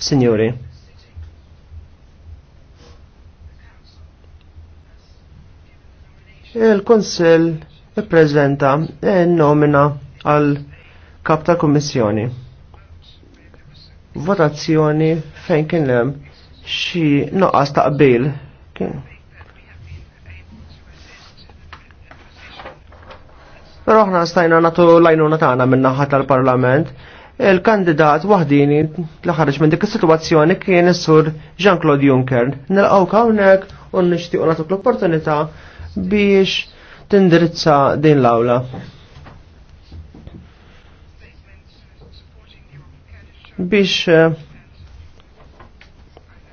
Signori, il-Konsil ippreżenta e nomina għal kap ta' kummissjoni. Votazzjoni fejn kien hemm xi noqqas ta' qbil. Però aħna stajna natu lajnuna tagħna min-naħa tal-Parlament il-kandidat waħdini l ħarġ minn dik is-sitwazzjoni kien is-sur Jean-Claude Juncker. Nilqgħu hawnhekk u nixtiequ nagħtuk l-opportunità biex tindirizza din l-awla. biex eh,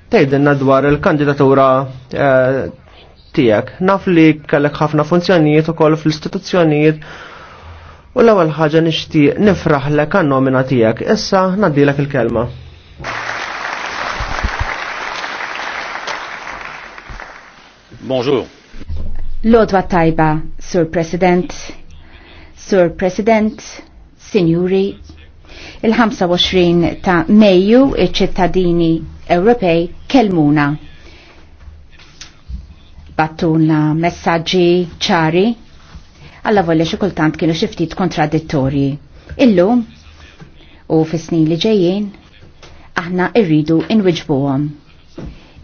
tgħidilna dwar il-kandidatura eh, tiegħek. Naf li kellek ħafna funzjonijiet ukoll fl-istituzzjonijiet U l-ewwel ħaġa nixtieq nifraħlek għan-nomina tiegħek. Issa ngħaddilek il-kelma. Bonjour. Lodwa tajba, Sur President, Sur President, Sinjuri, il-25 ta' Mejju iċ-ċittadini Ewropej kelmuna. Battuna messaġġi ċari għalla volle xi kultant kienu xi ftit kontradittorji. Illum u fis-snin li ġejjin aħna rridu għom.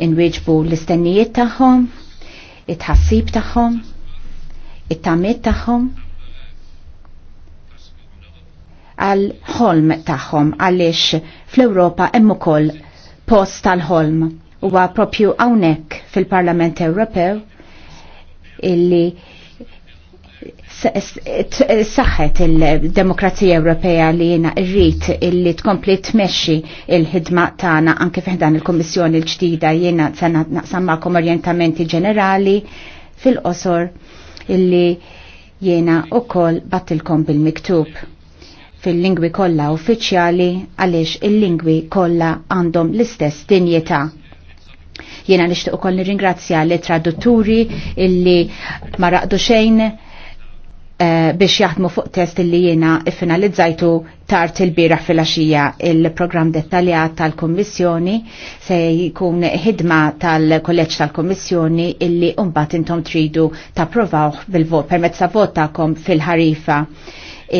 Inwiġbu l-istennijiet tagħhom, it-ħassib tagħhom, it-tamiet tagħhom, għal ħolm tagħhom għaliex fl-Ewropa hemm ukoll post tal-ħolm huwa għapropju hawnhekk fil-Parlament Ewropew illi saħħet il-demokrazija Ewropea li jena rrit illi tkompli tmexxi il-ħidma tagħna anke fiħdan il-Kommissjoni l-ġdida jena naqsam magħkom orjentamenti ġenerali fil-qosor illi jena ukoll battilkom bil-miktub fil-lingwi kollha uffiċjali għaliex il-lingwi kollha għandhom l-istess dinjeta' Jiena nishtiq ukoll nirringrazzja li tradutturi illi ma raqdu xejn Eh, biex jaħdmu fuq test li jiena finalizzajtu tart il-bira fil-axija il-program dettaljat tal-Kommissjoni se jkun ħidma tal-kolleġġ tal-Kommissjoni illi umbat intom tridu ta' provawħ bil-vot permezz ta' votakom fil-ħarifa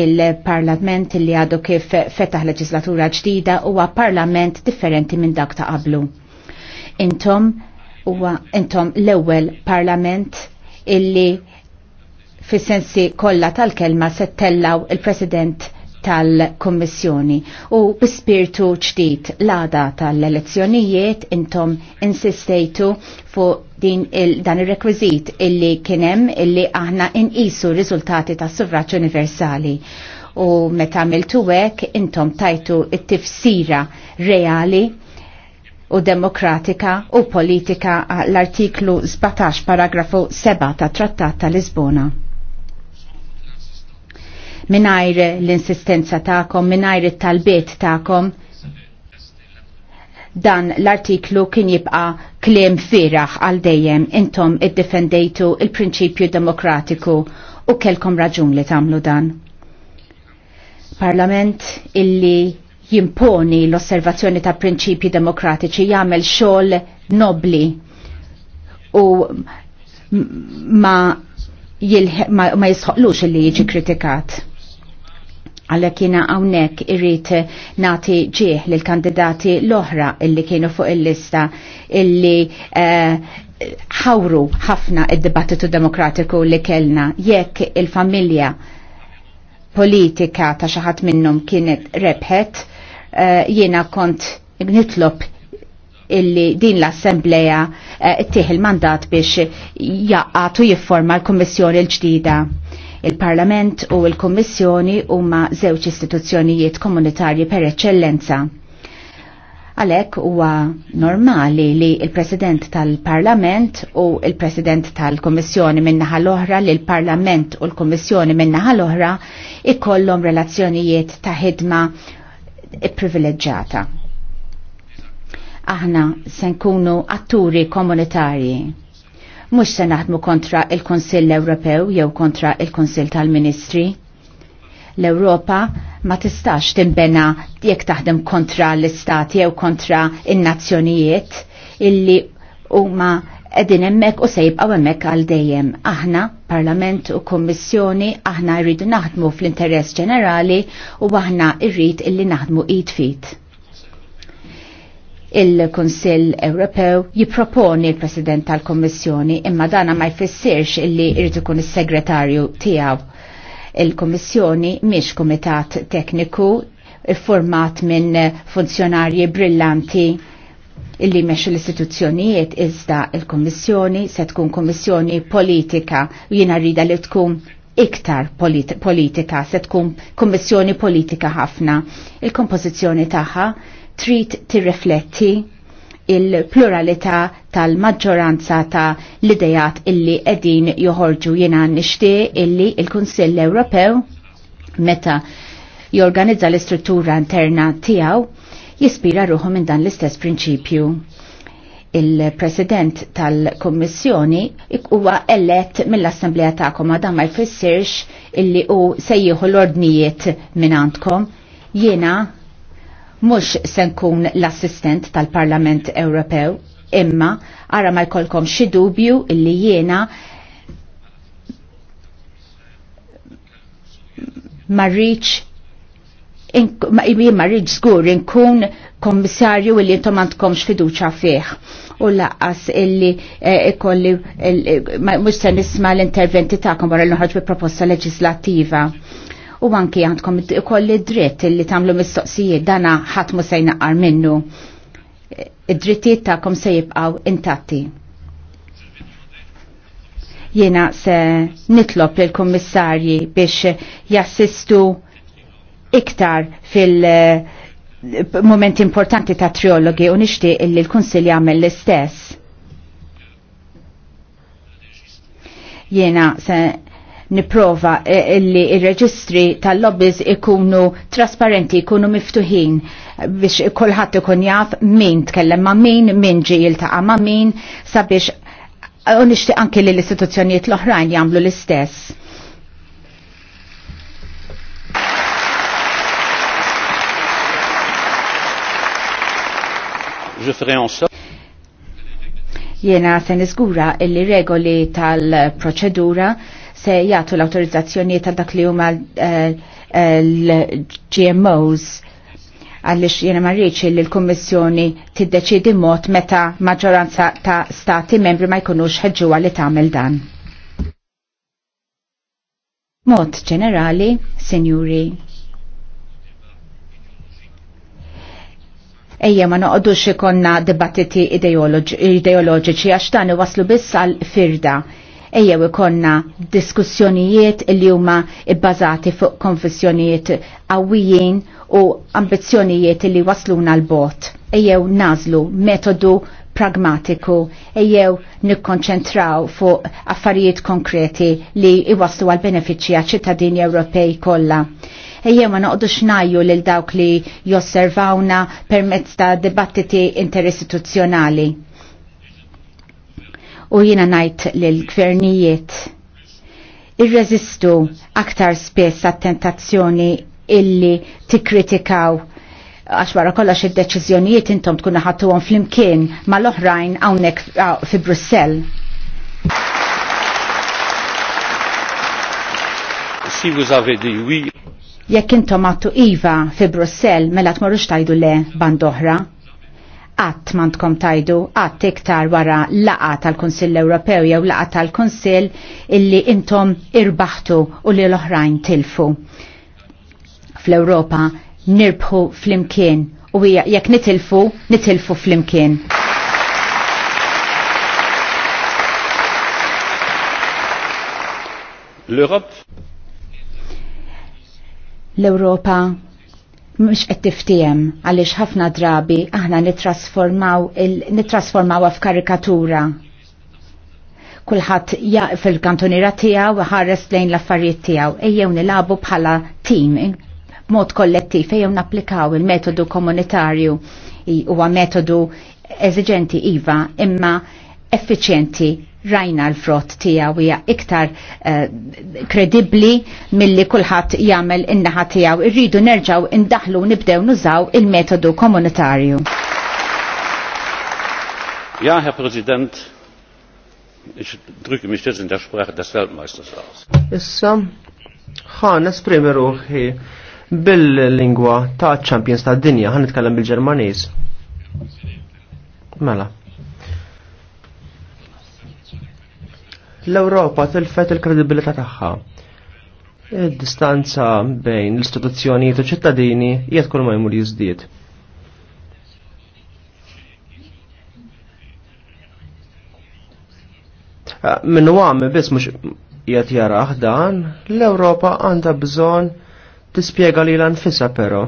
il-parlament li għadu kif fetaħ leġislatura ġdida huwa parlament differenti minn dak ta' qablu. Intom huwa intom l-ewwel parlament illi fis-sensi kollha tal-kelma settellaw il-President tal-Kommissjoni u bispirtu ġdid l-għada tal-elezzjonijiet intom insistejtu fuq din il dan ir-rekwiżit illi kienem illi aħna inqisu riżultati tas suffraġġ universali u meta għamiltu hekk intom tajtu it-tifsira reali u demokratika u politika l-artiklu 17 paragrafu 7 ta' Trattat ta' Lisbona minajr l-insistenza ta'kom, minajr il-talbiet ta'kom. Dan l-artiklu kien jibqa klem firaħ għal dejjem intom id-defendejtu il-prinċipju demokratiku u kelkom raġun li tamlu dan. Parlament illi jimponi l-osservazzjoni ta' prinċipji demokratiċi jagħmel xogħol nobli u ma, ma jisħoqlux illi jiġi kritikat għalla kiena għawnek irrit nati ġieħ l-kandidati l-oħra illi kienu fuq il-lista illi eh, ħawru uh, ħafna id-dibattitu demokratiku li kellna jekk il-familja politika ta' xaħat minnum kienet rebħet uh, jiena kont nitlob illi din l-assembleja uh, eh, tieħ il-mandat biex jaqqatu jifforma l-kommissjoni l-ġdida Il-Parlament u l-Kommissjoni huma żewġ istituzzjonijiet komunitarji per eccellenza. Għalek huwa normali li il-President tal-Parlament u il-President tal-Kommissjoni minnaħa l-oħra li l-Parlament u l-Kommissjoni minnaħa l-oħra ikollhom relazzjonijiet ta' ħidma privileġġata aħna se nkunu atturi komunitarji mhux se naħdmu kontra il-Kunsill Ewropew jew kontra il-Kunsill tal-Ministri. L-Ewropa ma tistax timbena jekk taħdem kontra l-istati jew kontra in-nazzjonijiet illi huma edin emmek u għaw emmek għal dejjem. Aħna, parlament u kommissjoni, aħna rridu naħdmu fl-interess ġenerali u aħna irrid illi naħdmu id fit il-Konsil Ewropew jiproponi il-President tal-Kommissjoni imma dana ma jfissirx illi irrid ikun is-segretarju tiegħu. Il-Kommissjoni miex komitat tekniku format minn funzjonarji brillanti illi mex l-istituzzjonijiet iżda il-Kommissjoni se tkun Kommissjoni politika u jiena rrida li tkun iktar polit politika, se tkun kommissjoni politika ħafna. Il-kompożizzjoni tagħha trid tirrifletti il-pluralità tal-maġġoranza ta' l-idejat illi edin joħorġu jena nishtiq illi il-Kunsill Ewropew meta jorganizza l-istruttura interna tiegħu jispira ruħu minn dan l-istess prinċipju. Il-President tal-Kommissjoni huwa elett mill-Assembleja tagħkom għadha ma jfissirx illi hu sejjuħu l-ordnijiet minn għandkom. Jiena mux senkun l-assistent tal-Parlament Ewropew, imma ara ma jkolkom xi dubju illi jiena marriċ ma marriċ żgur inkun kommissarju illi intom għandkomx xfiduċa fih u laqqas illi eh, ikolli mhux se nisma' l-interventi tagħkom wara l-noħroġ bi proposta leġislattiva u anki għandkom kolli dritt li tamlu mistoqsijiet dana ħadd mu se jnaqar minnu. Id-drittijiet tagħkom se jibqgħu intatti. Jiena se nitlob lill kummissarji biex jassistu iktar fil- eh, moment importanti ta' triologi u nixtieq illi l-Kunsil jagħmel l-istess. Jiena se niprova eh, li il-reġistri tal-lobbies ikunu trasparenti, ikunu miftuħin biex kolħat ikun jaf min tkellem ma' min, min ġi jiltaqa ma' min, sabiex eh, u anki li l-istituzzjonijiet l-oħrajn jagħmlu l-istess. Jena se niżgura illi regoli tal-proċedura se jagħtu l-autorizzazzjoni ta' dak li huma eh, l-GMOs għallix jena marriċi li l-Kommissjoni tiddeċidi mod meta maġġoranza ta' stati membri ma jkunux ħeġġuwa li tagħmel dan. Mod ġenerali, sinjuri, ejja ma noqodux ikonna dibattiti ideoloġiċi għax dan waslu biss għal firda ejjew ikonna diskussjonijiet li huma bbażati fuq konfessjonijiet qawwijin u ambizzjonijiet li wasluna l-bot. Ejjew nażlu metodu pragmatiku, ejjew nikkonċentraw fuq affarijiet konkreti li iwaslu għal benefiċċja ċittadini Ewropej kollha. Ejjew ma noqdu najju lil dawk li josservawna permezz ta' dibattiti interistituzzjonali u jina najt l-gvernijiet irreżistu aktar spess għat-tentazzjoni illi tikkritikaw għax wara kollox id-deċiżjonijiet intom tkun ħattuhom flimkien mal-oħrajn hawnhekk ah, fi Brussell. Si vous avez dit oui. Jekk intom għattu iva fi Brussell mela tmorrux tajdu le band oħra. Qatt m'għandkom tajdu qatt iktar wara laqa tal-Kunsill Ewropew jew laqa tal-Kunsill illi intom irbaħtu u li l-oħrajn tilfu. Fl-Ewropa nirbħu fl-imkien u jekk nitilfu, nitilfu fl-imkien. l-Europa mux qed tiftijem għaliex ħafna drabi aħna nitrasformaw nitrasformaw f'karikatura. Kulħadd jaq fil-kantoniera tiegħu ħares lejn l-affarijiet tiegħu ejjew nilabu bħala tim mod kollettiv ejjew napplikaw il-metodu komunitarju huwa metodu eżiġenti iva imma effiċjenti rajna l-frott tijaw hija iktar eh, kredibli mill-li kullħat jagħmel in-naħa tijaw. Irridu nerġaw indaħlu nibdew nużaw il-metodu komunitarju. Ja, Herr Präsident, ich drücke mich jetzt in der Sprache des Weltmeisters aus. Issa, ħan esprimi ruħi bil-lingwa ta' Champions ta' dinja, ħan nitkellem bil-Ġermaniż. Mela. l-Ewropa tilfet il-kredibilità tagħha. Id-distanza bejn l-istituzzjonijiet u ċittadini qiegħed kull ma jmur jiżdied. Ah, Min għamme biss mhux qiegħed jaraħ dan, l-Ewropa għandha bżonn tispjega li l-anfisa però.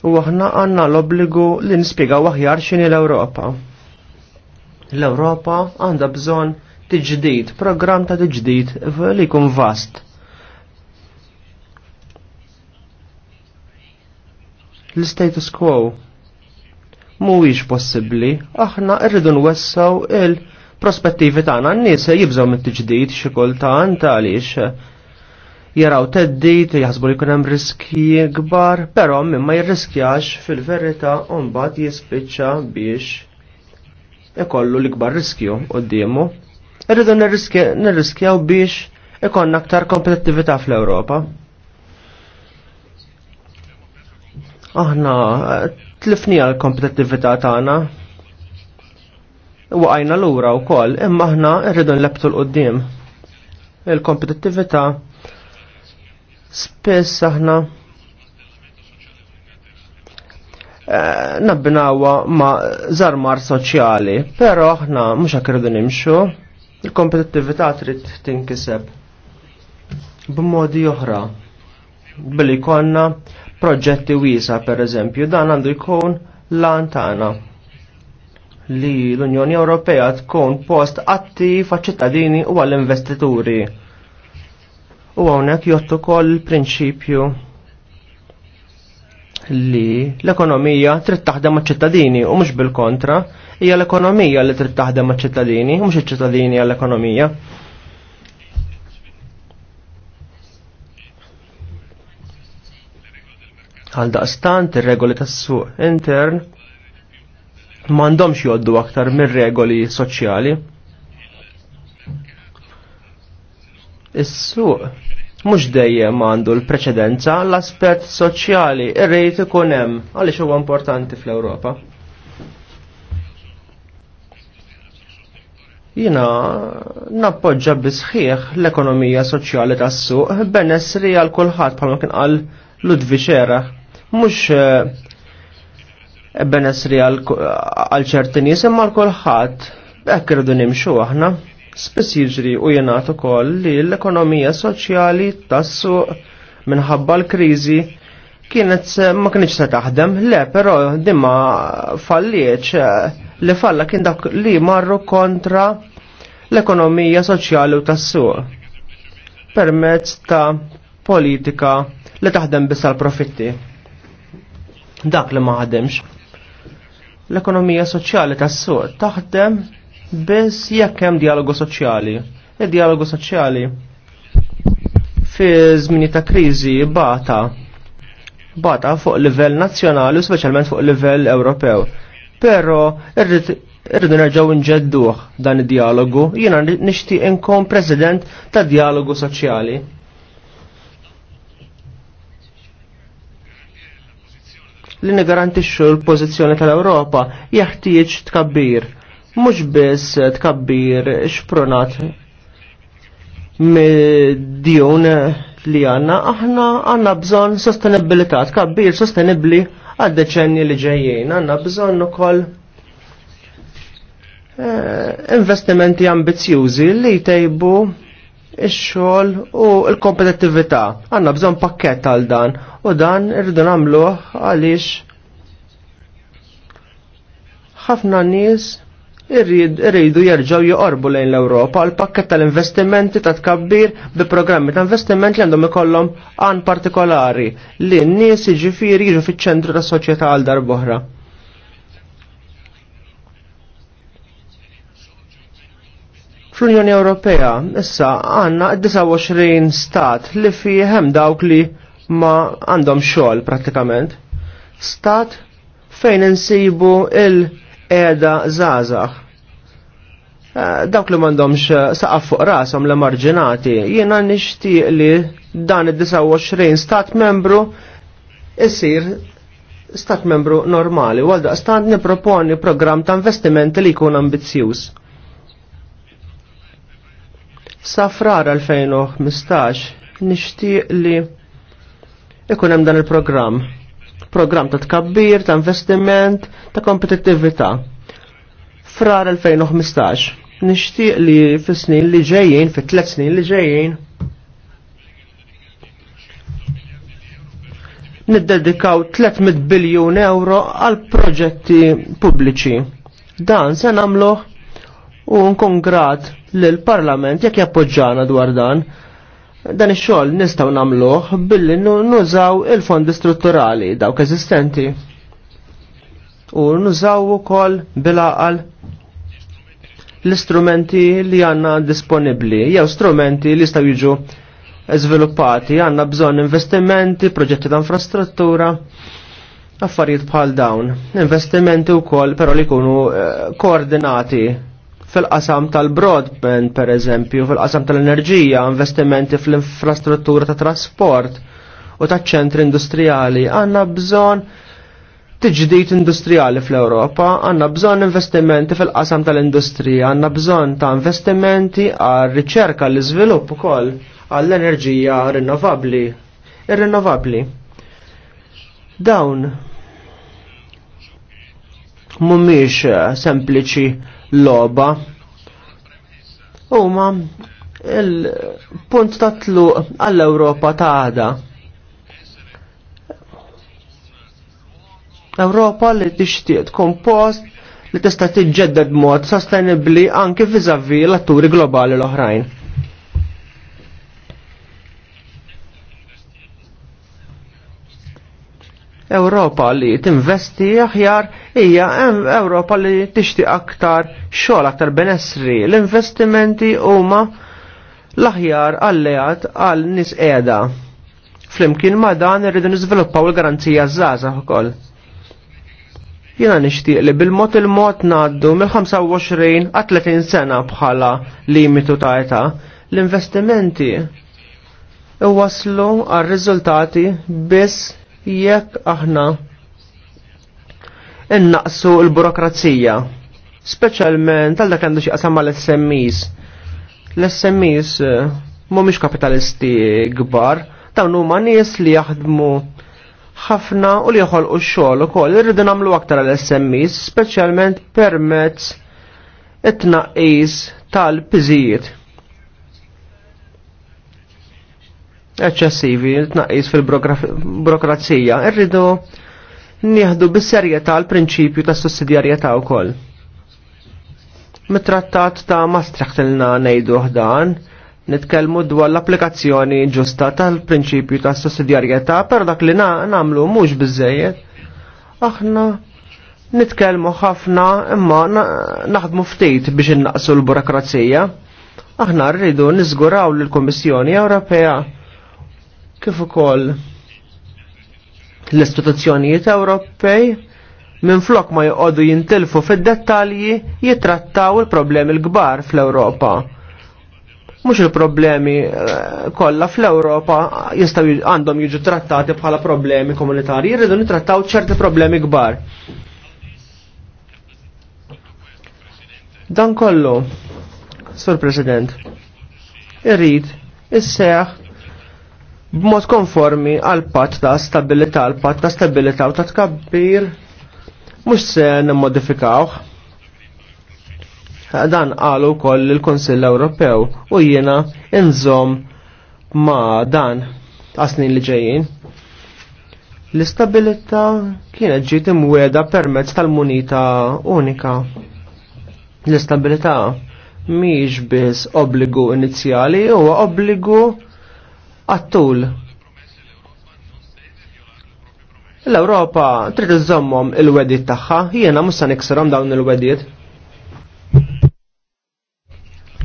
U aħna għandna l-obbligu li nispjegaw aħjar x'inhi l-Ewropa. L-Ewropa għandha bżonn tiġdid, program ta' tiġdid li jkun vast. L-status quo mhuwiex possibbli, aħna rridu nwessaw il-prospettivi tagħna n-nies jibżgħu mit-tiġdid xi kultant għaliex jaraw teddit, jaħsbu li kunem riski gbar, pero ma jirriskjax fil-verita un-bat jispiċċa biex ikollu l-ikbar riskju u d-diemu irridu nirriskjaw biex ikonna aktar kompetittività fl-Ewropa. Aħna tlifni għal kompetittività tagħna. Waqajna lura wkoll, imma aħna rridu nleptu l-qoddim. Il-kompetittività spess aħna eh, nabbinawa ma zarmar soċjali, pero aħna mhux hekk nimxu. Il-kompetittività trid tinkiseb b'modi oħra billi konna proġetti wiesa per eżempju dan għandu jkun lan tagħna li l-Unjoni Ewropea tkun post attiv għaċ-ċittadini u għall-investituri. U hawnhekk jottu kol il-prinċipju li l-ekonomija trid taħdem maċ-ċittadini u mhux bil-kontra, hija l-ekonomija li trid taħdem maċ-ċittadini u mhux iċ-ċittadini għall ekonomija Għal daqstant ir-regoli tas-suq intern m'għandhomx jgħoddu aktar mir-regoli soċjali. Is-suq mhux dejjem għandu l-preċedenza l-aspett soċjali irrejt ikun hemm għaliex huwa importanti fl-Ewropa. Jina nappoġġa bisħieħ l-ekonomija soċjali tas-suq benessri għal kulħadd bħalma kien qal Ludviċera. Mhux eh, benessri għal ċerti nies imma l kulħadd hekk irridu nimxu aħna. Spiss jiġri u jenat ukoll li l-ekonomija soċjali tas-suq minħabba l-kriżi kienet ma kienx se taħdem, le, però dimma fallieċ li falla kien dak li marru kontra l-ekonomija soċjali u tas-suq permezz ta' politika li taħdem biss għal profitti. Dak li ma ħademx. L-ekonomija soċjali tas-suq taħdem biss jekk hemm dialogu soċjali. Id-dialogu soċjali fi żmini ta' kriżi bata bata fuq livell nazzjonali u speċjalment fuq livell Ewropew. Però irridu nerġgħu nġedduh dan id-dialogu, jiena nixtieq inkom president ta' dialogu soċjali. li nigarantixxu l-pożizzjoni tal-Ewropa jeħtieġ tkabbir mhux biss tkabbir xpronat me Dion li għanna, aħna għanna bżon sostenibilità, tkabbir sostenibli għad deċenni li ġejjien, għanna bżon ukoll eh, investimenti ambizjużi li jtejbu ix-xogħol u l-kompetittività. Għanna bżonn pakkett għal dan u dan irridu nagħmluh għaliex ħafna nies irridu jerġaw jorbu lejn l-Ewropa għal pakket tal-investimenti ta' tkabbir bi programmi ta' investiment li għandhom ikollhom għan partikolari li n-nies jiġifieri jiġu fiċ-ċentru tas-soċjetà għal darb'oħra. Fl-Unjoni Ewropea issa għandna 29 stat li fih hemm dawk li ma għandhom xogħol prattikament. Stat fejn insibu il- edha zazax. Eh, dawk li mandomx eh, saqaf fuq rasom la marġinati, jiena nixtieq li dan id-29 stat membru isir stat membru normali, Walda, stat niproponi program ta' investimenti li jkun ambizzjuż. Safrar 2015 nixtieq li ikun hemm dan il-programm programm ta' tkabbir, ta' investiment, ta' kompetittività. Frar 2015, nixtieq li fis-snin li ġejjin, fi tlet snin li ġejjin, niddedikaw 300 biljun euro għal proġetti pubbliċi. Dan se nagħmluh u nkun grat lill parlament jekk jappoġġana dwar dan Dan ix-xogħol nistgħu nagħmluh billi nużaw il-fondi strutturali dawk eżistenti. U nużaw ukoll bil-aqal l-istrumenti li għanna disponibli, jew strumenti li jistgħu jiġu żviluppati, għandna bżonn investimenti, proġetti ta' infrastruttura, affarijiet bħal dawn. Investimenti wkoll però li jkunu eh, koordinati fil-qasam tal-broadband per eżempju, fil-qasam tal-enerġija, investimenti fl-infrastruttura ta' trasport u ta' ċentri industrijali. Għanna bżon tiġdid industrijali fl-Europa, għanna bżon investimenti fil-qasam tal-industrija, għanna bżon ta' investimenti għal riċerka l iżvilupp ukoll għall-enerġija rinnovabli. ir Dawn mumiex eh, sempliċi loba huma il-punt ta' tluq għall-Ewropa ta' għada. Ewropa li tixtieq tkun post li tista' tiġġedded mod sostenibbli anke viżavi l-atturi globali l-oħrajn. Ewropa li tinvesti aħjar hija Ewropa li tixti aktar xogħol aktar benessri. L-investimenti huma l-aħjar alleat għal nis qiegħda. Flimkien ma dan irridu niżviluppaw il-garanzija żgħażagħ ukoll. Jiena nixtieq li bil-mod il-mod ngħaddu mill-25 għal 30 sena bħala limitu ta' età l-investimenti iwaslu għal riżultati biss jekk aħna innaqsu l-burokrazija, speċjalment għal dak għandu xieqsam qasam mal-SMEs. L-SMEs eh, mhumiex kapitalisti kbar, dawn huma nies li jaħdmu ħafna u li jħolqu x-xogħol ukoll irridu nagħmlu aktar għal SMEs, speċjalment permezz it-tnaqqis tal-piżijiet. eċċessivi, il-tnaqis fil-burokrazija, irridu nieħdu bis-serjetà l-prinċipju ta' sussidjarjetà wkoll. Mit-trattat ta' Maastricht ilna ngħidu ħdan, nitkellmu dwar l-applikazzjoni ġusta tal-prinċipju ta' sussidjarjetà, per dak li nagħmlu mhux biżejjed. Aħna nitkellmu ħafna imma naħdmu ftit biex innaqsu l-burokrazija. Aħna rridu niżguraw lill-Kummissjoni Ewropea kif ukoll l-istituzzjonijiet Ewropej minn flok ma joqogħdu jintilfu fid-dettalji jitrattaw il-problemi l-kbar fl-Ewropa. Mhux il-problemi eh, kollha fl-Ewropa jistgħu għandhom jiġu trattati bħala problemi komunitarji, jridu nitrattaw ċerti problemi kbar. Dan kollu, Sur President, irrid is-seħħ b'mod konformi għal pat ta' stabilità, għal pat ta' stabilità u ta' tkabbir mhux se nimmodifikawh. Dan qalu wkoll il-Kunsill Ewropew u jiena inżomm ma' dan għasnin li ġejjin. L-istabilità kienet ġiet imwieda permezz tal-munita unika. L-istabilità mhijiex biss obbligu inizjali huwa obbligu għattul. L-Ewropa trid iżommhom il-wedid tagħha, jiena mhux se nikserhom dawn il-wedijiet.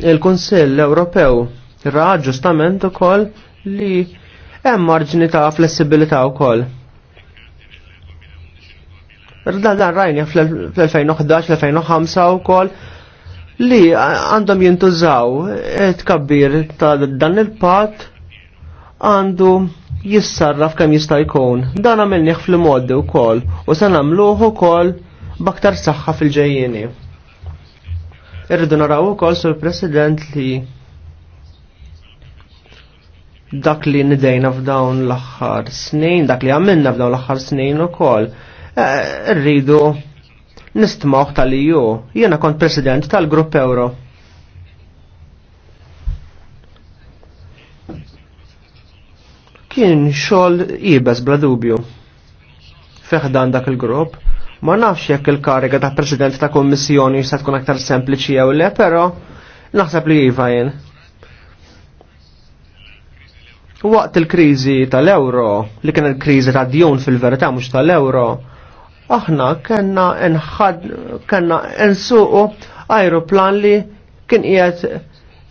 Il-Kunsill Ewropew ra ġustament ukoll li hemm marġni ta' flessibilità wkoll. Dan rajni fl-2011-2005 u kol li għandhom jintużaw tkabbir ta' dan il-pat għandu jissarraf kemm jista' jkun. Dan għamilnieh fil-modi wkoll u se nagħmluh ukoll b'aktar saħħa fil-ġejjieni. Irridu naraw ukoll sur President li dak li nidejna f'dawn l-aħħar snin, dak li għamilna f'dawn l-aħħar snin ukoll. Eh, irridu nistmaw tal-EU. Jiena kont President tal-Grupp Euro. Kien xogħol ibes bla dubju. Feħdan dak il-grupp, ma nafx jekk il-kariga ta' President ta' Kommissjoni se tkun aktar sempliċi jew le, però naħseb li iva jien. Waqt il-kriżi tal-euro, li kien il-kriżi ta' djun fil-verità mhux tal-euro, aħna kellna nħad kellna nsuqu ajruplan li kien qiegħed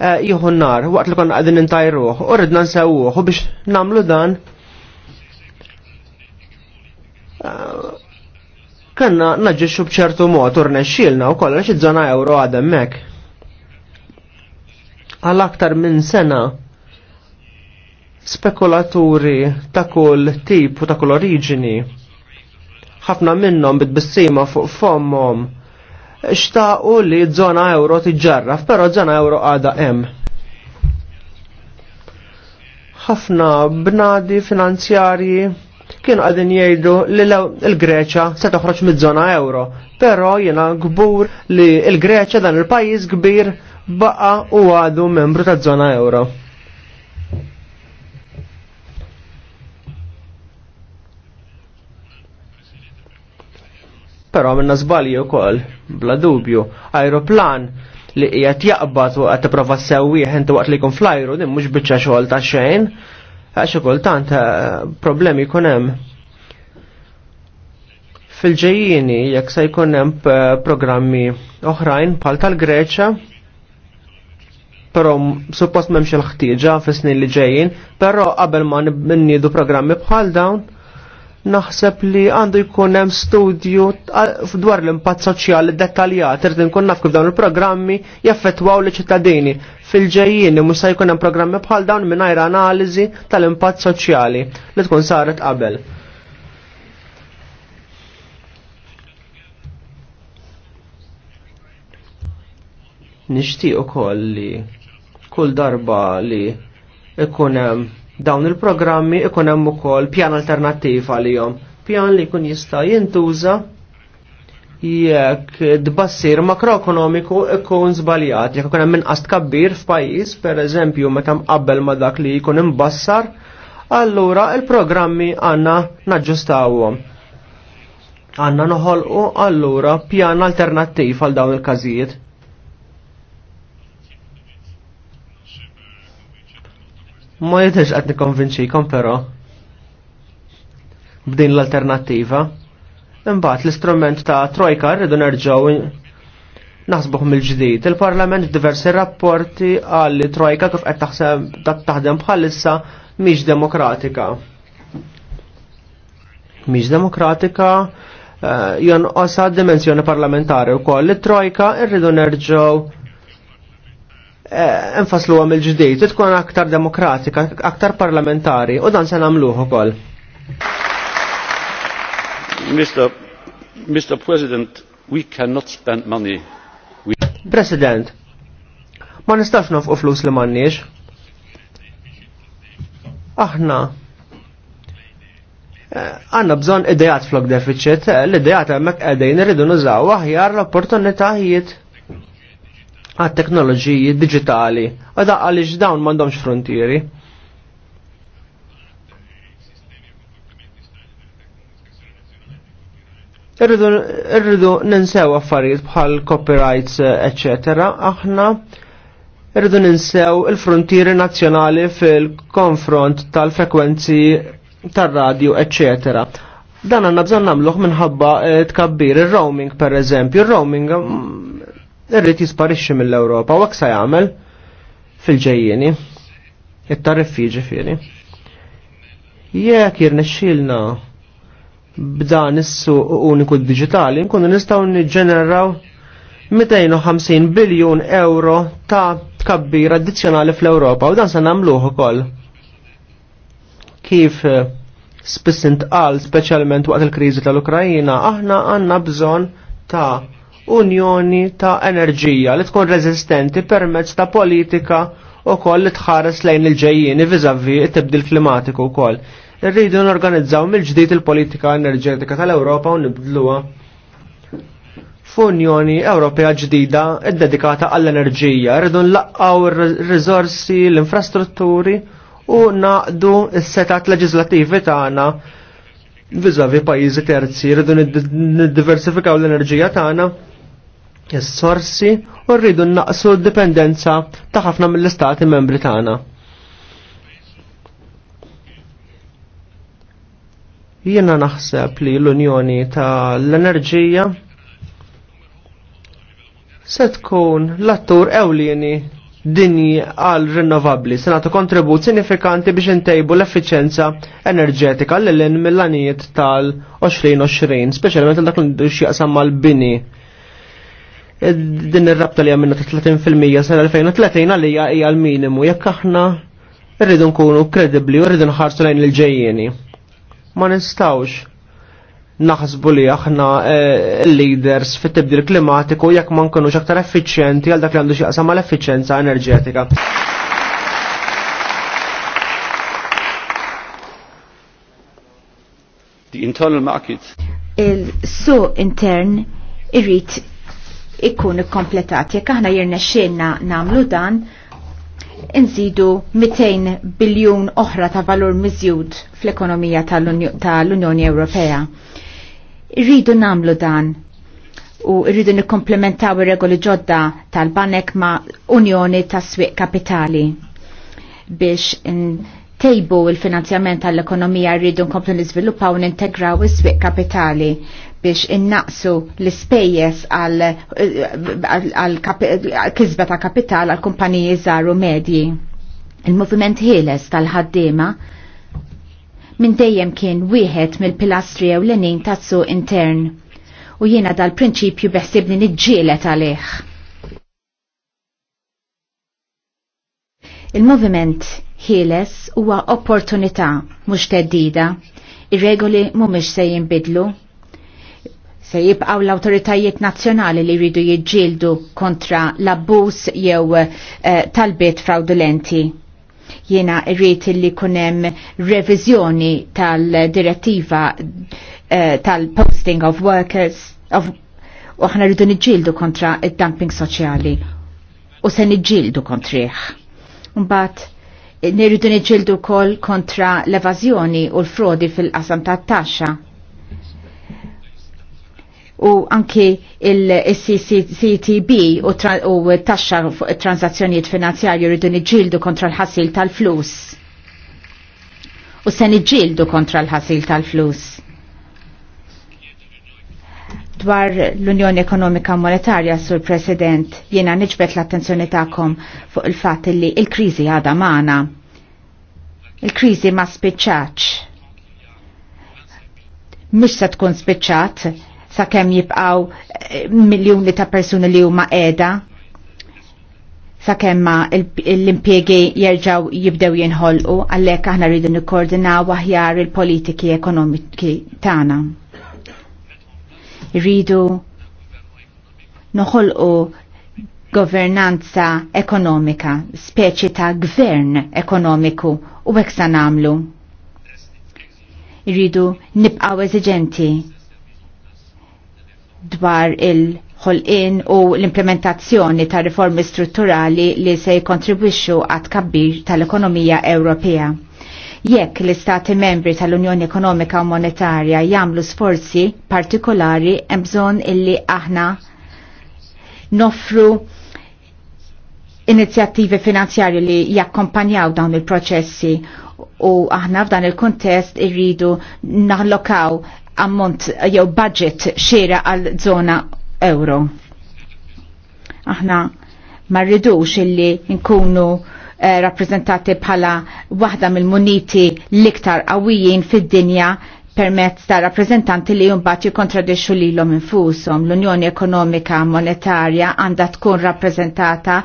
Eh, jieħu n-nar waqt li konna qegħdin intajruh u ridna nsewwuh u biex nagħmlu dan eh, kanna naġġixxu b'ċertu mod u rnexxielna u għax iż-żona euro għad Għal aktar minn sena spekulaturi ta' kull tip u ta' kull oriġini ħafna minnhom bissima fuq fommhom xtaqu li zona euro tiġġarraf, pero zona euro għada hemm. ħafna bnadi finanzjarji kienu għadin jgħidu li l-Greċa se toħroġ mid-żona euro, pero jiena gbur li l-Greċa dan il-pajjiż kbir baqa u għadu membru taż-żona euro. però minna żbalji wkoll bla dubju. Aeroplan li qiegħed jaqbad u qed tipprova sewwieħ inti waqt li jkun flajru din mhux biċċa xogħol ta' xejn għax kultant problemi jkun hemm. Fil-ġejjini jekk se jkun hemm programmi oħrajn bħal tal-Greċja, però suppost m'hemmx il-ħtieġa fis-snin li ġejjin, però qabel ma nniedu programmi bħal dawn naħseb li għandu jkun hemm studju dwar l-impatt soċjali dettaljat, irid inkun naf kif dawn il-programmi jaffettwaw li ċittadini fil-ġejjin mhux se jkun hemm programmi bħal dawn mingħajr analiżi tal-impatt soċjali li tkun saret qabel. Nixtieq ukoll li kull darba li ikun hemm Dawn il-programmi ikun hemm ukoll pjan alternattiv għalihom. Pjan li jkun jista' jintuża jekk dbassir makroekonomiku ikun żbaljat, jekk ikun hemm inqas tkabbir f'pajjiż, pereżempju meta mqabbel ma dak li jkun imbassar, allura il-programmi għandna naġġustawhom għanna noħolqu allura pjan alternattiv għal dawn il-każijiet. Ma jidħiġ qed nikkonvinċikom però. B'din l-alternattiva. Imbagħad l-istrument ta' trojka rridu nerġgħu naħsbuh mill-ġdid. Il-Parlament diversi rapporti għal li trojka kif qed taħseb taħdem bħalissa mhix demokratika. Mhix demokratika eh, jonqosa dimensjoni parlamentari wkoll. li trojka rridu nerġgħu Eh, enfaslu għam il-ġdijt, tkun aktar demokratika, aktar parlamentari, u dan se namluħu kol. Mr. Mr. President, we cannot spend money. We... President, ma nistax nofqu flus li manniex. Aħna, eh, għanna bżon idejat flok deficit, eh, l-idejat għemmek għedin rridu nużaw aħjar l-opportunitajiet għat teknoloġiji digitali, għada għalix dawn mandomx frontieri. Irridu ninsew affarijiet bħal copyrights, etc. Aħna irridu ninsew il-frontieri nazzjonali fil-konfront tal-frekwenzi tar-radju, etc. Dan għanna bżon namluħ minħabba eh, tkabbir il-roaming per eżempju. Il-roaming mm, irrid jisparixxi mill-Ewropa u aksa jagħmel fil-ġejjieni it-tariffi ġifieri. Jekk jirnexxielna b'dan is-suq uniku digitali nkunu nistgħu niġġeneraw 250 biljun euro ta' tkabbir addizzjonali fl-Ewropa u dan se nagħmluh ukoll. Kif eh, spiss intqal speċjalment waqt il-kriżi tal-Ukrajina, aħna għandna bżonn ta' unjoni ta' enerġija li tkun rezistenti permezz ta' politika u koll li tħares lejn il-ġejjini vizavi tibdil klimatiku u koll. Irridu norganizzaw mill-ġdid il-politika enerġetika tal-Ewropa u nibdluha f'Unjoni Ewropea ġdida id-dedikata għall-enerġija. Rridu n-laqqaw il-rizorsi, l-infrastrutturi u naqdu s-setat leġislattivi tagħna vizavi pajjiżi terzi. Rridu niddiversifikaw l-enerġija tagħna s-sorsi u rridu naqsu d-dipendenza ta' ħafna mill-istati membri tagħna. Jiena naħseb li l-Unjoni tal-Enerġija se tkun l-attur ewlieni dinji għal rinnovabli se nagħtu kontribut sinifikanti biex intejbu l-effiċenza enerġetika l-lin mill-anijiet tal-2020, speċjalment dak li xjaqsam mal-bini din ir-rabta li għamilna ta' 30% sena 2030 għalija hija l-minimu jekk aħna rridu nkunu kredibbli u rridu nħarsu lejn il-ġejjieni. Ma nistawx naħsbu li aħna eh, leaders fit tibdil klimatiku jekk ma nkunux aktar effiċjenti għal dak li għandu x'jaqsam mal effiċjenza enerġetika. The internal market. Il-suq intern irrit ikun ikkompletat. Jekk aħna jirnexxielna nagħmlu dan, inżidu 200 biljun oħra ta' valur miżjud fl-ekonomija tal-Unjoni Ewropea. Irridu nagħmlu dan u rridu nikkomplementaw ir-regoli ġodda tal-banek ma' Unjoni tas Swieq Kapitali biex tejbu il-finanzjament tal-ekonomija rridu nkomplu niżviluppaw u nintegraw is-swieq kapitali biex innaqsu l-spejjes għal kizba ta' kapital għal kumpaniji żaru medji. Il-moviment ħieles tal-ħaddiema minn dejjem kien wieħed mill-pilastri ewlenin tas-suq intern u jiena dal-prinċipju beħsibni niġġielet għalih. Il-moviment ħieles huwa opportunità mhux teddida. Ir-regoli mhumiex se jinbidlu, se jibqaw l-autoritajiet nazzjonali li jridu jiġġieldu kontra l-abbuż jew eh, talbiet fraudulenti. Jiena rrit li kunem revizjoni tal-direttiva eh, tal-posting of workers of, u ħna rridu niġġieldu kontra il dumping soċjali u se niġġieldu kontriħ. Mbagħad eh, nirridu niġġieldu kol kontra l-evażjoni u l-frodi fil-qasam tat-taxxa u anki il-CCTB u, u taxxa fuq transazzjonijiet finanzjarju rridu niġġieldu kontra l-ħasil tal-flus. U se niġġieldu kontra l ħassil tal-flus. Dwar l-Unjoni Ekonomika Monetarja, Sur President, jiena niġbet l-attenzjoni tagħkom fuq il-fatt li il-kriżi għada maħna. Il-kriżi ma spiċċax. Mhux se tkun spiċċat, sakemm jibqaw eh, miljuni ta' persuni li huma qiegħda sakemm l impiegi jerġaw jibdew jinħolqu għalhekk aħna rridu nikkoordinaw aħjar il-politiki ekonomiki tagħna. Rridu noħolqu governanza ekonomika, speċi ta' gvern ekonomiku u hekk sa nagħmlu. Irridu nibqgħu eżiġenti dwar il-ħolqin u l-implementazzjoni ta' riformi strutturali li se jikontribwixxu għat kabbir tal-ekonomija Ewropea. Jekk l-Istati membri tal-Unjoni Ekonomika u Monetarja jagħmlu sforzi partikolari hemm bżonn illi aħna noffru inizjattivi finanzjarji li jakkompanjaw dawn il-proċessi u aħna f'dan il-kontest irridu naħlokaw ammont jew budget xera għal zona euro. Aħna ma rridux illi nkunu eh, rappresentati bħala waħda mill-muniti l-iktar qawwijin fid-dinja permezz ta' rappresentanti li jumbat jikontradixxu lilhom infushom. L-Unjoni Ekonomika Monetarja għandha tkun rappreżentata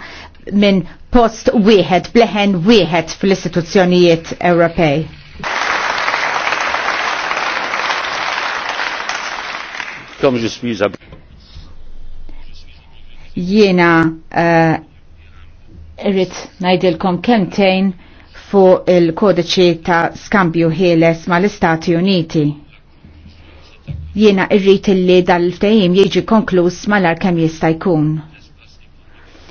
minn post wieħed bleħen wieħed fl-istituzzjonijiet Ewropej. Comme je suis à... Jena uh, eh, kemtejn fuq il-kodiċi ta' skambju ħieles mal-Istati Uniti. Jiena irrit illi dal-ftajim jieġi konklus mal-ar jista' jkun.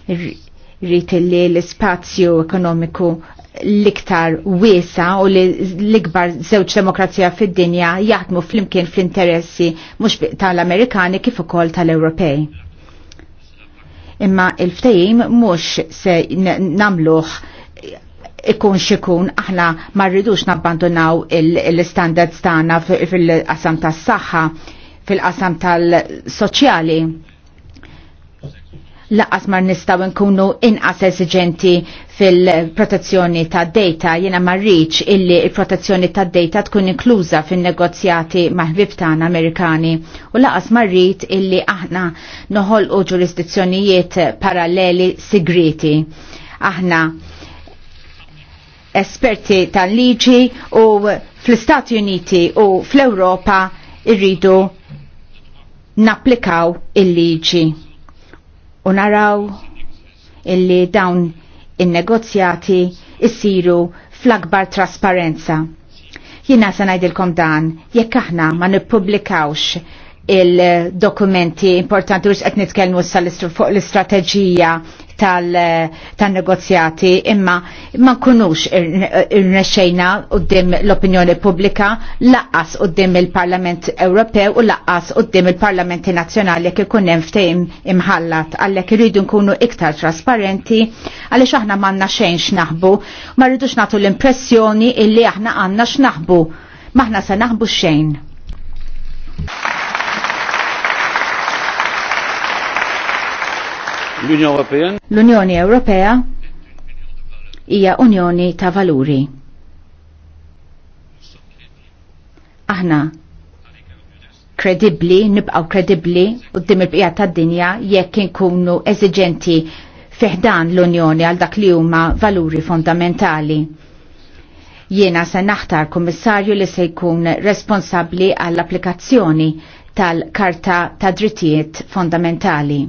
Irrid illi l-spazju ekonomiku l-iktar wiesa u li l-ikbar żewġ demokrazija fid-dinja jaħdmu flimkien fl-interessi mhux tal-Amerikani kif ukoll tal-Ewropej. Imma il-ftehim mhux se namluħ ikun xikun aħna ma rridux nabbandonaw il-standards tagħna fil-qasam tas-saħħa, fil-qasam tal-soċjali. fil qasam tas saħħa fil qasam tal soċjali laqas mar nistaw nkunu inqas esiġenti fil-protezzjoni ta' data jena marriċ illi il-protezzjoni ta' data tkun inkluża fin-negozjati maħbib tagħna Amerikani u laqas marriċ illi aħna noħol u ġurisdizzjonijiet paralleli segreti. Aħna esperti tal-liġi u fl-Istati Uniti u fl-Europa irridu napplikaw il-liġi u naraw illi dawn il negozjati issiru fl-akbar trasparenza. Jina sanajdilkom dan, jekk aħna ma nippubblikawx il-dokumenti importanti u qed nitkellmu issa fuq l-istrateġija tal-negozjati imma ma nkunux irnexxejna qudiem l-opinjoni pubblika laqqas qudiem il-Parlament Ewropew u laqqas qudiem il-Parlamenti Nazzjonali jekk ikun hemm ftehim imħallat għalhekk iridu nkunu iktar trasparenti għaliex aħna m'għandna xejn x'naħbu ma rridux nagħtu l-impressjoni illi aħna għandna x'naħbu maħna se naħbu xejn. L-Unjoni Ewropea hija Unjoni ta' Valuri. Aħna kredibli, nibqaw kredibli u d il-bqija ta' dinja jekk inkunu eżiġenti fiħdan l-Unjoni għal dak li huma valuri fondamentali jiena se naħtar kummissarju li se jkun responsabli għall-applikazzjoni tal-Karta ta' Drittijiet Fondamentali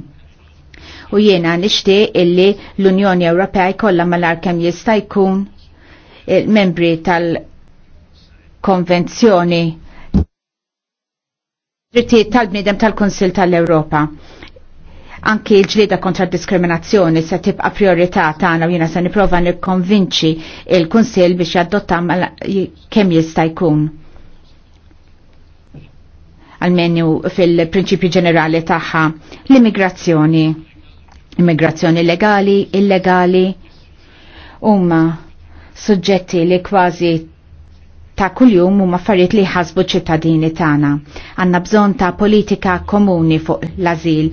u jiena nixtieq illi l-Unjoni Ewropea jkollha malar kemm jista' jkun membri tal-Konvenzjoni drittijiet tal-bniedem tal-Kunsil tal-Ewropa anki l-ġlieda kontra diskriminazzjoni se tibqa priorità tagħna u jiena se nipprova nikkonvinċi il-Kunsill biex jaddotta kemm jista' jkun. Almenu fil-prinċipju ġenerali tagħha l-immigrazzjoni immigrazzjoni legali, illegali, huma suġġetti li kważi ta' kuljum huma maffariet li ħasbu ċittadini tagħna. Għanna bżonn ta' politika komuni fuq l-azil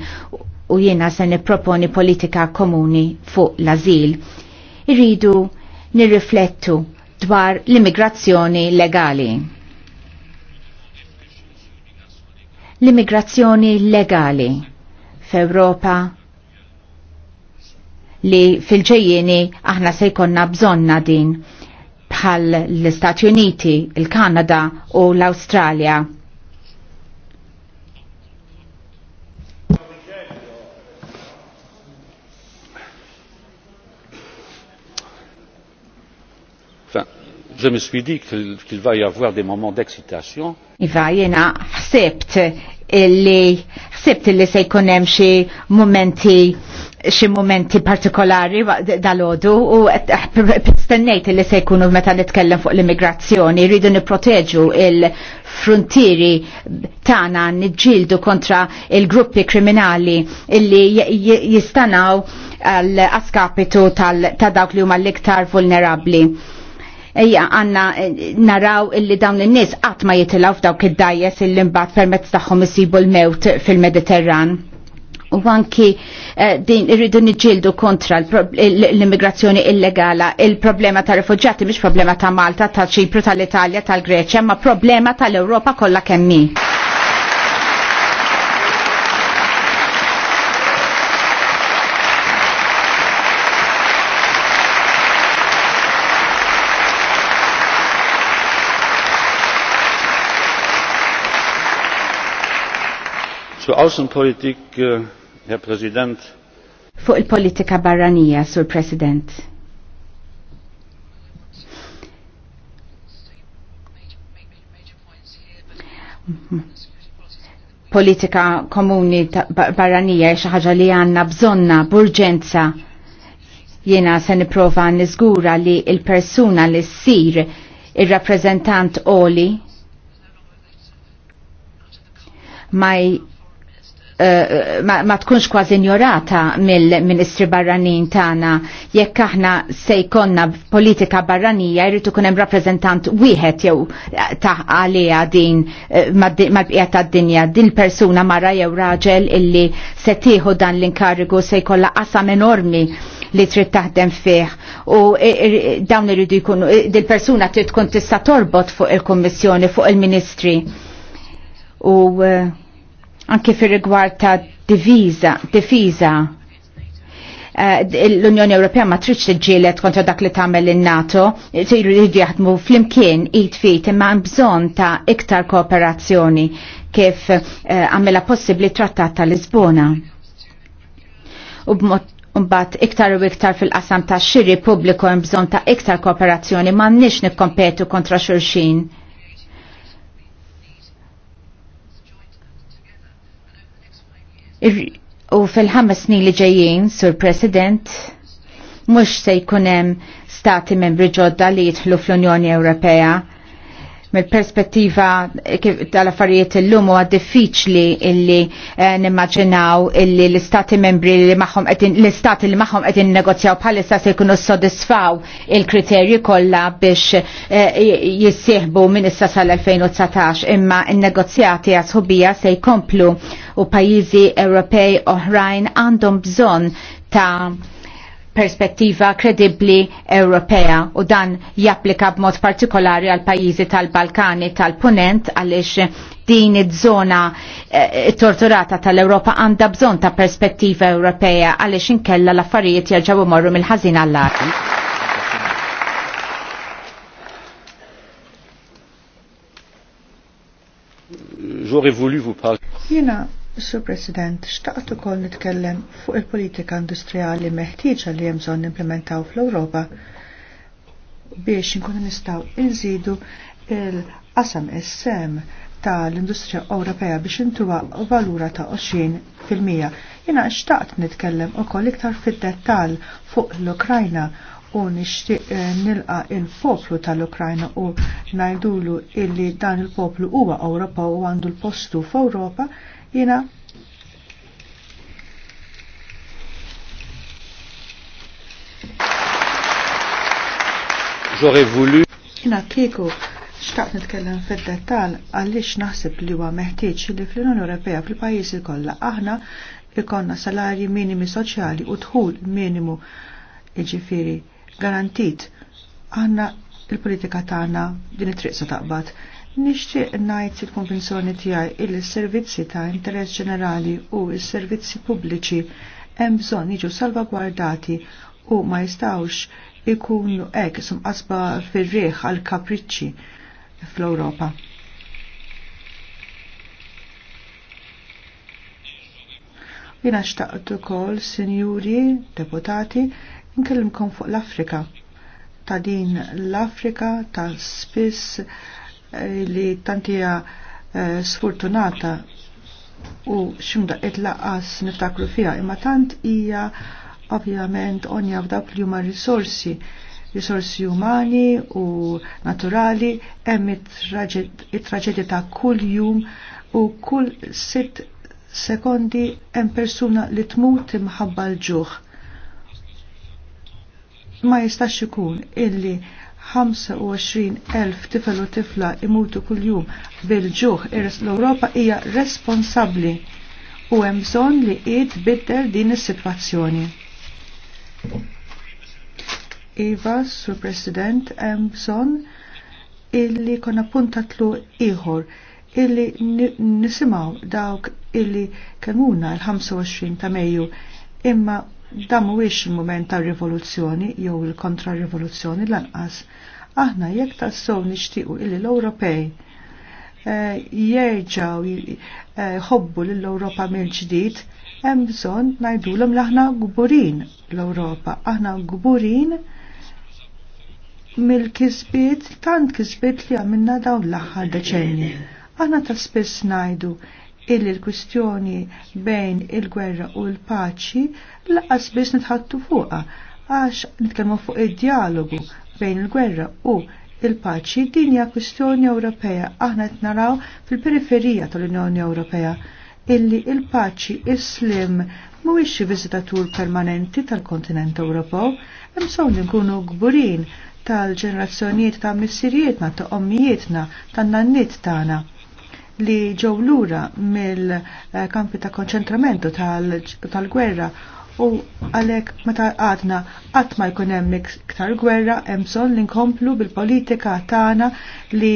u jiena se nipproponi politika komuni fuq l-azil. Irridu nirriflettu dwar l-immigrazzjoni legali. L-immigrazzjoni legali f'Ewropa li fil-ġejjeni aħna se jkonna bżonna din bħal l-Istati Uniti, il-Kanada u l awstralja je me suis dit qu'il va y avoir des moments d'excitation. Iva jena ħsebt li ħsebt li se jkun hemm xi mumenti xi momenti partikolari dal-ħodu u stennejt li se jkunu meta nitkellem fuq l-immigrazzjoni, rridu niproteġu il-frontieri tagħna niġġieldu kontra il-gruppi kriminali illi jistanaw għal-askapitu ta' dawk li huma l-iktar vulnerabbli ejja għanna eh, naraw illi dawn in-nies qatt ma jitilaw f'dawk id-dajjes illi limbat permezz tagħhom isibu l-mewt fil-Mediterran u anki eh, din irridu nġildu kontra l-immigrazzjoni illegala. Il-problema ta' rifugġati biex problema ta' Malta, ta' Ċipru, tal-Italja, tal-Greċja, ma' problema tal europa kolla kemmi. zur außenpolitik äh, Herr Fuq il-politika barranija, Sur President. Politika komuni barranija xi ħaġa li għandna bżonna b'urġenza. Jiena se nipprova niżgura li il-persuna li ssir ir-rappreżentant Oli ma Eh, ma, ma tkunx kważi ignorata mill-ministri barranin tagħna jekk aħna se jkollna politika barranija jrid ikun hemm rappreżentant wieħed jew ta' għaliha din eh, mal-bqija tad-dinja din persuna mara jew raġel illi se tieħu dan l-inkarigu se jkollha qasam enormi li trid taħdem fih u e, e, dawn iridu jkunu e, dil-persuna trid tkun tista' torbot fuq il-Kummissjoni fuq il-Ministri. U uh, anke fir rigward ta' diviza, diviza. Eh, L-Unjoni Ewropea ma tridx tiġġieled kontra dak li tagħmel in-NATO, jsiru jridu jaħdmu flimkien id fit imma hemm bżonn ta' iktar kooperazzjoni kif eh, għamela possibbli trattat ta' Lisbona. U b'mod Mbagħad iktar u iktar fil-qasam ta' xiri pubbliku hemm bżonn ta' iktar kooperazzjoni m'għandniex nikkompetu kontra xulxin. U fil-ħames snin li ġejjin, Sur President, mhux se jkun hemm stati membri ġodda li jidħlu fl-Unjoni Ewropea mill-perspettiva tal-affarijiet illum huwa diffiċli illi eh, nimmaġinaw illi l-istati membri li magħhom l-istati li magħhom għedin negozjaw bħalissa se jkunu sodisfaw il-kriterji kollha biex eh, jissieħbu minn issa sal-2019 imma il negozjati għasħubija se jkomplu u pajjiżi Ewropej oħrajn għandhom bżonn ta' perspettiva kredibbli Ewropea u dan japplika b'mod partikolari għal pajjiżi tal-Balkani tal-Punent għaliex din iż-żona e, torturata tal-Ewropa għandha bżonn ta' perspettiva Ewropea għaliex inkella l-affarijiet jerġgħu morru mill-ħażin l J'aurais voulu vous parler. Sur President, xtaqt ukoll nitkellem fuq il-politika industrijali meħtieġa li hemm bżonn implementaw fl-Ewropa biex inkunu nistgħu inżidu il-qasam SM tal-industrija Ewropea biex intuwa valura ta' 20 fil-mija. Jiena xtaqt nitkellem ukoll iktar fid-dettall fuq l-Ukrajna u nixtieq eh, nilqa il-poplu tal-Ukrajna u ngħidulu illi dan il-poplu huwa Ewropa u għandu l-postu f'Ewropa Jina J'aurais voulu. Jina kieku xtaqt nitkellem fid-dettal għaliex naħseb li huwa meħtieġ li fl-Unjoni Ewropea fil pajjiż ikollha aħna ikonna salarji minimi soċjali u dħul minimu jiġifieri garantit għandna il-politika tagħna din it-triqsa taqbad. Nixtieq ngħid il kompensjoni tiegħi il servizzi ta' interess ġenerali u s-servizzi pubbliċi hemm bżonn jiġu salvagwardati u ma jistawx ikunu hekk sumqasba fir-rieħ għal kapriċċi fl-Ewropa. Jina xtaqt ukoll, sinjuri, deputati, nkellimkom fuq l-Afrika. Ta' din l-Afrika ta' spiss li tantija eh, sfortunata u ximda itlaqas niftakru fija imma tant hija ovvjament onja f'dak li huma risorsi risorsi umani u naturali hemm it-traġedja ta' kull jum u kull sitt sekondi hemm persuna li tmut imħabba l-ġuħ ma jistax ikun illi 25,000 tifel u tifla imutu kuljum bil-ġuħ l-Europa hija responsabbli u hemm bżonn li qiegħed biddel din is-sitwazzjoni. Iva, Sur President, hemm bżonn illi konna puntatlu ieħor illi nisimaw dawk illi kemmuna l-25 ta' Mejju imma Da mhuwiex il-mument ta' rivoluzzjoni jew il-kontrarivoluzzjoni lanqas. Aħna jekk tassew nixtiequ illi l-Ewropej eh, jerġaw jħobbu eh, lill-Ewropa mill-ġdid, hemm bżonn ngħidulhom li aħna gburin l-Ewropa, aħna gburin mill-kisbiet, tant kisbiet li għamilna dawn l-aħħar deċenni. Aħna ta' spiss ngħidu illi l-kwistjoni bejn il-gwerra u l-paċi laqas biex nitħattu fuqa għax nitkellmu fuq id-dialogu bejn il-gwerra u il-paċi din hija kwistjoni Ewropea aħna qed naraw fil-periferija tal-Unjoni Ewropea illi il-paċi islim mhuwiex xi viżitatur permanenti tal-kontinent Ewropew, hemm li nkunu gburin tal-ġenerazzjonijiet ta' missirietna, ta' ommijietna, tan nannit tagħna li ġew lura mill-kampi ta' konċentramentu tal-gwerra u għalek meta għadna għat ma jkun hemm iktar gwerra hemm bżonn li nkomplu bil-politika tagħna li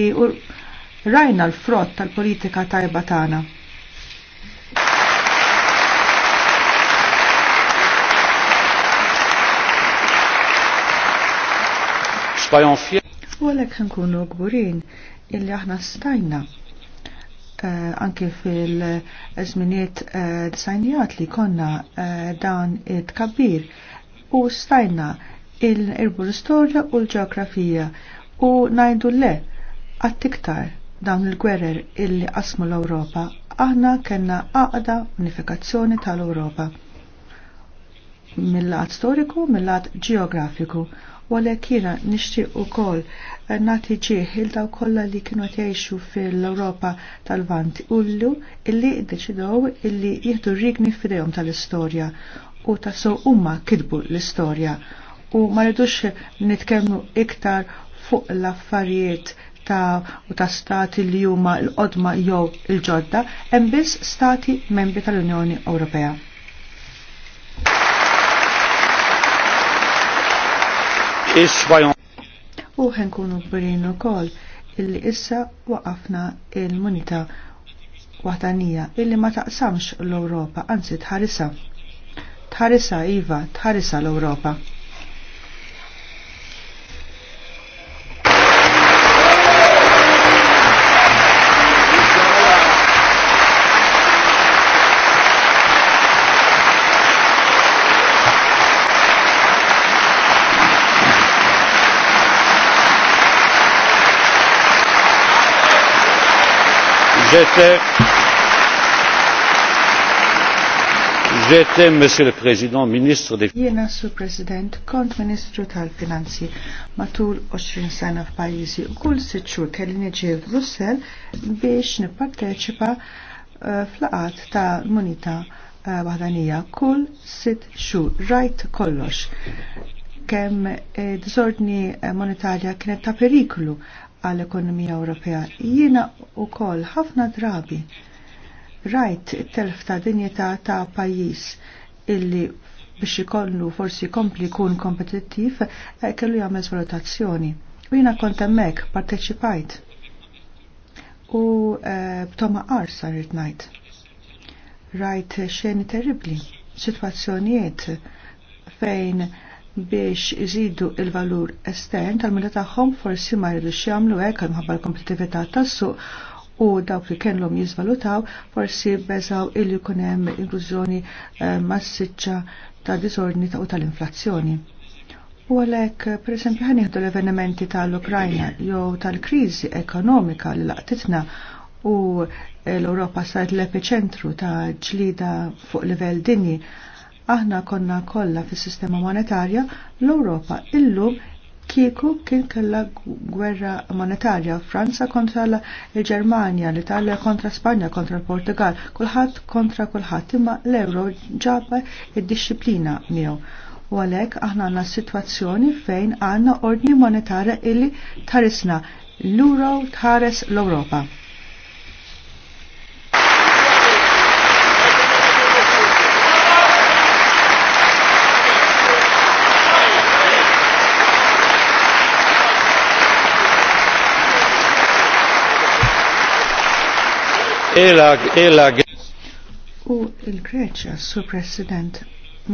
rajna l-frott tal-politika tajba tagħna. U għalek nkunu gburin illi aħna stajna Eh, anke fil-żminiet eh, disajnijat li konna eh, dan it-kabbir u stajna il-irbu l-istorja u l-ġeografija u najdu le għattiktar dawn il-gwerer illi qasmu l-Ewropa aħna kena għaqda unifikazzjoni tal-Ewropa mill-lat storiku, mill-lat ġeografiku U jiena nixtieq ukoll eh, nagħti ġieħ il daw kollha li kienu qed jgħixu fil-Ewropa tal-Vant ullu illi ddeċidew illi jieħdu rigni f'idejhom tal-istorja u tassew huma kitbu l-istorja u ma rridux nitkellmu iktar fuq l-affarijiet ta' u ta' stati li huma l-qodma jew il-ġodda, hemm biss stati membri tal-Unjoni Ewropea. U ħenkunu u ukoll illi issa waqafna il-munita waħdanija illi ma taqsamx l-Ewropa, anzi tħarisa. Tħarisa iva, tħarisa l-Ewropa. j'étais, Monsieur le Président, ministre des Jena, Sur President, kont Ministru tal-Finanzi matul 20 sena f'pajjiżi u kull sitt xhur kelli niġi Brussel biex nipparteċipa eh, fl flaqat ta' munita eh, waħdanija kull sitt xhur rajt kollox kemm eh, disordni monetarja kienet ta' periklu għall-ekonomija Ewropea. Jiena wkoll ħafna drabi rajt it-telf ta' dinjeta ta' pajjiż illi biex ikollu forsi kompli jkun kompetittiv eh, kellu jagħmel svalutazzjoni. U jiena kont hemmhekk parteċipajt u eh, b'toma qarsa rrit ngħid. Rajt xeni terribli, situazzjonijiet fejn biex iżidu il-valur estern tal-mila tagħhom forsi ma jridux jagħmlu hekk minħabba l-kompetitività tas-suq u dawk li kellhom jiżvalutaw forsi beżaw illi jkun hemm inklużjoni eh, massiċċa ta' disordni u tal-inflazzjoni. U għalhekk pereżempju ħan l-avvenimenti tal-Ukrajna jew tal-kriżi ekonomika li laqtitna u l europa saret l-epiċentru ta' ġlida fuq livell dinji aħna konna kollha fis-sistema monetarja l-Ewropa illum kieku kien kella gwerra monetarja Franza kontra l-Ġermanja, l-Italja kontra Spanja kontra l-Portugal, kulħadd kontra kulħadd imma l-euro ġaba id-disciplina miegħu. U għalhekk aħna għandna sitwazzjoni fejn għandna ordni monetarja illi tarisna l-euro tħares l-Ewropa. U il-Greċja, Sur President,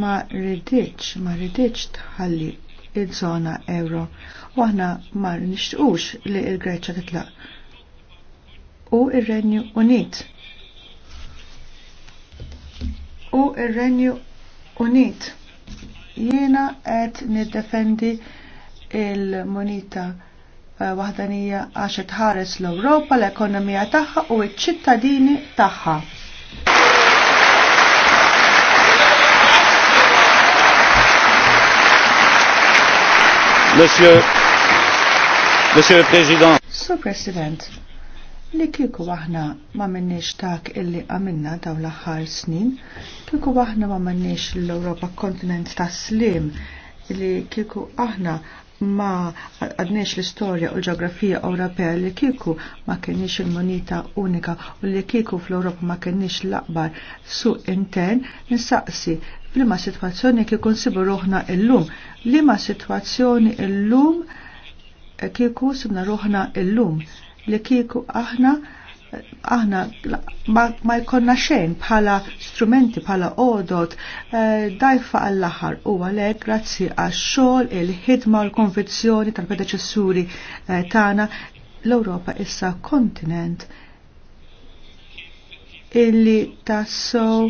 ma ridiċ, ma ridiċ tħalli il-zona euro. U aħna ma nixtiequx li il-Greċja titlaq. U il renju Unit. U il renju Unit. Jiena qed niddefendi il-monita Eh, waħdanija għax tħares l-Ewropa, l-ekonomija tagħha u ċ-ċittadini tagħha. Monsieur, Monsieur le Président. Sur President, li kieku aħna ma minnix tak illi għamilna daw l-aħħar snin, kieku aħna ma minnix l-Europa kontinent ta' slim, li kieku aħna ma għadniex l-istorja u l-ġeografija Ewropea li kieku ma kienniex il-monita unika u li kieku fl-Ewropa ma kienniex l-akbar su intern nistaqsi f'lima situazzjoni kieku nsibu ruħna illum, lima situazzjoni il-lum kieku sibna ruħna il-lum li kieku aħna aħna ma jkonna xejn bħala strumenti bħala odot eh, dajfa għall-aħħar u għalhekk grazzi għax-xogħol, il-ħidma u l-konvizzjoni tal-predeċessuri eh, tagħna l-Ewropa issa kontinent illi tassow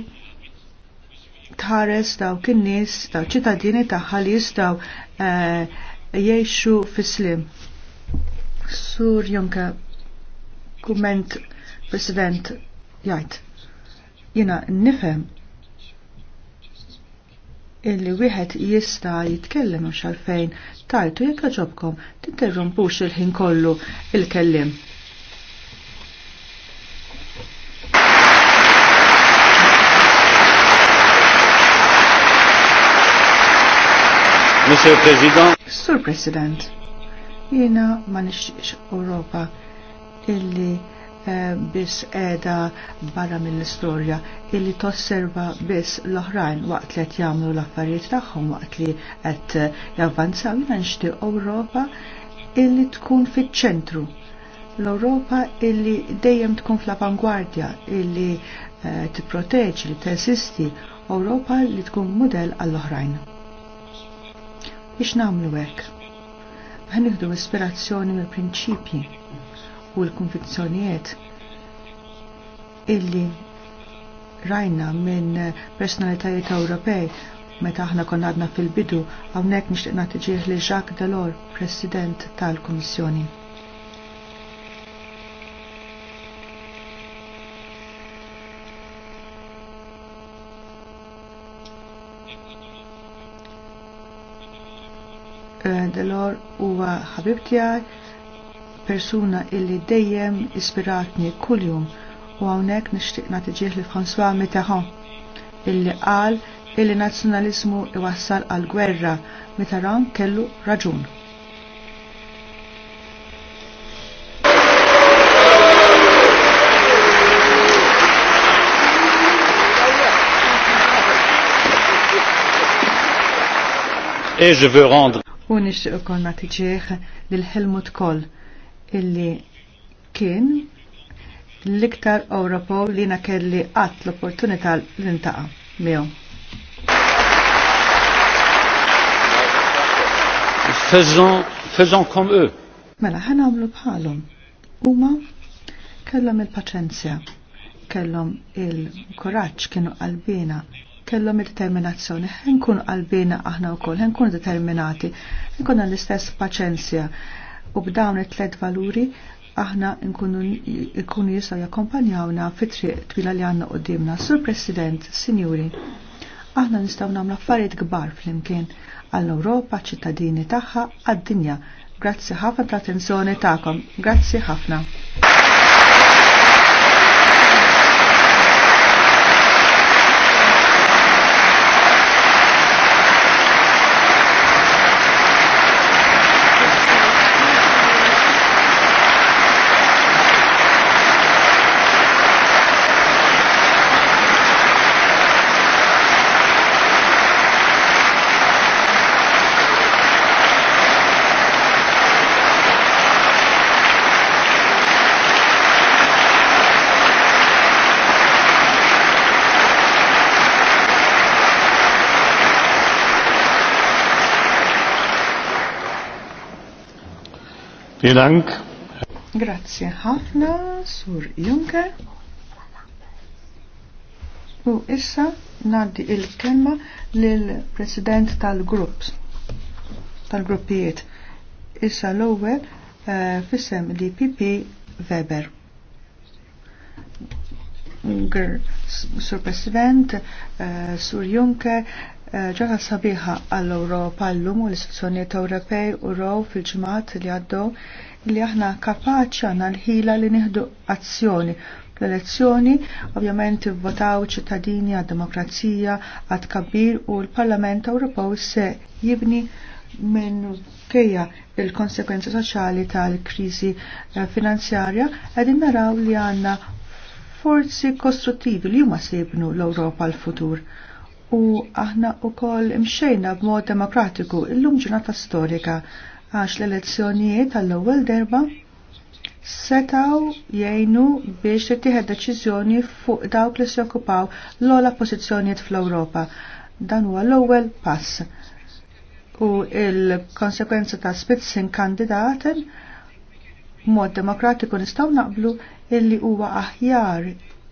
tħares daw in-nies, daw ċittadini tagħha li jistgħu eh, jgħixu fis-slim. Sur Juncker, Kumment President jajt. jina nifem illi wieħed jista' jitkellem u xalfejn tajtu jekk ġobkom tinterrompux il-ħin kollu il-kellim. Mr. President. Sur President, jina ma nixxiex Europa illi eh, biss edha barra mill-istorja illi tosserva biss l-oħrajn waqt li qed jagħmlu l-affarijiet tagħhom waqt li qed eh, javvanzaw jiena nixtieq Ewropa illi tkun fiċ-ċentru. L-Ewropa illi dejjem tkun fl-avangwardja illi eh, tipproteġi li teżisti Ewropa li tkun mudell għall-oħrajn. Biex nagħmlu hekk? Ħanieħdu ispirazzjoni mill-prinċipji u l-konfizzjonijiet illi rajna minn personalitajiet Ewropej meta aħna konna għadna fil-bidu hawnhekk nixtieq nagħtiġih li Jacques Delors, President tal-Kummissjoni. Eh, Delor huwa ħabib tiegħi persuna illi dejjem ispiratni kuljum u għawnek nishtiq natiġieħ li François Mitterrand illi qal illi nazzjonalizmu iwassal għal gwerra Mitterrand kellu raġun. Et je veux rendre. U nixtieq ukoll nagħti lil Helmut Kohl illi kien l-iktar Ewropew li na kelli qatt l-opportunità li ntaqa' miegħu. Faisons, comme eux. Mela ħana għamlu bħalhom. Huma kellhom il-paċenzja, kellhom il-kuraġġ kienu qalbina, kellhom il-determinazzjoni. Ħenkun qalbina aħna wkoll, ħenkun determinati, ħenkun l-istess paċenzja u b'dawn it-tlet valuri aħna nkunu jistgħu jakkompanjawna fit-triq twila li għanna qoddimna. Sur President, Sinjuri, aħna nistaw nagħmlu affarijiet kbar flimkien għall-Ewropa, ċittadini tagħha, għad-dinja. Grazzi ħafna tal-attenzjoni tagħkom. Grazzi ħafna. Ilank. Grazie ħafna, Sur Juncker. U issa naddi il-kelma l president tal-Grupps, tal-Gruppijiet. Issa l-ewwel uh, fissem li PP Weber. Sur President, uh, Sur Juncker, ġara sabiħa għall-Europa l-lum u l-istituzzjonijiet Ewropej u row fil-ġimgħat li għaddew li aħna kapaċi għandna l-ħila li nieħdu azzjoni l-elezzjoni, ovvjament votaw ċittadini għad-demokrazija, għad kabir u l-Parlament Ewropew se jibni minn kejja il-konsekwenzi soċjali tal-kriżi eh, finanzjarja qegħdin naraw li għandna forzi kostruttivi li huma sebnu l-Ewropa l-futur u aħna u kol imxejna b'mod demokratiku illum ġurnata storika għax l-elezzjonijiet għall-ewwel derba setaw jgħinu biex tiħed deċiżjoni fuq dawk li se jokkupaw l-ola pożizzjonijiet fl-Ewropa. Dan huwa l-ewwel pass. U il-konsekwenza ta' spitzin kandidaten mod demokratiku nistgħu naqblu illi huwa aħjar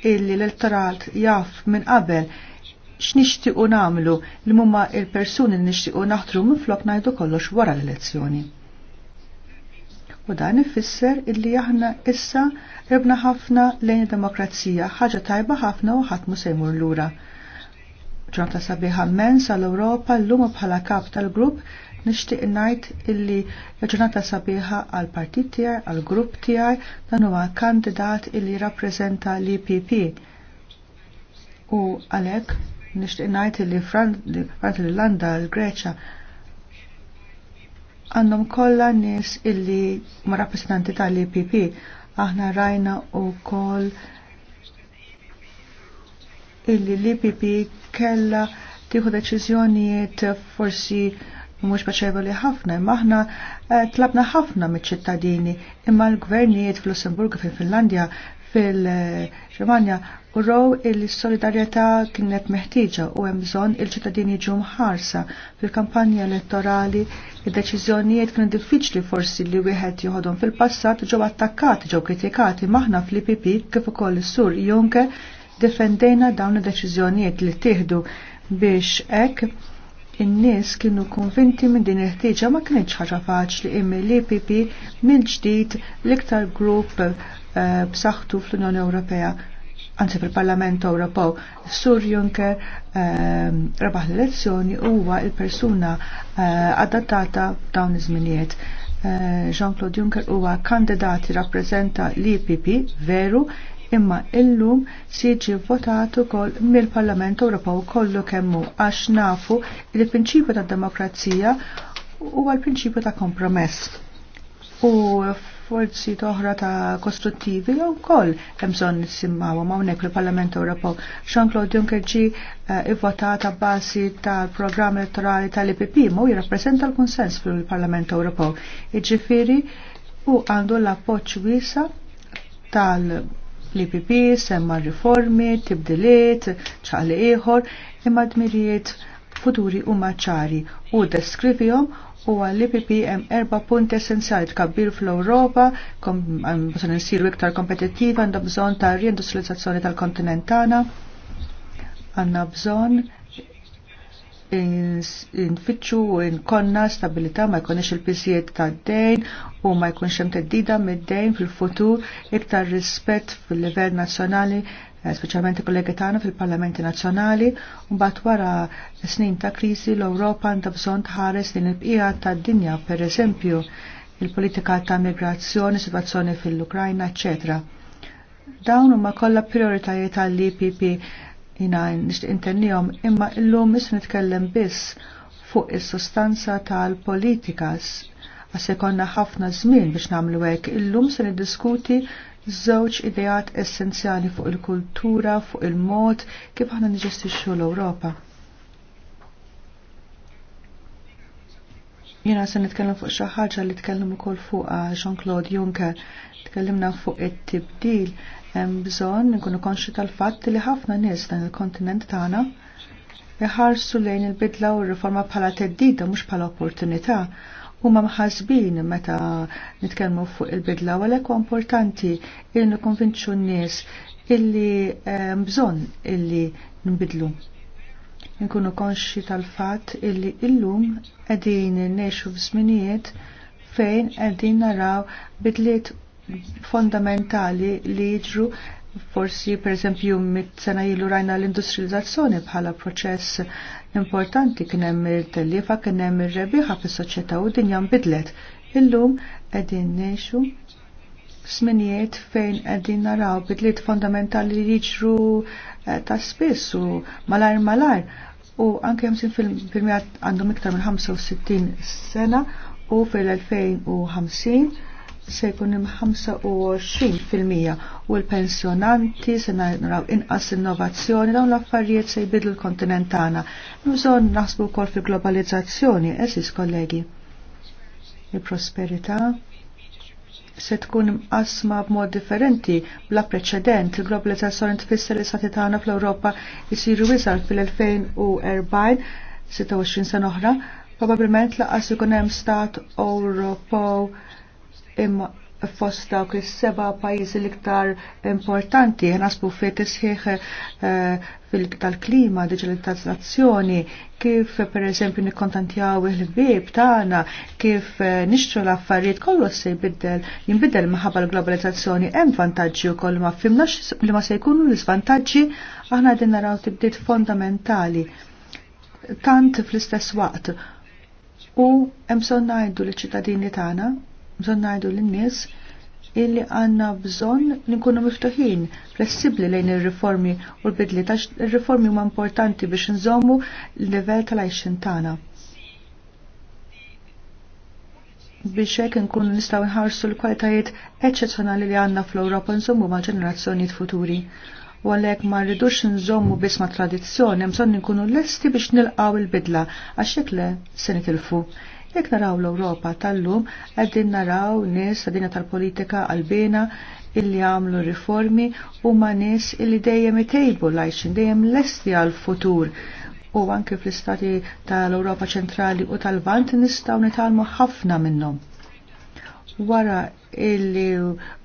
illi l-elettorat jaf minn qabel x'nixtiequ nagħmlu li mumma il-persuni li nixtiequ naħtru minflok ngħidu kollox wara l-elezzjoni. U dan ifisser illi aħna issa rebna ħafna lejn demokrazija, ħaġa tajba ħafna u ħadd mu sejmur lura. Ġurnata sabiħa men sal-Ewropa llum bħala kap tal-grupp nixtieq ngħid illi ġurnata sabiħa għal partit tiegħi, għal grupp tiegħi dan huwa kandidat illi rappreżenta l-IPP. U għalhekk Nishtiq ngħid li Franza l-Irlanda, l-Greċja għandhom kollha nies illi ma rappresentanti tal-IPP aħna rajna koll illi l-IPP kellha tieħu deċiżjonijiet forsi mhux paċevoli ħafna, imma aħna eh, tlabna ħafna miċ-ċittadini, imma l-gvernijiet fil-Lussemburg, fil-Finlandja, fil-Ġermanja eh, u row il-solidarieta kienet meħtieġa u hemm bżonn il-ċittadini ġew ħarsa fil-kampanja elettorali id-deċiżjonijiet kienu diffiċli forsi li wieħed joħodhom fil-passat ġew attakkati, ġew kritikati maħna fl-IPP kif ukoll is-sur Juncker defendejna dawn id-deċiżjonijiet li tieħdu biex hekk in-nies kienu konvinti minn din il-ħtieġa ma kienx ħaġa faċli immi l ipp minn ġdid l-iktar grupp eh, b'saħħtu fl-Unjoni Ewropea anzi fil-Parlament Ewropew, Sur Juncker ehm, rebaħ l-elezzjoni huwa il-persuna eh, adattata dawn iż-żminijiet. Eh, Jean-Claude Juncker huwa kandidat rappreżenta l-IPP veru imma illum siġi votatu kol mill-Parlament Ewropew kollu kemmu għax nafu li prinċipju tad-demokrazija huwa l-prinċipju ta' kompromess. U forzi toħra ta' kostruttivi jew ukoll hemm bżonn ma' hawnhekk fil-Parlament Ewropew. Jean-Claude Juncker ġi eh, ivvotat ta' bażi tal-programm elettorali tal-IPP ma jirrappreżenta l-kunsens fil-Parlament Ewropew. Iġifieri u għandu l-appoġġ wiesa tal-IPP semma riformi, tibdiliet, ċali ieħor imma dmirijiet futuri u maċċari u deskrivihom Huwa l ipp hemm erba' punt essenzjali tkabbir fl-Ewropa, bżonn insiru iktar kompetittiva, għandha bżonn ta' riindustrializzazzjoni tal-kontinent tagħna, għandna bżonn infittxu u nkonna stabilità ma jkunx il-pisijiet tad-dejn u ma jkunx hemm teddida mid-dejn fil-futur iktar rispett fil-livell nazzjonali Eh, speċjalment kollegi tagħna fil-Parlamenti Nazzjonali, u mbagħad wara snin ta' kriżi l-Ewropa għandha bżonn tħares din il-bqija tad-dinja, pereżempju il-politika ta' migrazzjoni, situazzjoni fil-Ukrajna, eccetera. Dawn huma kollha prioritajiet għall-IPP jina nixtieq intennihom imma illum is nitkellem biss fuq is-sostanza tal-politikas għas ikonna ħafna żmien biex nagħmlu hekk illum se niddiskuti żewġ ideat essenzjali fuq il-kultura, fuq il-mod kif aħna niġestixxu l-Ewropa. Jiena se nitkellem fuq xi ħaġa li tkellem ukoll fuq ah, Jean-Claude Juncker. Tkellimna fuq it-tibdil hemm bżonn nkunu konxi tal-fatt li ħafna nies dan il-kontinent tagħna iħarsu lejn il-bidla u r-riforma bħala teddida mhux bħala opportunità huma mħasbin meta nitkellmu fuq il-bidla u għalhekk importanti li nikkonvinċu n-nies illi eh, bżonn illi nbidlu. Nkunu konxi tal-fatt illi illum qegħdin f f'żminijiet fejn qegħdin naraw bidliet fondamentali li jiġru forsi per eżempju mit sena ilu rajna l-industrializzazzjoni bħala proċess importanti kien hemm il telliefa kien hemm ir rebbieħa fis-soċjetà u dinja nbidlet. Illum qegħdin ngħixu sminijiet fejn qegħdin naraw bidliet fondamentali li jiġru eh, ta' spiss u malar malar u anke hemm sin filmijat għandhom iktar minn 65 sena u fil-2050 se jkun hemm 25% u l-pensjonanti se naraw inqas innovazzjoni dawn l-affarijiet se jbidlu l-kontinent tagħna. Bżonn naħsbu wkoll fil-globalizzazzjoni, eżis kollegi. Il-prosperità se tkun imqasma b'mod differenti bla preċedent il-globalizzazzjoni tfisser li stati tagħna fl-Ewropa jsiru iżgħar fil-2040 26 sena oħra, probabbilment laqas ikun hemm stat Ewropew imma fost dawk is-seba' pajjiżi l-iktar importanti nasbu fi tisħiħ eh, tal-klima, digitalizzazzjoni, kif pereżempju nikkontantjaw il-bib tagħna, kif eh, nixtru l-affarijiet kollu se jbiddel, jinbidel maħabba l-globalizzazzjoni hemm vantaġġi wkoll ma fimnax li ma se jkunu l-iżvantaġġi aħna din naraw tibdiet fondamentali tant fl-istess waqt u hemm ngħidu liċ-ċittadini tagħna bżon najdu l-nies illi għanna bżon nkunu miftuħin, flessibli lejn il-riformi u l-bidli, tax il-riformi huma importanti biex nżommu l-level tal-għajxin tagħna. Biex hekk nkunu nistgħu nħarsu l-kwalitajiet eċċezzjonali li għandna fl-Ewropa nżommu ma' ġenerazzjonijiet futuri. U għalhekk ma rridux nżommu biss ma' tradizzjoni, bżonn nkunu lesti biex nilqgħu il-bidla għax hekk le se nitilfu. Jek naraw l-Europa tal-lum, għaddin naraw nis għadina tal-politika għalbina illi għamlu riformi u ma nis illi dejjem itejbu lajxin, dejjem lesti għal-futur. U anke fl-istati tal-Europa ċentrali u tal-Vant nistaw nitalmu ħafna minnhom. Wara illi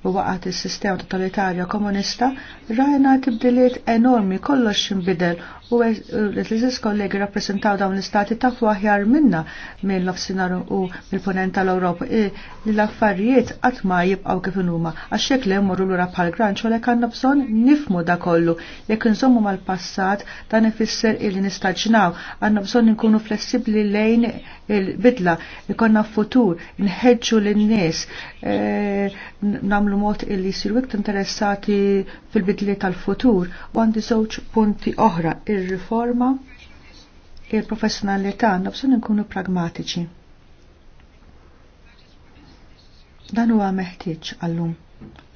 u waqat il-sistema totalitarja komunista, rajna tibdiliet enormi kollox imbidel u l-Iżis kollegi rappresentaw dawn l-istati tafu aħjar minna l nofsinar u mill-ponent tal-Europa li l-affarijiet qatt ma jibqgħu kif huma għax hekk li jmorru lura bħal granċ għalhekk għandna bżonn nifmu da kollu jekk nżommu mal-passat dan ifisser illi nistaġnaw għandna bżon nkunu flessibbli lejn il-bidla ikonna futur nħedġu lin-nies eh, namlu mod illi jisiru iktar interessati fil-bidli tal-futur u għandi żewġ punti oħra ir-riforma il-professionalità nafsun nkunu pragmatiċi. Dan huwa meħtieġ għallum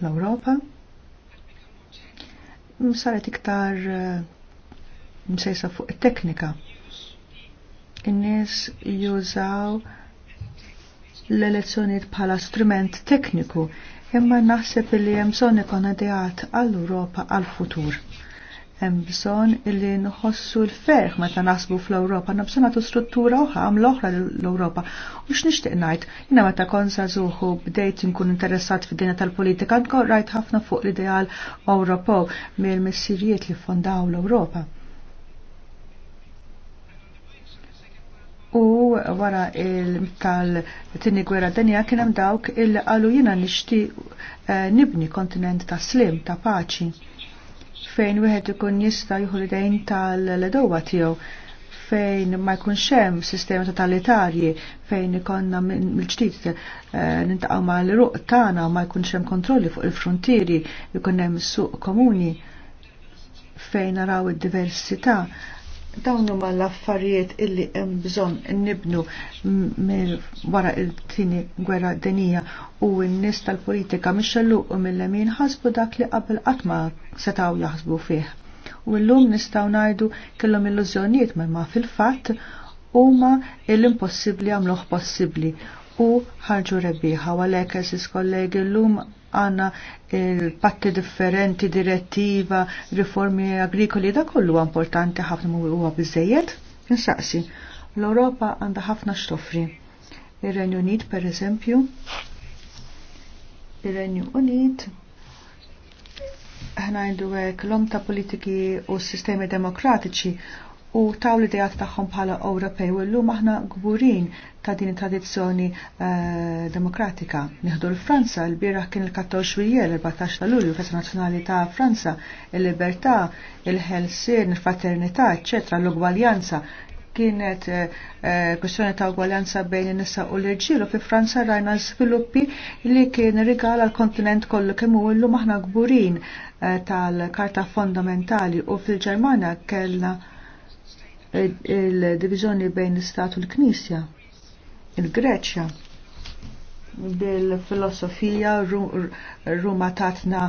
l-Ewropa saret iktar eh, msejsa fuq it-teknika. In-nies jużaw l-elezzjoniet bħala strument tekniku imma naħseb li hemm bżonn ikun ideat għall-Ewropa għall-futur. Hemm bżonn illi nħossu l-ferħ meta naħsbu fl-Ewropa, na bżonn nagħtu struttura oħra għam l-oħra l-Ewropa. U nixtieq ngħid, jiena meta kont żuħu bdejt inkun interessat fid-dinja tal-politika, rajt ħafna fuq l-ideal Ewropew mill-missirijiet li fondaw l-Ewropa u wara tal-tini gwerra dinja kienem dawk il-qalu jina nishti eh, nibni kontinent ta' slim, ta' paċi fejn wieħed ikun jista' jieħu dejn tal-ledowa tiegħu fejn ma jkunx hemm sistema totalitarji fejn ikonna mill-ġdid eh, nintaqgħu mal-ruq tagħna ma jkunx hemm kontrolli fuq il-frontieri, jkun hemm suq komuni fejn naraw id-diversità dawn huma l-affarijiet illi hemm bżonn nibnu wara il-tieni gwerra dinija u n-nies tal-politika u mill-lemin ħasbu dak li qabel qatt ma setgħu jaħsbu fih. U llum nistgħu ngħidu kellhom illużjonijiet ma fil-fatt huma l-impossibbli għamluh possibbli u ħarġu rebbieħa għalhekk eżis kollegi llum għanna il-patti differenti, direttiva, riformi agrikoli, da kollu importanti ħafna mu huwa biżejjed. Nsaqsi, l-Europa għandha ħafna xtofri. Ir-Renju Unit, per eżempju, ir-Renju Unit, ħnajdu għek l-om ta' politiki u s sistemi demokratiċi u taw l-idejat tagħhom bħala Ewropej u llum aħna gburin ta' din tradizzjoni eh, demokratika. Nieħdu l-Franza, l-bieraħ kien il-14 wijel, 14 ta' Lulju, Festa Nazjonali ta' Franza, il-libertà, il-ħelsien, il-fraternità, eċċetra, l-ugwaljanza kienet eh, eh, kwestjoni ta' ugwaljanza bejn in-nisa u l-irġiel u fi Franza rajna l-sviluppi li kien rigal għal kontinent kollu kemm hu llum aħna gburin tal-Karta Fondamentali u fil-Ġermana kellna il-divizjoni bejn l-Istat u l-Knisja, il-Greċja, bil-filosofija, Ruma tatna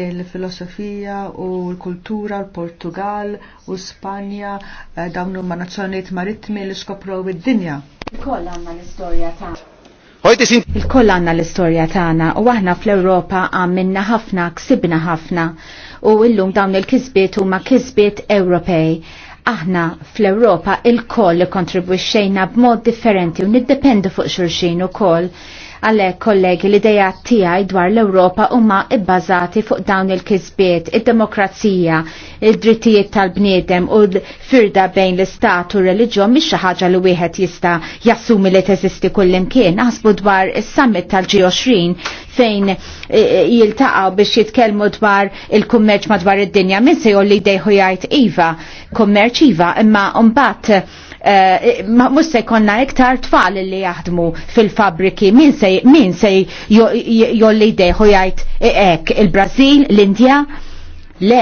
il-filosofija u l-kultura, l-Portugal u Spanja, eh, dawn huma nazzjonijiet maritmi li skoprow id-dinja. Ikoll għandna l-istorja ta' Il-koll għanna l-istoria tagħna u aħna fl-Ewropa għamilna ħafna, ksibna ħafna u illum dawn il-kisbiet huma kisbiet Ewropej Aħna fl-Ewropa il-koll kontribwixxejna b'mod differenti u niddependu fuq xulxin ukoll. koll Għalhekk kollegi l-idea tiegħi dwar l-Ewropa huma ibbazati fuq dawn il-kisbiet, id-demokrazija, id-drittijiet tal-bniedem u l-firda bejn l-istat u r-reliġjon xaħġa xi ħaġa li wieħed jista' jassumi li teżisti kullimkien. Għasbu dwar is-summit tal-G20 fejn e, e, jiltaqgħu biex jitkellmu dwar il-kummerċ madwar id-dinja min se jolli dejħu jgħid iva, kummerċ iva, imma mbagħad Eh, mhux se jkollna iktar tfal li jaħdmu fil-fabriki min se min se jolli jdeħu jgħid hekk il-Brażil, l-Indja. Le,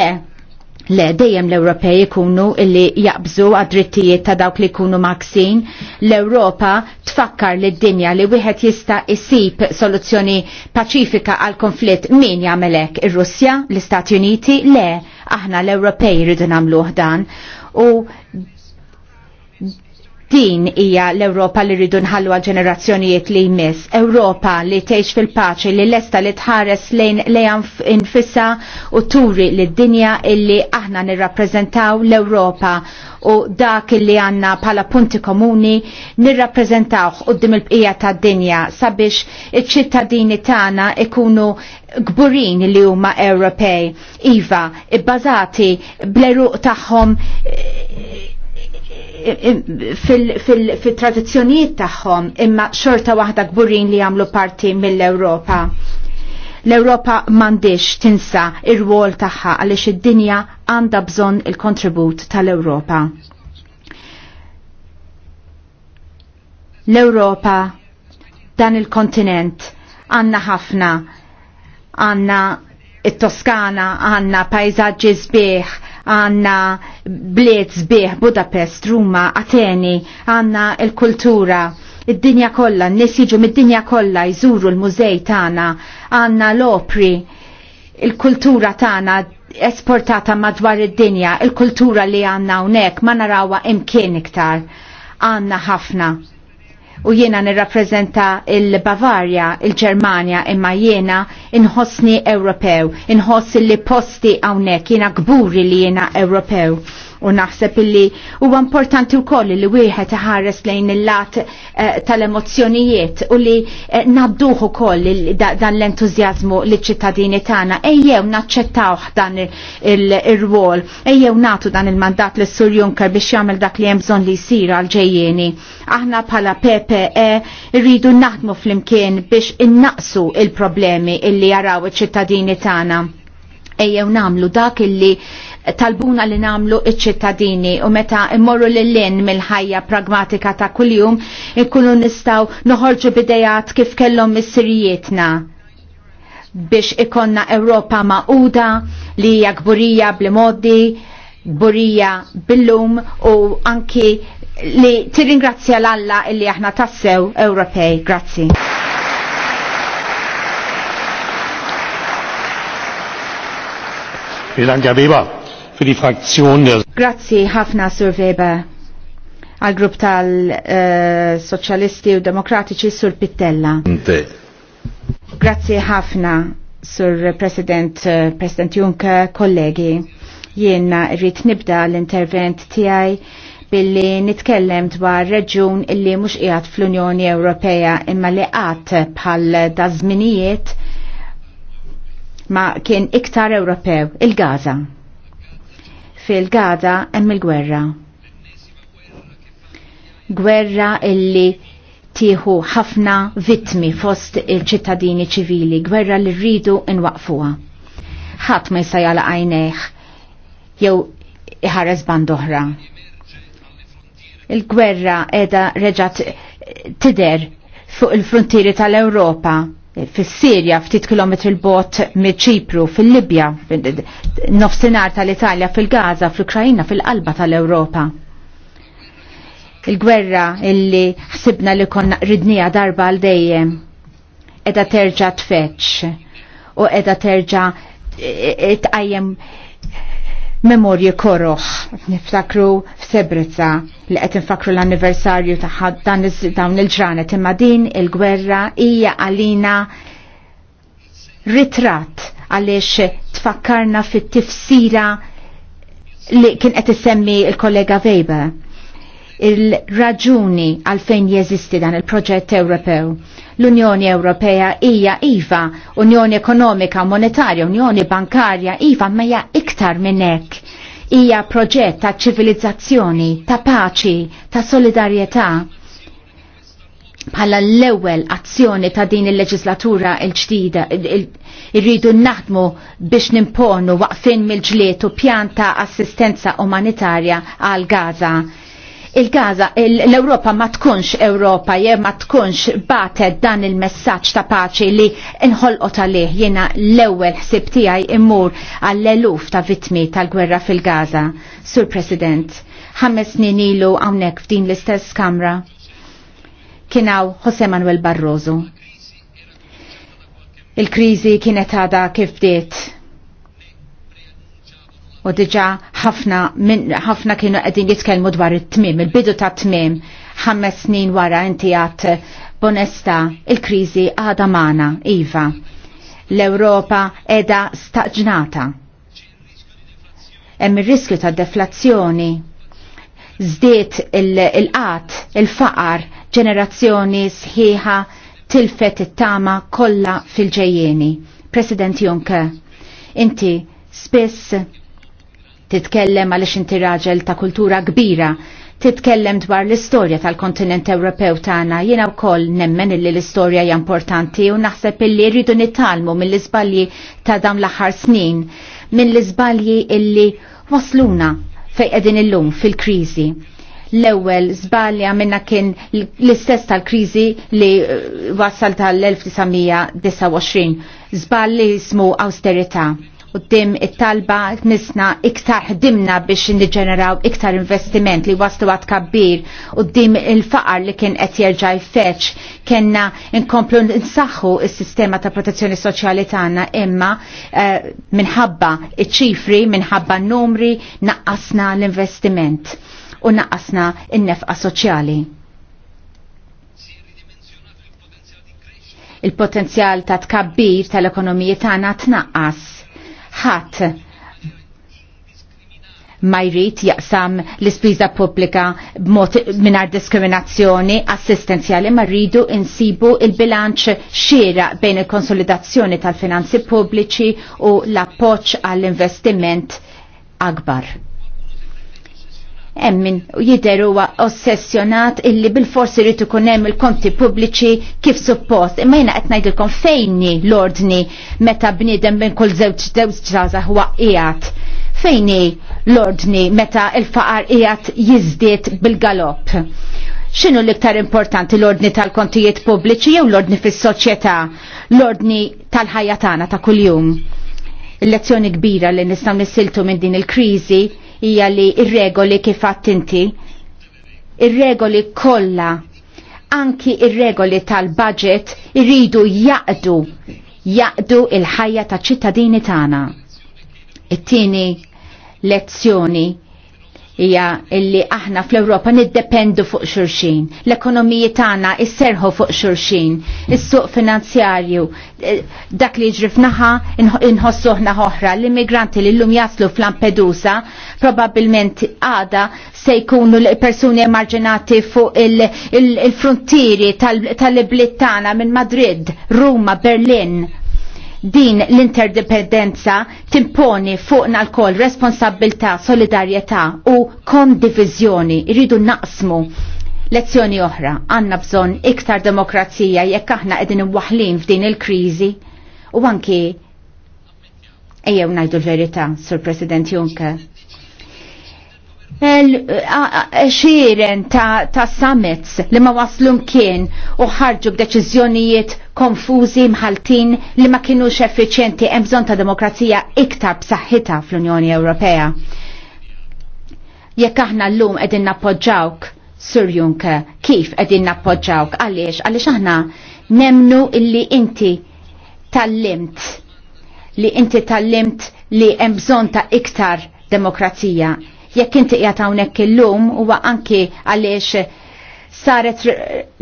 le dejjem l-Ewropej ikunu illi jaqbżu għad-drittijiet ta' dawk li jkunu maksin, l-Ewropa tfakkar li d-dinja li wieħed jista' isib soluzzjoni paċifika għal konflitt min jagħmel hekk ir-Russja, l-Istati Uniti, le aħna l-Ewropej rridu nagħmluh dan u Din hija l-Ewropa li rridu nħallu għal ġenerazzjonijiet li jmiss. Ewropa li tgħix fil-paċi li lesta li tħares lejn lejan infissa u turi li d-dinja illi aħna nirrappreżentaw l-Ewropa u dak illi għanna pala punti komuni nirrappreżentawh qudiem il-bqija tad-dinja sabiex iċ-ċittadini tagħna ikunu gburin li huma Ewropej. Iva, ibbażati bleruq tagħhom fil-tradizzjonijiet tagħhom imma xorta waħda kburin li jagħmlu parti mill-Ewropa. L-Ewropa m'għandix tinsa ir wol tagħha għaliex id-dinja għandha bżonn il-kontribut tal-Ewropa. L-Ewropa dan il-kontinent għanna ħafna għanna it-Toskana għanna pajzaġġi sbieħ għanna bliet zbieħ Budapest, Ruma, Ateni, għanna il-kultura, id-dinja kollha, n-nies jiġu mid-dinja kollha jżuru l-mużej tagħna, għanna l-opri, il-kultura tagħna esportata madwar id-dinja, il-kultura li għanna hawnhekk ma narawha imkien iktar. Għanna ħafna u jiena nirrappreżenta il-Bavarja, il-Ġermanja, imma jiena inħossni Ewropew, inħoss li posti hawnhekk, jiena gburi li jiena Ewropew u naħseb illi huwa importanti wkoll li wieħed iħares lejn il-lat eh, tal-emozzjonijiet u li eh, nabduh ukoll dan l-entużjażmu li ċittadini tagħna ejjew naċċettawh dan ir-rwol, ejjew natu dan il-mandat lis sur Juncker biex jagħmel dak li hemm bżonn li jsir għal-ġejjieni. Aħna bħala PPE rridu naħdmu flimkien biex innaqsu il-problemi illi jaraw iċ-ċittadini tagħna ejjew namlu dak illi talbuna li namlu iċ-ċittadini u meta immorru l-lin mill-ħajja pragmatika ta' kuljum ikunu nistaw noħorġu bidejat kif kellhom missirijietna biex ikonna Ewropa maquda li hija gburija bl-modi, gburija bil-lum u anki li tirringrazzja l-Alla illi aħna tassew Ewropej. Grazzi. il Dank, für die Fraktion der Grazzi ħafna Sur Weber għal grupp tal-Soċjalisti eh, u Demokratiċi Sur Pittella. Grazzi ħafna Sur President, eh, President Juncker, kollegi. Jiena rrit nibda l-intervent tiegħi billi nitkellem dwar reġun illi mhux qiegħed fl-Unjoni Ewropea imma li qatt bħal dażminijiet ma kien iktar Ewropew, il-Gaza fil-gada hemm il-gwerra. Gwerra illi tieħu ħafna vittmi fost il-ċittadini ċivili, gwerra li rridu nwaqfuha. Ħadd ma jista' jala għajnejh jew iħares band oħra. Il-gwerra edha reġat tider fuq il-frontieri tal-Ewropa fis-Sirja ftit kilometri l-bot mid ċipru fil-Libja, nofsinhar tal-Italja fil-Gaza, fl ukrajina fil-qalba tal-Ewropa. Il-gwerra illi ħsibna li konna ridnija darba għal dejjem edha terġa tfeċ u edha terġa e, e, tqajjem memorje korroħ. Niftakru f'Sebrezza li qed infakru l-anniversarju ta' dan dawn il-ġranet imma din il-gwerra hija għalina ritratt għaliex tfakkarna fit-tifsira li kien qed isemmi il-kollega Weber il-raġuni għalfejn jeżisti dan il-proġett Ewropew. L-Unjoni Ewropea hija iva, Unjoni Ekonomika, Monetarja, Unjoni Bankarja, iva ma hija iktar minn hekk. Hija proġett ta' ċivilizzazzjoni, ta' paċi, ta' solidarjetà. Bħala l-ewwel azzjoni ta' din il-leġislatura l-ġdida il irridu naħdmu biex nimponu waqfin mill-ġlietu pjanta assistenza umanitarja għal Gaza il-Gaza, l-Europa ma tkunx Europa, jew ma tkunx batet dan il-messaċ ta' paċi li nħolqot għalih jena l-ewel ħsib tiegħi immur għall-eluf ta' vitmi tal-gwerra fil-Gaza. Sur President, ħames snin ilu hawnhekk f'din l-istess kamra kienaw Jose Manuel Barroso. Il-kriżi kienet għada kif bdiet U diġa ħafna kienu qegħdin jitkellmu dwar it-tmim, il-bidu ta' tmim, ħames snin wara inti għat bonesta il kriżi għadha magħna, Iva. l ewropa edha staġnata. Hemm ir-riskju ta' deflazzjoni Żdiet il il-faqar, ġenerazzjoni sħiħa tilfet it-tama kollha fil-ġejjeni. President Juncker, inti spiss titkellem għaliex inti raġel ta' kultura kbira, titkellem dwar l-istorja tal-kontinent Ewropew tagħna, jiena wkoll nemmen illi l-istorja hija importanti u naħseb illi rridu nitalmu mill-iżbalji ta' dawn l-aħħar snin, mill-iżbalji illi wasluna fejn qegħdin illum fil-kriżi l-ewwel żbalja minna kien l-istess tal-kriżi li uh, wassal tal-1929 żball li jismu austerità u dim it-talba nisna iktar ħdimna biex niġeneraw iktar investiment li waslu għat kabbir u dim il-faqar li kien qed jerġa' feċ kenna nkomplu nsaħħu is-sistema ta' protezzjoni soċjali tagħna imma uh, minħabba iċ-ċifri, minħabba n-numri naqqasna l-investiment u naqqasna n-nefqa soċjali. il-potenzjal ta' tkabbir tal-ekonomiji tagħna tnaqqas ħadd ma jrid jaqsam l-ispiża pubblika b'mod mingħajr diskriminazzjoni assistenzjali ma rridu insibu il-bilanċ xiera bejn il-konsolidazzjoni tal-finanzi pubbliċi u l-appoġġ għall-investiment akbar emmin jider huwa ossessjonat illi bil-forsi rrit ikun hemm il-konti pubbliċi kif suppost. Imma jiena qed ngħidilkom fejni l-ordni meta bniedem minn kull żewġ żewġ ġraża huwa qiegħed. Fejni l-ordni meta l-faqar qiegħed jiżdied bil-galopp. X'inhu l-iktar importanti l-ordni tal-kontijiet pubbliċi jew l-ordni fis-soċjetà, l-ordni tal-ħajja tagħna ta' kuljum? Il-lezzjoni kbira li nistgħu nisiltu minn din il-kriżi hija li ir-regoli kif inti ir-regoli kollha anki ir-regoli tal-budget irridu jaqdu jaqdu il-ħajja ta' ċittadini tagħna. It-tieni lezzjoni hija illi aħna fl-Ewropa niddependu fuq xurxin, l-ekonomiji tagħna isserħu fuq xurxin, is-suq finanzjarju, eh, dak li jiġri inħossuħna inħossu oħra, l-immigranti li llum jaslu fl-Lampedusa probabbilment għada se jkunu l-persuni emarġinati fuq il-frontieri tal-ibliet tagħna minn Madrid, Ruma, Berlin Din l-interdependenza timponi fuqna l-kol responsabilta, solidarieta u kondivizjoni. Irridu naqsmu Lezzjoni oħra, għanna bżon iktar demokrazija jekk aħna qegħdin imwaħlin f'din il-kriżi u anki ejjew ngħidu l-verità, Sur President Juncker. E, xiren ta', ta summits li ma waslum kien u ħarġu b'deċiżjonijiet konfużi mħaltin li ma kienu effiċjenti hemm bżonn ta' demokrazija iktar b'saħħitha fl-Unjoni Ewropea. Jekk aħna llum qegħdin nappoġġawk, Sur Juncker, kif qegħdin nappoġġawk għaliex għaliex aħna nemnu illi inti tallimt li inti tallimt li hemm bżonn ta' iktar demokrazija jekk inti qiegħed hawnhekk illum huwa anki għaliex saret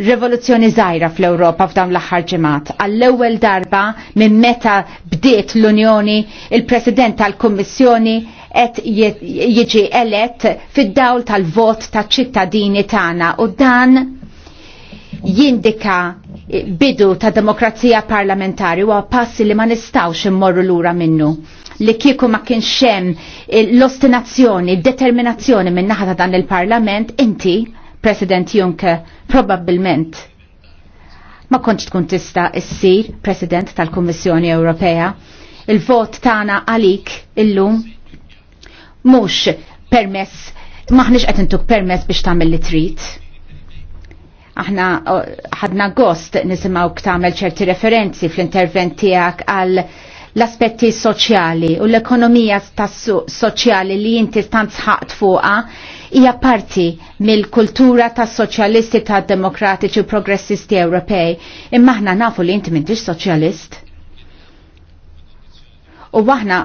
rivoluzzjoni żgħira fl-Ewropa f'dawn l-aħħar ġimgħat. Għall-ewwel darba minn meta bdiet l-Unjoni, il-President tal-Kummissjoni qed jiġi elett fid-dawl tal-vot taċ-ċittadini tagħna u dan jindika bidu ta' demokrazija parlamentari u passi li ma nistawx immorru lura minnu li kieku ma kienx hemm eh, l-ostinazzjoni, determinazzjoni minn naħa ta' dan il-Parlament, inti, President Juncker, probabbilment ma kontx tkun tista' issir President tal-Kummissjoni Ewropea. Il-vot tagħna għalik illum mhux permess maħniex qed intuk permess biex tagħmel li trid aħna eh, ħadna gost nisimaw tagħmel ċerti referenzi fl-intervent tiegħek għal l-aspetti soċjali u l-ekonomija soċjali li jinti tant sħaqt fuqa hija parti mill-kultura tas soċjalisti tad demokratiċi u progressisti Ewropej. Imma aħna nafu li inti m'intix soċjalist. U aħna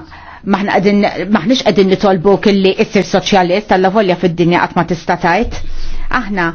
maħna qegħdin maħniex qegħdin nitolbuk illi issir soċjalist alla volja fid-dinja qatt ma tista' tgħid. Aħna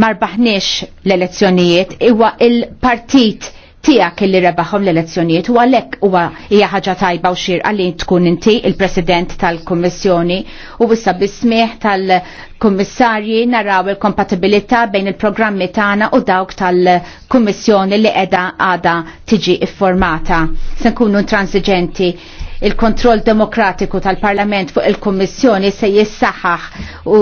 marbaħniex l-elezzjonijiet, iwa il-partit tijak li rebaħom l-elezzjonijiet u għalek u hija ħaġa tajba u xir għalli tkun inti il-president tal-kommissjoni u wissa bismieħ tal-kommissarji naraw il-kompatibilità bejn il-programmi tagħna u dawk tal-kommissjoni li qiegħda għada tiġi informata. Se nkunu intransiġenti il-kontroll demokratiku tal-Parlament fuq il-Kommissjoni se jissaħħaħ u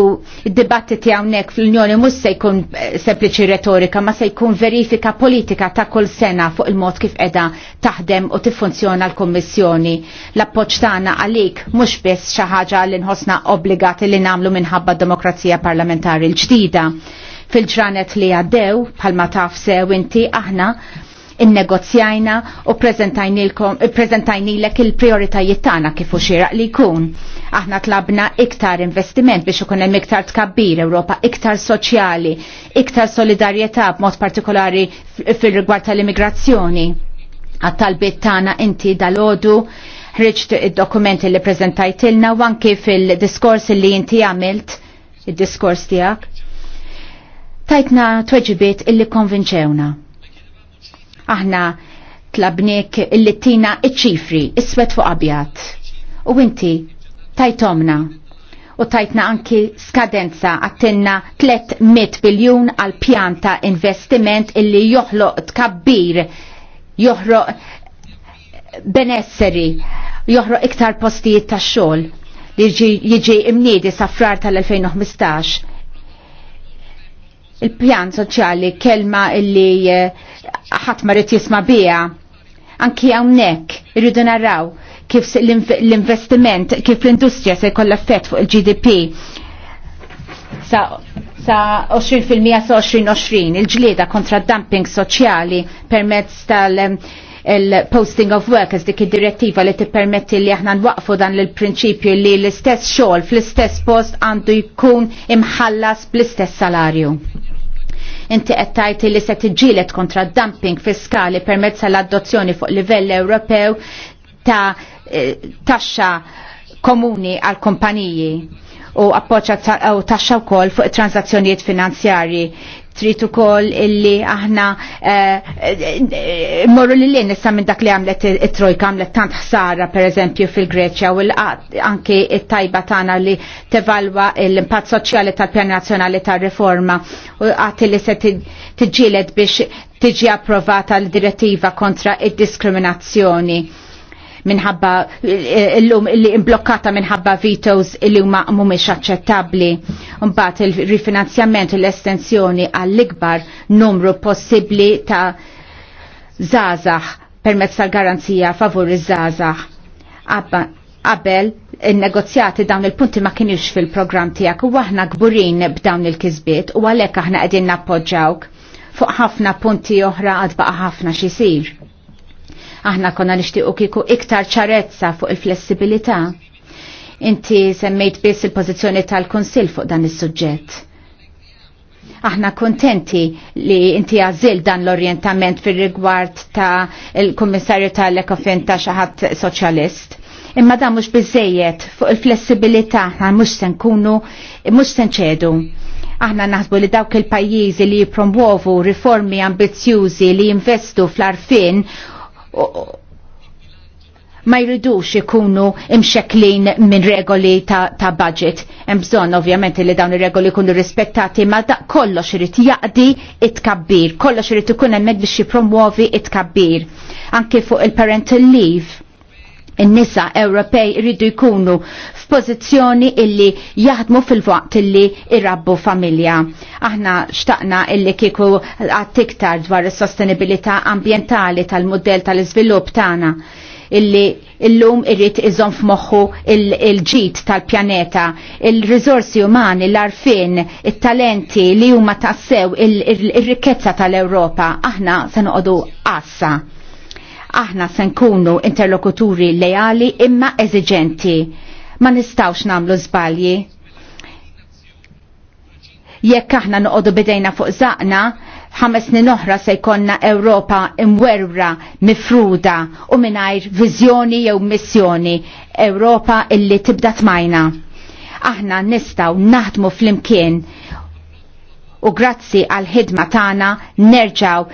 d-dibattiti hawnhekk fl-Unjoni mhux se jkun eh, sempliċi retorika ma se jkun verifika politika ta' kull sena fuq il-mod kif qiegħda taħdem u tiffunzjona l-Kommissjoni. L-appoġġ tagħna għalik mhux biss xi ħaġa li nħossna obbligati li nagħmlu minħabba demokrazija parlamentari l-ġdida fil-ġranet li għaddew, palma taf sew inti aħna innegozjajna u eh, prezentajnilek il-prioritajiet tagħna kif u xieraq li jkun. Aħna tlabna iktar investiment biex ikun hemm iktar tkabbir Ewropa iktar soċjali, iktar solidarjetà b'mod partikolari fil-rigward tal-immigrazzjoni. Għat-talbiet tagħna inti dal-għodu ħriġt id-dokumenti li prezentajtilna u anki fil-diskors li inti għamilt, id-diskors tijak. Tajtna tweġibiet illi konvinċewna. Aħna tlabnek illi tina iċ-ċifri, fuq abjad. U inti tajtomna u tajtna anki skadenza għattinna 300 biljun għal pjanta investiment illi joħloq tkabbir, joħlo benesseri, joħlo iktar postijiet ta' xol li jiġi imniedi sa' tal-2015 il-pjan soċjali kelma illi eh, ħadd ma rrid jisma' biha. Anki hawnhekk irridu naraw kif l-investiment, kif l-industrija se jkollha effett fuq il-GDP sa, sa 20% 20 il-ġlieda kontra dumping soċjali permezz tal- il-posting of workers dik id-direttiva li tippermetti li aħna nwaqfu dan l-prinċipju li l-istess xogħol fl-istess post għandu jkun imħallas bl-istess salarju. Inti qed li se tiġġielet kontra dumping fiskali permezz l-adozzjoni fuq livell Ewropew ta' eh, taxxa komuni għal kumpaniji u appoċa u taxxa wkoll fuq transazzjonijiet finanzjarji trid ukoll illi aħna eh, morru li lin issa minn dak li għamlet it-trojka għamlet tant ħsara pereżempju fil-Greċja u anke it-tajba tagħna li tevalwa l-impatt soċjali tal-Pjan Nazzjonali tar-Riforma u għati li se tiġġieled biex tiġi approvata l-direttiva kontra id-diskriminazzjoni minħabba l-lum li imblokkata minħabba vetoes li huma mhumiex aċċettabbli. Mbagħad il-rifinanzjament u l-estensjoni għall-ikbar numru possibbli ta' zazax permezz tal-garanzija favur iż-żazax. Qabel il-negozjati dawn il-punti ma kienux fil-programm tiegħek u aħna kburin b'dawn il-kisbiet u għalhekk aħna qegħdin nappoġġawk fuq ħafna punti oħra għadba ħafna ħafna xisir. Aħna konna nixtiequ kieku iktar ċarezza fuq il-flessibilità. Inti semmejt biss il-pożizzjoni tal-Kunsill fuq dan is-suġġett. Aħna kontenti li inti għazil dan l-orientament fil-rigward ta' il-Kummissarju tal-Ekofin ta' xaħat soċjalist imma dan mhux bizzejiet fuq il-flessibilità aħna mhux se nkunu mhux se nċedu. Aħna naħsbu li dawk il-pajjiżi li jippromuovu riformi ambizzjużi li jinvestu fl-arfin ma jridux ikunu imxeklin minn regoli ta', ta budget. Hemm bżonn ovvjament li dawn ir-regoli jkunu rispettati, ma da kollox irid jaqdi it-kabbir, kollox irid ikun hemmhekk biex jippromuovi it-kabbir. Anke fuq il-parental leave n-nisa Ewropej rridu jkunu f'pożizzjoni illi jaħdmu fil-waqt illi irrabbu familja. Aħna xtaqna illi kieku tiktar dwar is-sostenibilità ambientali tal-modell tal-iżvilupp tagħna illi illum irrit iżom f'moħħu il-ġit tal-pjaneta, il-rizorsi umani, l-arfin, il-talenti li huma tassew il-rikkezza tal-Ewropa, aħna se noqogħdu qassa. Aħna se nkunu interlokuturi leali imma eżiġenti. Ma nistawx namlu żbalji. Jekk aħna noqogħdu bidejna fuq zaqna, ħames snin oħra se jkollna Ewropa imwerra, mifruda u mingħajr viżjoni jew missjoni, Ewropa illi tibda tmajna. Aħna nistaw naħdmu fl-imkien u grazzi għal ħidma tagħna nerġaw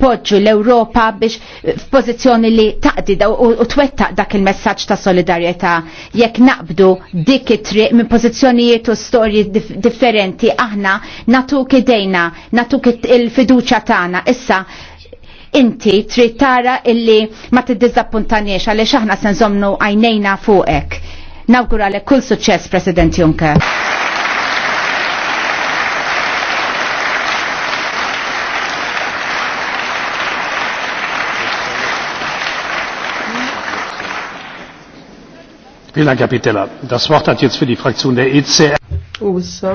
poġġu l-Ewropa biex f'pożizzjoni li taqdi u twettaq dak il-messaġġ ta' solidarjetà jekk naqbdu dik it-triq minn pożizzjonijiet u storji differenti aħna natuk idejna, natuk il-fiduċa tagħna. Issa inti trid tara illi ma tiddiżappuntaniex għaliex aħna se nżommu għajnejna fuqek. Nawguralek kull suċċess, President Juncker. Vielen Dank, Herr Pitella. Das Wort hat jetzt für die Fraktion der ECR. Ussa,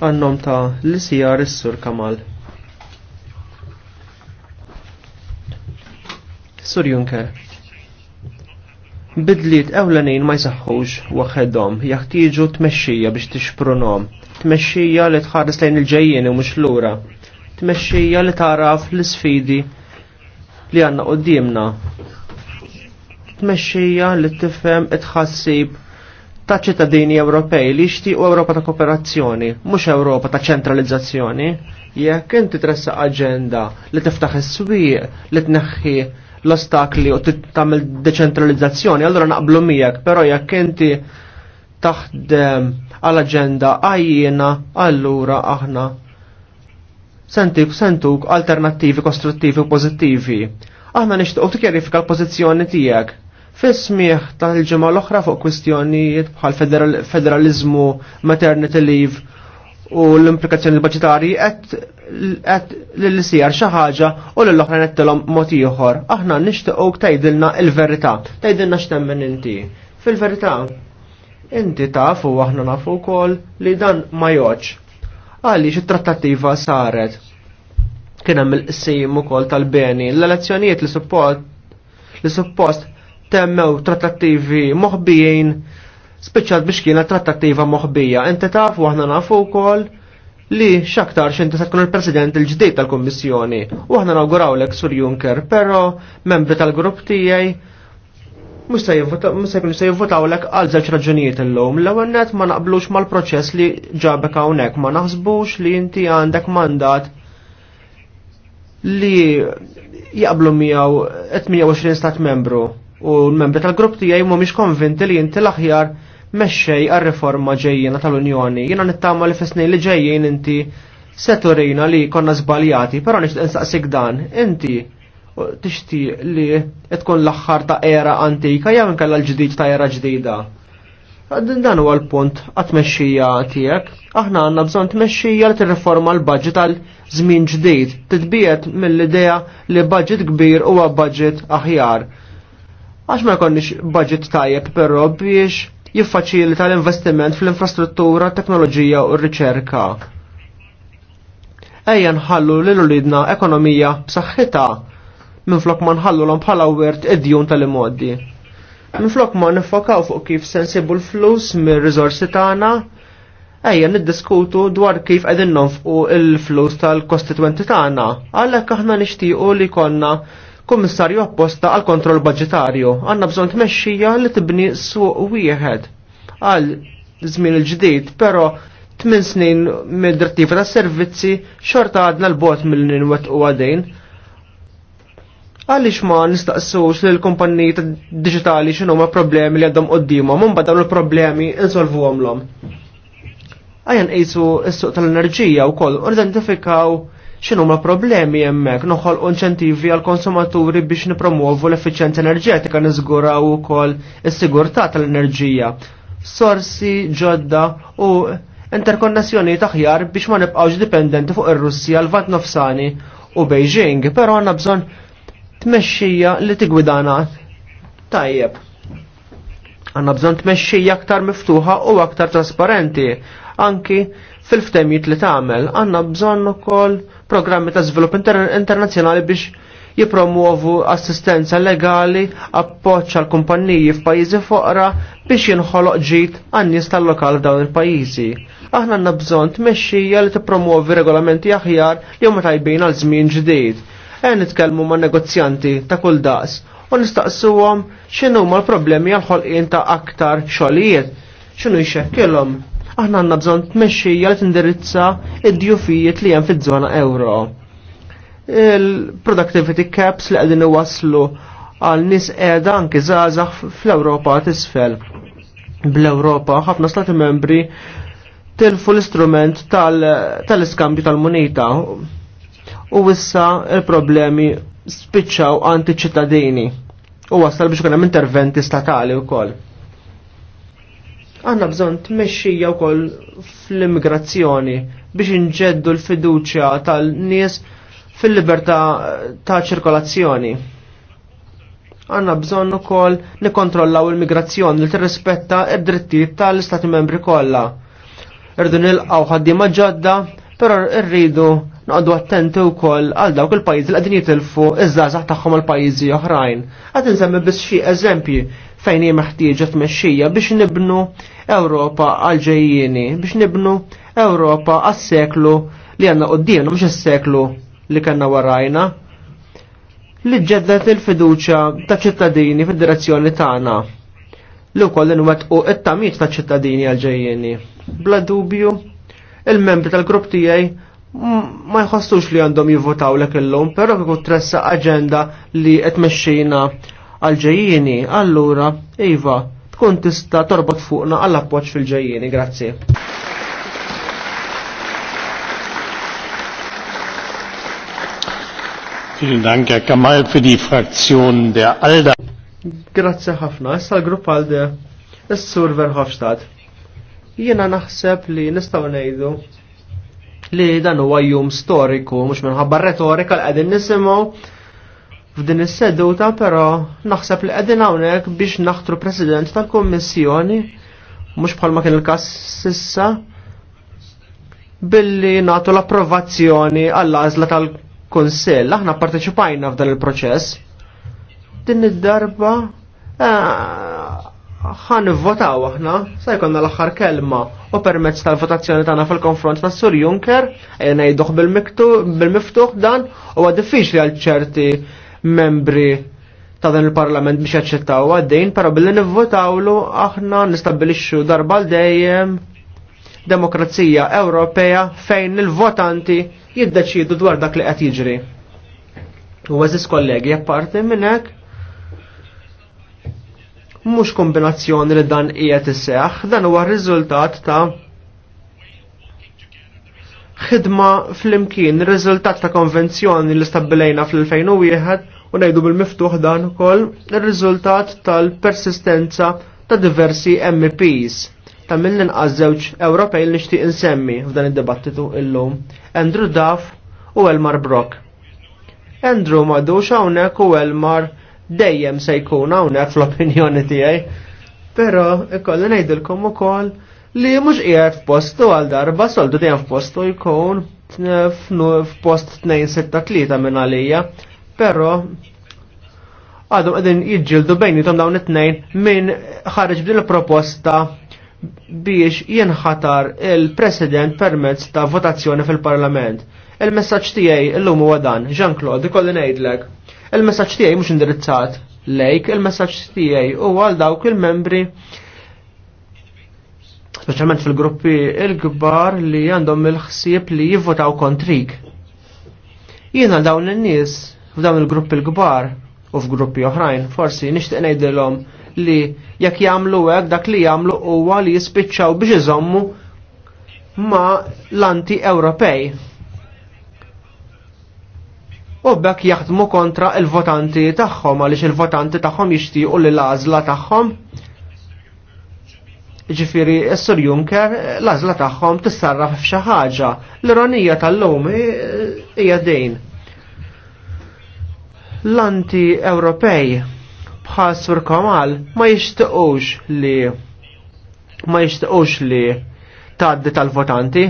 Annomta ta' l-sijar sur Kamal. Sur Juncker, bidliet ewlenin ma jsaħħux waħedhom, jaħtieġu tmexxija biex tixprunhom tmexxija li tħares lejn il-ġejjien u mhux lura, tmexxija li taraf l-isfidi li għandna qudiemna tmexxija li tifhem it-ħassib ta' ċittadini Ewropej li jixtiequ Ewropa ta' kooperazzjoni, mhux Ewropa ta' ċentralizzazzjoni. Jekk inti tressa aġenda li tiftaħ is-swieq li tneħħi l-ostakli u tagħmel deċentralizzazzjoni, allura naqblu miegħek, però jekk inti taħdem għal aġenda għajjena allura aħna sentik sentuk alternattivi kostruttivi u pożittivi. Aħna t-kjerifika l-pożizzjoni tiegħek Fismieħ tal-ġimgħa l-oħra fuq kwistjonijiet bħal federalizmu, maternity leave u l-implikazzjoni budgetari qed lil sir xi ħaġa u lil oħra nettilhom mod ieħor. Aħna nixtiequ tgħidilna l-verità, tgħidilna x'temmen inti. Fil-verità, inti taf u aħna nafu wkoll li dan ma joġġ. Għaliex it-trattattiva saret kien hemm il-qsim ukoll tal-beni, l-elezzjonijiet li suppost li suppost semmew trattattivi moħbijin, speċjal biex kienet trattattiva moħbija. Inti taf u aħna nafu wkoll li xaktar xinti se tkun il-President il-ġdid tal-Kommissjoni u aħna nawgurawlek sur Juncker, però membri tal-grupp tiegħi mhux se jivvotawlek għal żewġ raġunijiet illum. L-ewwel net ma naqblux mal-proċess li ġabek hawnhekk, ma naħsbux li inti għandek mandat li jaqblu miegħu stat membru u l-membri tal-grupp tiegħi mhumiex konvinti li inti l-aħjar mexxej għar-riforma ġejjina tal-Unjoni. Jiena nittama li fis li ġejjin inti se turina li konna żbaljati, però nixtieq insaqsik dan. Inti tixtieq li tkun l-aħħar ta' era antika jew inkella l-ġdid ta' era ġdida. Dan huwa l-punt għat tmexxija tiegħek. Aħna għandna bżonn tmexxija li tirriforma l-budget tal żmien ġdid. Titbiet mill-idea li budget kbir huwa budget aħjar. Għax ma jkollniex budget tajjeb però biex jiffaċilita l-investiment fl-infrastruttura, teknoloġija u r-riċerka. Ejja nħallu l ulidna ekonomija b'saħħitha minflok ma nħallu l bħala wert id-djun tal-imoddi. Minflok ma nifokaw fuq kif sensibu l-flus mir rizorsi tagħna, ejja niddiskutu dwar kif qegħdin nonfqu il flus tal-kostitwenti tagħna, għalhekk aħna nixtiequ li konna kummissarju apposta għal kontroll budġetarju għandna bżonn tmexxija li tibni suq wieħed għal żmien il-ġdid, però tmien snin mid drittiva tas servizzi xorta għadna l-bot mill-ninwet u għadin. Għaliex ma nistaqsux li l ta' digitali ma' problemi li d-dima, mun dawn il-problemi insolvuhom l-om. Għajan qisu s-suq tal-enerġija wkoll u identifikaw xinu ma problemi jemmek, noħol inċentivi għal konsumaturi biex nipromuovu l-efficienza enerġetika nizguraw u kol il-sigurta tal-enerġija, sorsi, ġodda u interkonnessjoni taħjar biex ma nibqawx dipendenti fuq ir-Russja l-vant nofsani u Beijing, pero għanna bżon tmexxija li t-gwidana tajjeb. Għanna bżon tmexxija aktar miftuħa u aktar trasparenti, anki fil ftemjiet li tagħmel. Għanna bżonn ukoll programmi ta' żvilupp internazzjonali biex jipromuovu assistenza legali, appoċ għal kumpanniji f'pajjiżi foqra biex jinħoloq ġid għan-nies tal-lokal f'dawn il-pajjiżi. Aħna għandna bżonn tmexxija li tippromuovi regolamenti aħjar li huma tajbin għal żmien ġdid. Qed nitkellmu ma' negozjanti ta' kull daqs u nistaqsuhom x'inhuma l-problemi għal ħolqien ta' aktar xogħlijiet. X'inhu jxekkilhom aħna għandna bżonn tmexxija li tindirizza id-djufijiet li hemm fiż-żona euro. Il-productivity caps li qegħdin iwasslu għal nies qiegħda anki zazax fl-Ewropa t'isfel. Bl-Ewropa ħafna stati membri tilfu l-istrument tal-iskambju tal-munita u issa il-problemi spiċċaw għanti ċittadini u wasal biex kunem interventi statali u koll għanna bżon tmexxija wkoll fl-immigrazzjoni biex inġeddu l-fiduċja tal-nies fil-libertà ta' ċirkolazzjoni. Għanna bżon ukoll nikkontrollaw l migrazzjoni li tirrispetta id-drittijiet tal-Istati membri kollha. Irdu nilqgħu ħaddiema ġodda, però rridu noqdu attenti u għal dawk il pajjiżi li għadin jitilfu iż-żazax tagħhom għal pajjiżi oħrajn. Għad insemmi biss xi eżempji fejn hija meħtieġa tmexxija biex nibnu Ewropa għal ġejjieni, biex nibnu Ewropa għas-seklu li għandna qudiemna mhux is-seklu li kanna warajna li ġeddet il-fiduċa ta' ċittadini fid-direzzjoni tagħna. Li wkoll inwettqu it-tamit ta' ċittadini għal ġejjieni. Bla dubju, il-membri tal-grupp tiegħi ma jħossux li għandhom jivvotaw lek illum, però kieku tressa aġenda li qed mexxina għal-ġejjini, allura, Iva, tkun tista torbot fuqna għall-appoġġ fil-ġejjini, grazzi. Vielen Dank, Herr Kamal, für die Fraktion der ALDA. Grazie ħafna, issa l-grupp ALDE, s-sur Verhofstadt. Jiena naħseb li nistgħu ngħidu li dan huwa jum storiku, mhux minħabba retorika l qegħdin nisimgħu F'din is-seduta però naħseb li qegħdin hawnhekk biex naħtru President tal-Kummissjoni mhux bħalma kien il-każ sissa billi nagħtu l-approvazzjoni għall-għażla tal-Kunsill. Aħna parteċipajna f'dan il-proċess. Din id-darba eh, ħan votaw aħna, sa jkollna l-aħħar kelma u permezz tal-votazzjoni tagħna fil-konfront tas Sur Juncker, ngħiduh bil-miftuħ dan huwa diffiċli għal ċerti membri ta' dan il-parlament biex jaċċettaw għaddejn, pero billi nivvotawlu aħna nistabilixxu darba l-dejjem demokrazija Ewropea fejn il-votanti jiddeċidu dwar dak li qed jiġri. U għaziz kollegi, apparti minnek, mux kombinazzjoni li dan ijet isseħ, dan huwa rizultat ta' ħidma fl-imkien, rizultat ta' konvenzjoni li stabbilejna fl-2001 u ngħidu bil-miftuħ dan ukoll ir-riżultat tal-persistenza ta' diversi MPs ta' millin għazzewċ żewġ Ewropej li nixtieq insemmi f'dan id-dibattitu illum Andrew Duff u Elmar Brock. Andrew madux hawnhekk u Elmar dejjem se jkun hawnhekk fl-opinjoni tiegħi. Però ikolli ngħidilkom ukoll li mhux qiegħed f'postu għal darba soldu dejjem f'postu jkun f'post 263 minn għalija Però għadhom qegħdin jiġġieldu tom dawn it-tnejn minn ħarġ b'din il-proposta biex jinħatar il-President permezz ta' votazzjoni fil-Parlament. Il-messaġġ tiegħi llum huwa dan, Jean-Claude, ikolli ngħidlek. il messagġ tiegħi mhux indirizzat lejk, il-messaġġ tiegħi huwa għal dawk il-membri speċjalment fil-gruppi il-kbar li għandhom il-ħsieb li jivvotaw kontrik. Jiena dawn in-nies f'dawn il-gruppi il kbar u f'gruppi oħrajn, forsi nixtieq ngħidilhom li jekk jagħmlu hekk dak li jagħmlu huwa li jispiċċaw biex iżommu ma' l-anti Ewropej. U bekk jaħdmu kontra il-votanti tagħhom għaliex il-votanti tagħhom jixtiequ li l-għażla tagħhom ġifiri s-Sur Juncker l-għażla tagħhom tissarraf f'xi ħaġa. L-ironija tal-lum eh, hija dejn l-anti-Ewropej b'ħasur Kamal ma jixtiqux li ma jixtiqux li tgħaddi tal-votanti.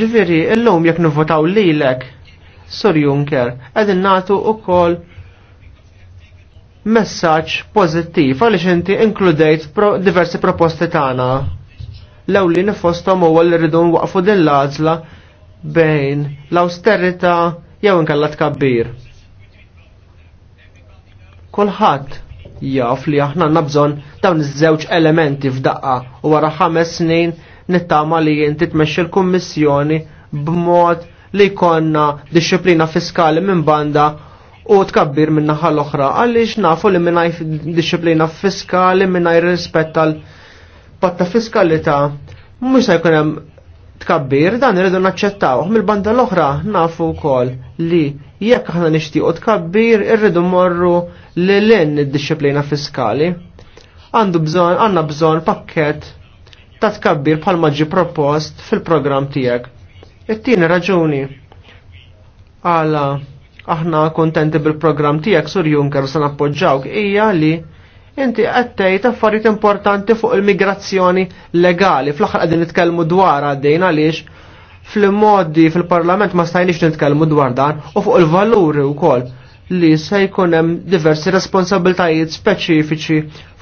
Ġifieri, illum jekk nivvotaw lilek, Sur Juncker, qegħdin nagħtu kol messaġġ pożittiv għaliex inti inkludejt pro diversi proposti tagħna. l li nifostom u li rridu nwaqfu din l bejn l austerita jew inkella tkabbir. Kulħadd jaf li aħna għandna bżonn dawn iż-żewġ elementi f'daqqa u wara ħames snin nittama li jien titmexxi l-Kummissjoni b'mod li jkollna disċiplina fiskali minn banda u tkabbir minn naħa l-oħra għaliex nafu li mingħajr disċiplina fiskali mingħajr rispett tal patta fiskalità mhux se jkun hemm tkabbir dan irridu naċċettawh mill-banda l-oħra nafu wkoll li jekk aħna nixtiequ tkabbir irridu morru lil lin id-disciplina fiskali. Għandu bżonn għandna bżonn pakkett ta' tkabbir bħalma ġi propost fil-programm tiegħek. It-tieni raġuni għala aħna kontenti bil-programm tiegħek Sur Junker se nappoġġawk hija li Inti għattajt affarijiet importanti fuq il-migrazzjoni legali. Fl-aħħar għadin nitkellmu dwar għaddejn għaliex fl-modi fil-parlament ma stajniex nitkellmu dwar dan u fuq il-valuri wkoll li se jkun hemm diversi responsabiltajiet speċifiċi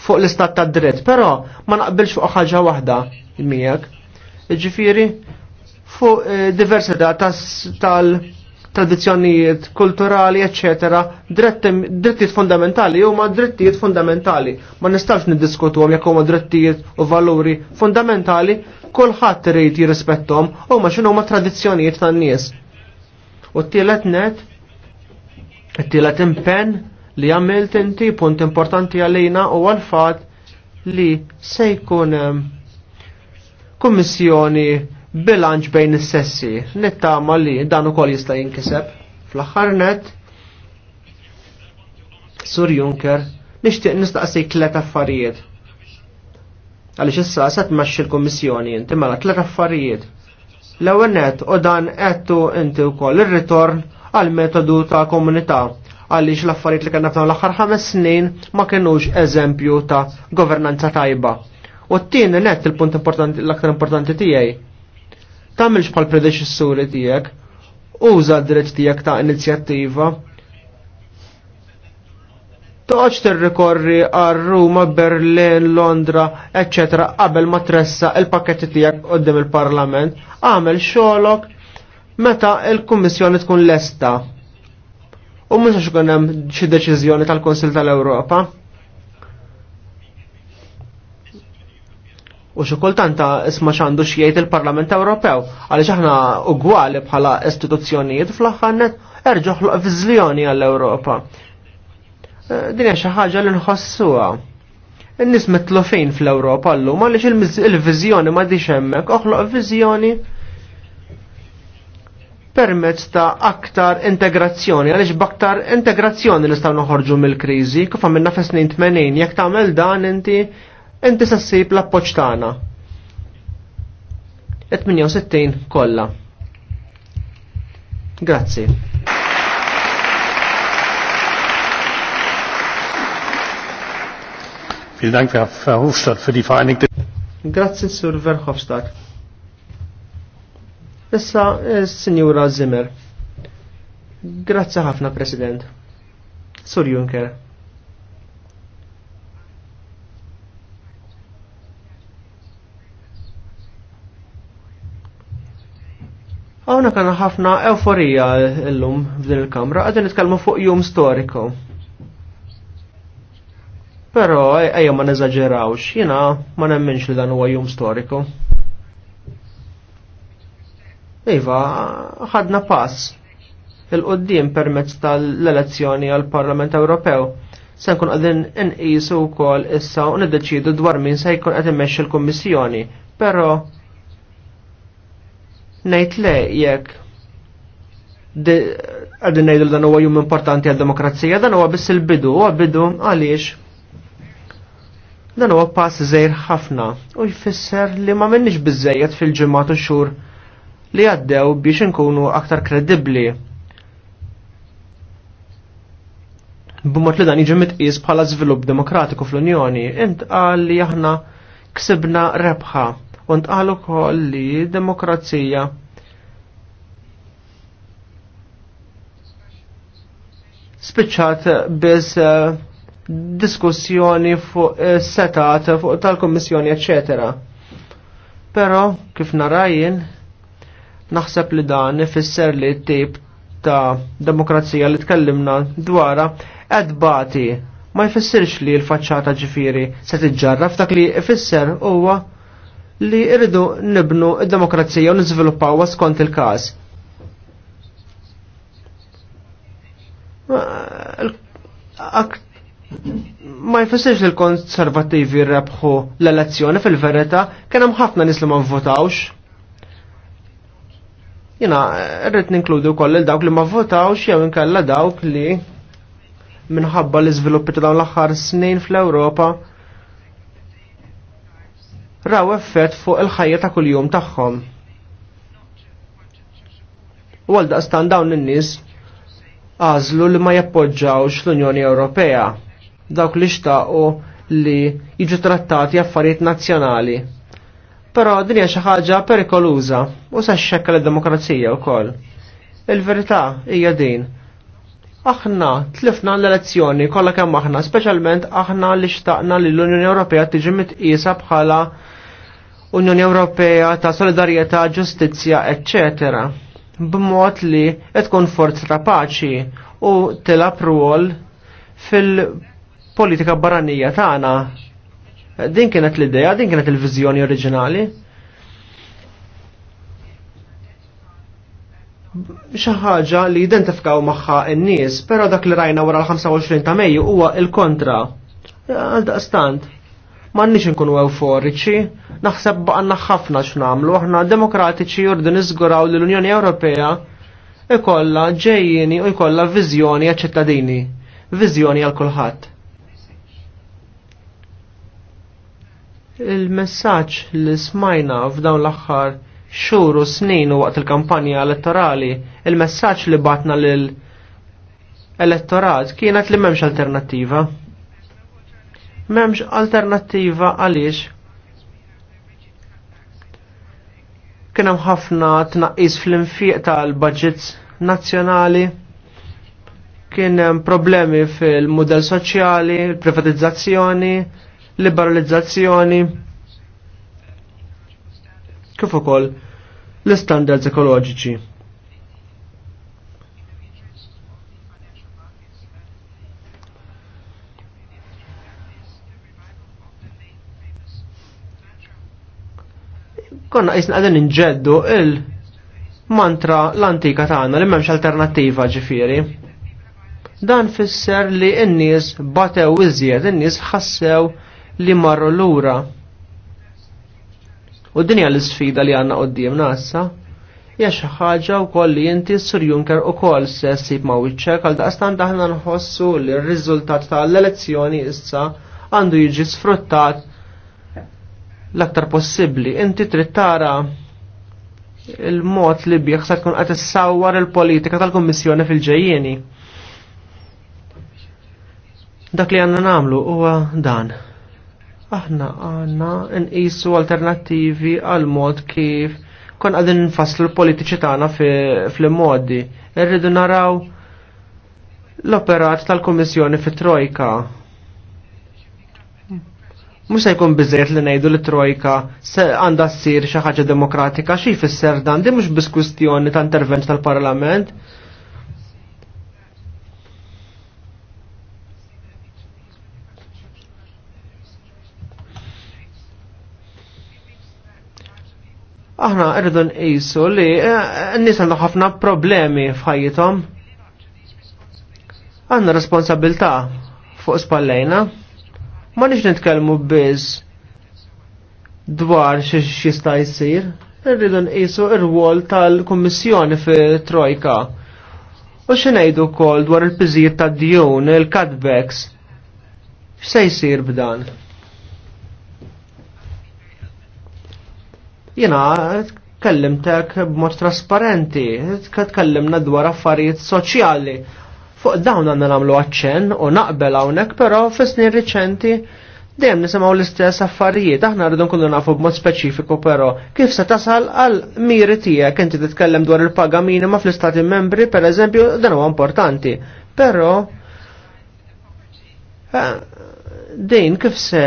fuq l-istat tad dritt, però ma naqbilx fuq ħaġa waħda miegħek. Ġifieri fuq eh, diversità tal tradizzjonijiet kulturali, eccetera, drittijiet fundamentali, huma drittijiet fundamentali. Ma nistax niddiskutu għom jekk huma drittijiet u valuri fundamentali, kulħadd irid jirrispettom, huma x'inhu huma tradizzjonijiet tan-nies. U t-tielet net, t-tielet impenn li għamilt inti punt importanti għalina u għal-fat li se jkun ehm, kummissjoni bilanċ bejn is-sessi. Nittama li dan ukoll jista' jinkiseb. Fl-aħħar net Sur Juncker nixtieq nistaqsik tliet affarijiet. Għaliex issa se tmexxi l-Kummissjoni inti mela tliet affarijiet. L-ewwel net u dan qedtu inti wkoll ir-ritorn għal metodu ta' komunità għaliex l-affarijiet li kellna f'dawn l-aħħar ħames snin ma kinux eżempju ta' governanza tajba. U t-tieni net il-punt importanti l-aktar importanti tiegħi tamilx bħal predeċessuri tijek, uża d dreċ tijek ta' inizjattiva. Toċ tir rekorri għal Ruma, Berlin, Londra, ecc. qabel ma tressa il-pakketti tijek għoddim il-Parlament, għamel xolok meta il-Kummissjoni tkun lesta. U mhux għax hemm xi deċiżjoni tal-Kunsil tal-Ewropa. U xi kultanta isma' x'għandu x'jgħid il-Parlament Ewropew għaliex aħna ugwali bħala istituzzjonijiet fl-aħħar net viżjoni għall-Ewropa. Eh, din hija xi ħaġa li nħossuha. In-nies mitlu fejn fl-Ewropa llum għaliex il-viżjoni ma dix hemmhekk oħloq viżjoni permezz ta' aktar integrazzjoni għaliex baktar integrazzjoni nistgħu noħorġu mill-kriżi kif għamilna fis-snin 80 jekk tagħmel dan inti inti sassib la appoġġ tagħna. 68 kolla. Grazzi. Vielen Dank, Herr Hofstadt, für die Vereinigte. Grazie, Sir Verhofstadt. Issa, eh, Signora Zimmer. Grazie Hafna, President. Sir Juncker. Għawna kanna ħafna euforija l-lum f'din il-kamra, għadin nitkellmu fuq jum storiku. Pero e- ejja ma neżagġerawx, jina ma nemminx li dan huwa jum storiku. Iva, ħadna pass il-qoddim permezz tal-elezzjoni għal Parlament Ewropew. Se għadin qegħdin inqisu wkoll issa u niddeċidu dwar min se jkun qed immexxi l-Kummissjoni, però Ngħid le jekk għadin ngħidu dan huwa jum importanti għal demokrazija dan huwa biss il-bidu, huwa bidu għaliex dan huwa pass żejr ħafna u jfisser li ma minnix biżejjed fil-ġimgħat u xhur li għaddew biex inkunu aktar kredibbli. B'mod li dan jiġi mitqis bħala żvilupp demokratiku fl-Unjoni, int qal li aħna ksibna rebħa u ntqalu wkoll li demokrazija spiċċat biss eh, diskussjoni fuq eh, setat fuq tal-Kommissjoni, etc. Però kif narajin, naħseb li dan ifisser li tip ta' demokrazija li tkellimna dwara qed bati ma jfissirx li l facċata ġifiri se tiġġarraf dak li ifisser huwa li irridu nibnu id-demokrazija u niżviluppaw skont il-każ. Ma jfessirx li l-konservativi rebħu l-elezzjoni fil-verità kien hemm ħafna nies li ma votawx. Jiena rrit ninkludu koll il-dawk li ma votawx jew inkella dawk li minħabba l-iżviluppi ta' dawn l-aħħar snin fl-Ewropa raw effett fuq il-ħajja ta' kuljum tagħhom. U għal daqstan dawn in-nies għażlu li ma jappoġġawx l-Unjoni Ewropea dawk li xtaqu li jiġu trattati affarijiet nazzjonali. Però din hija xi ħaġa perikoluża u se xxekka l-demokrazija wkoll. Il-verità hija din aħna tlifna l-elezzjoni kollha kemm aħna, speċjalment aħna li xtaqna li l-Unjoni Ewropea tiġi mitqiesa bħala Unjoni Ewropea ta' Solidarjetà, Ġustizzja, eccetera. B'mod li qed tkun forz ta' paċi u tilab rwol fil-politika barranija tagħna. Din kienet l-idea, din kienet il-viżjoni oriġinali. xi ħaġa li identifikaw magħha n-nies, però dak li rajna wara l-25 ta' Mejju huwa il-kontra. Għaldaqstant, M'għandniex inkunu euforiċi, naħseb għanna ħafna x'namlu, aħna demokratiċi jordu niżguraw li l-Unjoni Ewropea ikolla ġejjini u jkollha viżjoni għaċ-ċittadini, viżjoni għal kulħadd. Il-messaġġ li smajna f'dawn l-aħħar xuru snin u waqt il-kampanja elettorali, il-messaġġ li batna lil elettorat kienet li m'hemmx alternattiva. M'hemmx alternattiva għaliex kien hemm ħafna tnaqqis fl-infiq tal-budgets nazzjonali, kien hemm problemi fil-mudell soċjali, privatizzazzjoni, liberalizzazzjoni, kif ukoll l-istandards ekoloġiċi. konna jisna għadin nġeddu il-mantra l-antika tagħna li m'hemmx alternattiva ġifieri. Dan fisser li n-nies batew iżjed, in-nies ħassew li marru lura. U dinja l-sfida li għanna qoddim nasa, jax xi ħaġa wkoll li inti Sur u ukoll se ssib ma' wiċċek għal daqstant aħna nħossu li r-riżultat tal-elezzjoni issa għandu jiġi sfruttat l-aktar possibbli. Inti trid tara il-mod li bieħ sa tkun qed issawwar il-politika tal-Kummissjoni fil-ġejjieni. Dak li għandna nagħmlu huwa dan. Aħna għandna nqisu alternattivi għal mod kif kon għadin nfasslu l-politiċi tagħna fl-modi. Irridu naraw l-operat tal-Kummissjoni fit-Trojka Mux se jkun bizzejt li ngħidu li trojka għandha ssir xi ħaġa demokratika xi jfisser dan din mhux biss kwistjoni ta' intervent tal-Parlament. aħna rridu nqisu li eh, n-nies għandu ħafna problemi f'ħajjithom. Għandna responsabilità fuq spallejna. Ma nix nitkellmu biz dwar xie jista' jsir, irridu nqisu r-wol tal-Kummissjoni fi Trojka. U xinejdu wkoll dwar il-piżijiet tad-djun, il-cutbacks. X'se jsir b'dan? Jena, tkellimtek b'mod trasparenti, tkellimna dwar affarijiet soċjali, Fuq dawn għanna namlu għacċen u naqbel hawnhekk però fis-snin riċenti dem nisimaw l-istess affarijiet aħna rridu nkunu nafu b'mod speċifiku però kif se tasal għal miri tiegħek inti titkellem dwar il-paga minima fl-istati membri pereżempju dan huwa importanti. Però eh, din kif se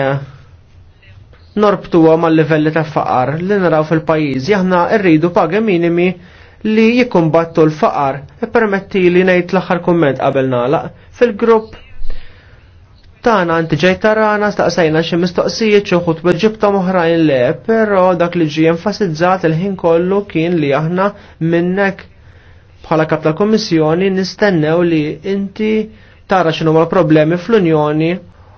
ma' mal-livelli ta' faqar li naraw fil-pajjiżi aħna rridu paga minimi li jikumbattu l-faqar. Permetti li ngħid l-aħħar komment qabel nagħlaq fil-grupp tana għanti ġej tarana staqsajna xi mistoqsijiet xie ħut bil-ġibta oħrajn le, però dak li ġie enfasizzat il-ħin kollu kien li aħna minnek bħala kap ta' komissjoni nistennew li inti tara xinu l-problemi fl-Unjoni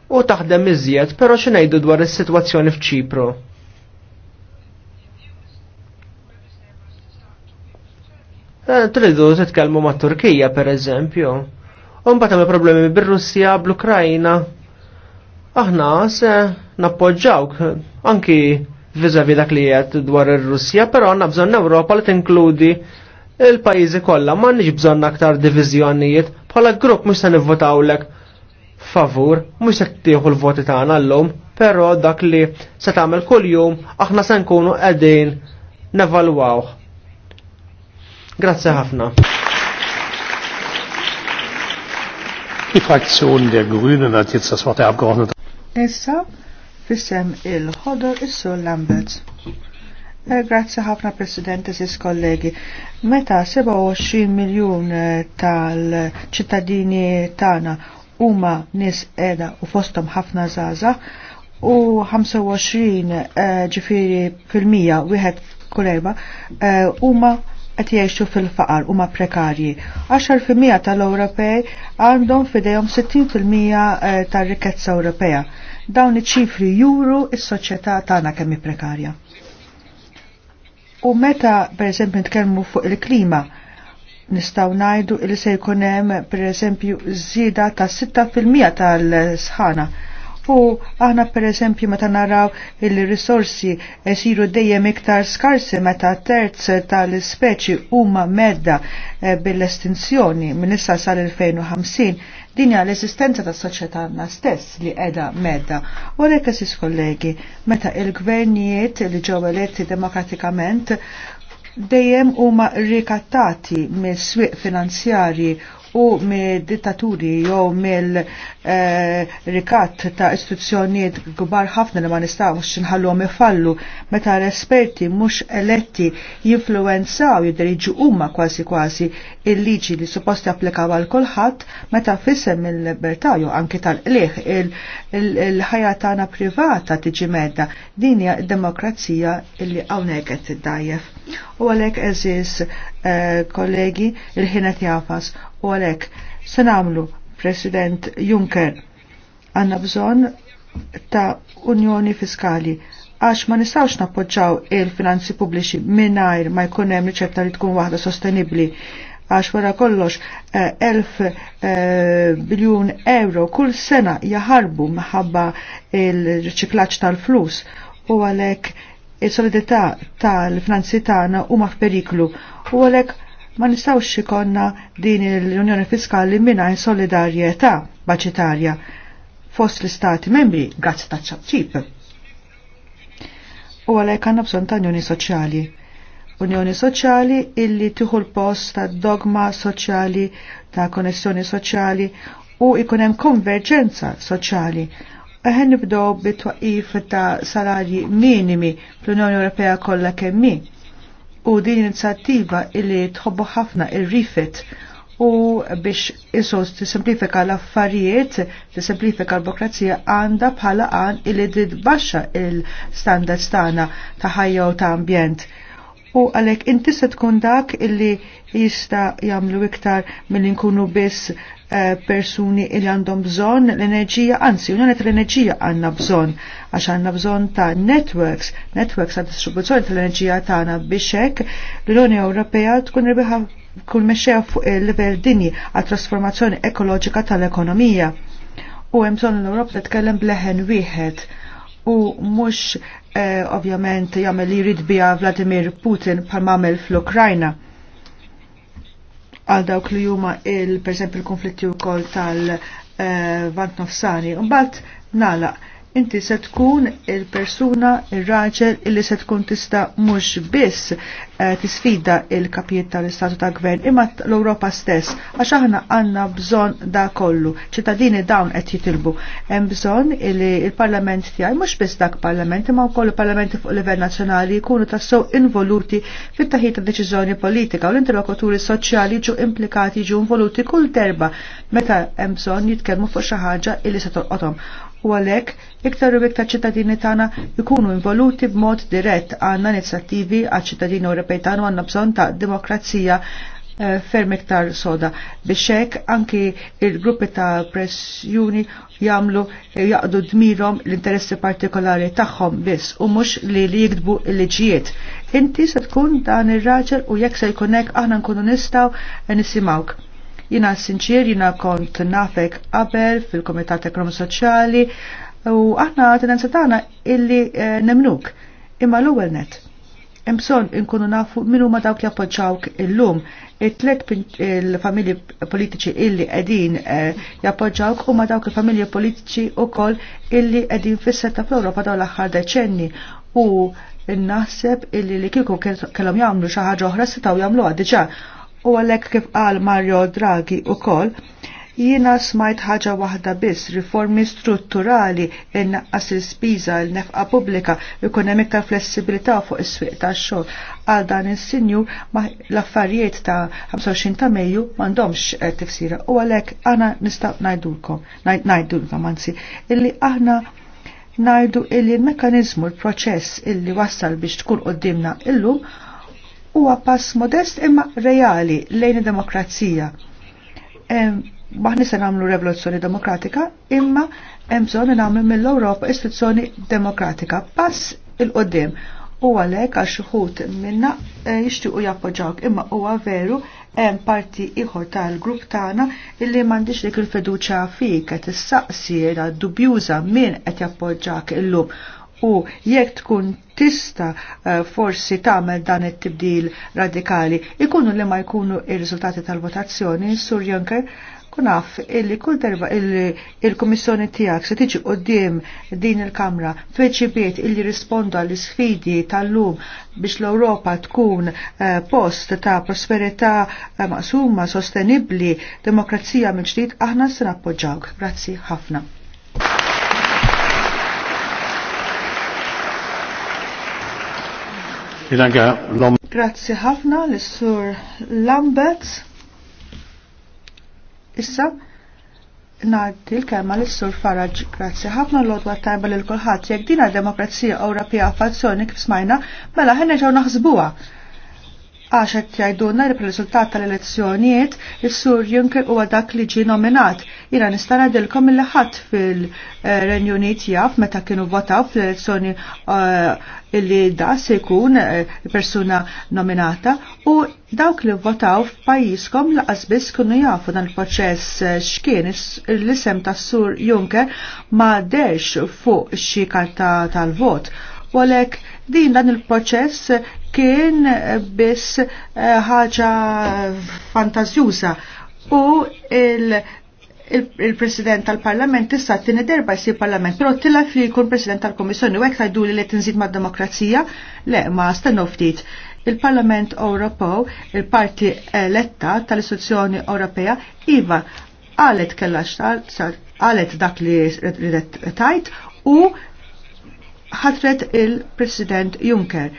u taħdem iżjed, però xi ngħidu dwar is-sitwazzjoni f'Ċipru. Eh, tridu titkellmu ma' Turkija per eżempju. mbagħad hemm problemi bir-Russja, bl-Ukrajna. Aħna se nappoġġawk eh, anki viżavi dak li qed dwar ir-Russja, però għandna bżonn Ewropa li tinkludi il-pajjiżi kollha m'għandniex bżonn aktar diviżjonijiet bħala grupp mhux se nivvotawlek favur, mhux se ttieħu l-voti tagħna llum, però dak li se tagħmel kuljum aħna se nkunu qegħdin nevalwawh Grazie ħafna. Die Fraktion der Grünen hat jetzt das Wort der Abgeordnete. Issa, fissem il-ħodor is-Sur Lambert. Eh, grazie ħafna Presidente, sis kollegi. Meta 27 miljon eh, tal-ċittadini tagħna huma nis edha u fostom ħafna zaza u 25 eh, ġifiri fil-mija wieħed kull huma qed jgħixu fil-faqar huma prekarji. 10% tal-Ewropej għandhom fidejhom 60% eh, tar-rikkezza Ewropea. Dawn iċ-ċifri juru s-soċjetà tagħna kemm prekarja. U meta pereżempju nitkellmu fuq il-klima, nistaw najdu il se jkun per eżempju zida ta' 6% tal-sħana U aħna per eżempju meta naraw il-risorsi esiru dejjem iktar skarsi meta terz tal-speċi huma medda eh, bil-estinzjoni minn issa sal-2050 din hija l-esistenza tas-soċjetà stess li qiegħda medda. U għalhekk eżis kollegi, meta il-gvernijiet li ġew eletti demokratikament dejjem huma rikattati mis-swieq finanzjarji u me dittaturi jew mill l eh, rikat ta' istituzzjonijiet kbar ħafna li ma nistgħux me fallu, meta l-esperti mhux eletti jinfluenzaw jidderiġu huma kważi kważi il-liġi li supposti applikaw għal kulħadd meta fissem il-libertà jew anke tal liħ il-ħajja tagħna privata tiġi medda din hija d-demokrazija illi hawnhekk qed dajjef. U għalek eżis eh, kollegi il-ħinet jafas. U għalek se President Juncker għanna bżon ta' unjoni fiskali għax ma nistawx nappoġġaw il-finanzi pubbliċi minnajr ma jkun hemm riċetta li tkun waħda sostenibbli għax wara kollox 1000 eh, eh, biljun euro kull sena jaħarbu maħabba il-riċiklaċ tal-flus u għalek il-solidità tal-finanzi tagħna huma f'periklu u għalhekk ma nistgħux ikonna din l-Unjoni Fiskali mingħajr solidarjetà baċitarja fost l-istati membri gazz ta' ċabċib. U għalhekk għandna bżonn ta' Unjoni Soċjali. Unjoni Soċjali illi tieħu l-post ta' dogma soċjali, ta' konnessjoni soċjali u ikun hemm konverġenza soċjali Eħen nibdow bit-twaqif ta' salarji minimi fl-Unjoni Ewropea kollha kemmi. U din inizjattiva illi tħobbu ħafna ir-rifit u biex isos tisimplifika l-affarijiet, tisimplifika l-bokrazija għanda bħala għan illi baxa il-standards tagħna ta' ħajja u ta' ambjent u għalek inti se tkun dak illi jista jamlu iktar mill inkunu nkunu biss Eh, persuni il għandhom bżon l-enerġija, anzi, unanet l-enerġija għanna bżon, għax għanna bżon ta' networks, networks għad distribuzzjoni tal-enerġija tagħna biex hekk l-Unjoni Ewropea tkun rebiħa kull meċċeja fuq il-livell dinji għat trasformazzjoni ekoloġika tal-ekonomija. U hemm bżonn l-Ewropa titkellem bleħen wieħed u mhux eh, ovvjament jagħmel li jrid biha Vladimir Putin bħal mamel fl-Ukrajna għal dawk li huma il per esempio il-konflitti wkoll tal-vant eh, nofsani. Un-bat, nagħlaq inti se tkun il-persuna, il-raġel, illi se tkun tista mux biss eh, tisfida il-kapijiet tal-istatu ta' gvern, imma l-Europa stess, għax aħna għanna bżon da kollu, ċittadini dawn qed jitilbu. Hemm bżon li il-Parlament tiegħi mhux biss dak Parlament, imma wkoll parlamenti fuq livell nazzjonali jkunu tassew involuti fit-taħid ta' deċiżjoni politika u l-interlokuturi soċjali ġu implikati ġu involuti kull terba meta hemm bżonn jitkellmu fuq xi ħaġa illi se tolqothom u għalhekk iktar u iktar ċittadini tagħna jkunu involuti b'mod dirett għandna inizjattivi għal ċittadini Ewropej tagħna għandna bżonn ta' demokrazija eh, ferm iktar soda biex hekk anki il-gruppi ta' pressjuni jagħmlu eh, jaqdu dmirhom l-interessi partikolari tagħhom biss u mhux li li jiktbu l-liġijiet. Inti se tkun dan ir-raġel u jekk se jkun hekk aħna nkunu nistgħu nisimgħu. Jina sinċir, jina kont nafek qabel fil-Komitat Ekonomi Soċjali u aħna tendenza tagħna illi eh, nemnuk. Imma l-ewwel net. Imson inkunu nafu min huma dawk jappoġġawk illum. It-tlet il-familji politiċi illi qegħdin eh, jappoġġawk huma dawk il-familji politiċi wkoll illi qegħdin fis-setta fl-Ewropa dawn l-aħħar deċenni u naħseb illi li kieku kellhom jagħmlu xi ħaġa oħra setgħu jagħmluha diġà u għalhekk kif qal Mario Draghi kol, jiena smajt ħaġa waħda biss, riformi strutturali in asil spiza l-nefqa pubblika, ekonomik flessibilita flessibilità fuq is-swieq tax-xogħol. Għal dan is ma l-affarijiet ta' 25 ta' Mejju m'għandhomx eh, tifsira u għalhekk għana nista' ngħidulkom, ngħidulkom anzi, illi aħna najdu illi l-mekanizmu, l-proċess illi wassal biex tkun qoddimna illum huwa pass modest imma reali lejn id-demokrazija. Maħni se nagħmlu revoluzzjoni demokratika imma hemm bżonn nagħmlu mill-Ewropa istituzzjoni demokratika. Pass il-qoddim u għalhekk għax xuħut minna eh, jixtiequ jappoġġawk imma huwa veru hemm parti ieħor tal-grupp tagħna illi m'għandix dik il-fiduċja fik qed issaqsi dubjuża min qed jappoġġak illum u jekk tkun tista eh, forsi tagħmel dan it-tibdil radikali ikunu li ma jkunu ir-riżultati tal-votazzjoni sur Juncker kunaf illi kull darba il-Komissjoni tiegħek se tiġi qudiem din il-Kamra tweċibiet illi rispondu għall sfidi tal-lum biex l-Ewropa tkun eh, post ta' prosperità eh, maqsuma, sostenibbli, demokrazija mill-ġdid aħna se nappoġġawk. Grazzi ħafna. Grazzi ħafna l-Sur Lambert. Issa, Naddi l-kelma l sur Farage, grazzi ħafna l-odwa tajba l kulħadd jekk dina demokrazija Ewropea fazzjoni kif smajna, mela ħenna ġew naħsbuha għax qed jgħidulna li bħal tal-elezzjonijiet is-Sur Juncker huwa dak li ġie nominat. Jiena nista' ngħidilkom il ħadd fil-Renju Unit jaf meta kienu votaw fl-elezzjoni uh, illi da se jkun uh, persuna nominata u dawk li votaw f'pajjiżkom laqas biss kunu jafu dan il-proċess uh, x'kien l-isem tas-Sur Juncker ma dex fuq xi karta tal-vot. Walek Din dan il-proċess kien biss eh, ħaġa fantażjuża u il- il-President tal-Parlament tista' t-tini derba jsir Parlament, però tila li jkun President tal-Komissjoni u hekk jidu li li nżid mad-demokrazija, le ma stennu ftit. Il-Parlament Ewropew, il-parti eletta tal-Istituzzjoni Ewropea, iva għalet kella xtal, għalet dak li ridet tajt u ħatret il-President Juncker.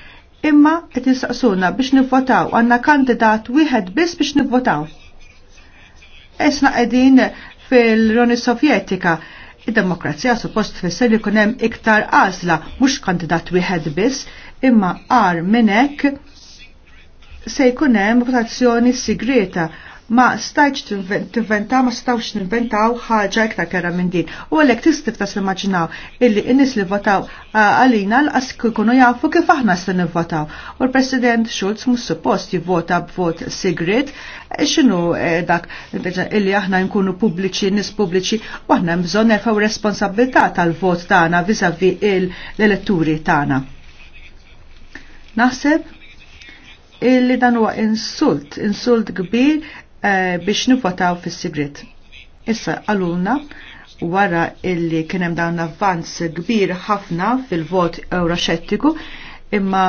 Imma qed nistaqsuna biex nivvotaw għandna kandidat wieħed biss biex nivvotaw. Esna qegħdin fil-Roni Sovjetika id-demokrazija suppost tfisser li jkun hemm iktar għażla mhux kandidat wieħed biss, imma għar minnek se jkun hemm votazzjoni sigreta ma stajċ t-inventa, ma stawx t-inventaw ħagġa iktar kera minn din. U għalek tistif tas immaġinaw illi innis li votaw għalina l-qas kunu jafu kif aħna s votaw. U l-President Schulz mus suppost jivvota b'vot sigrid, e, xinu e, dak illi aħna nkunu pubbliċi, nis pubbliċi, u aħna mżon nerfaw responsabilità tal-vot tagħna vizavi l-elettori tagħna. Naħseb illi dan huwa insult, insult kbir Eh, biex nivotaw fis-sigrit. Issa għalulna wara illi kienem dawn avvanz kbir ħafna fil-vot euroxettiku imma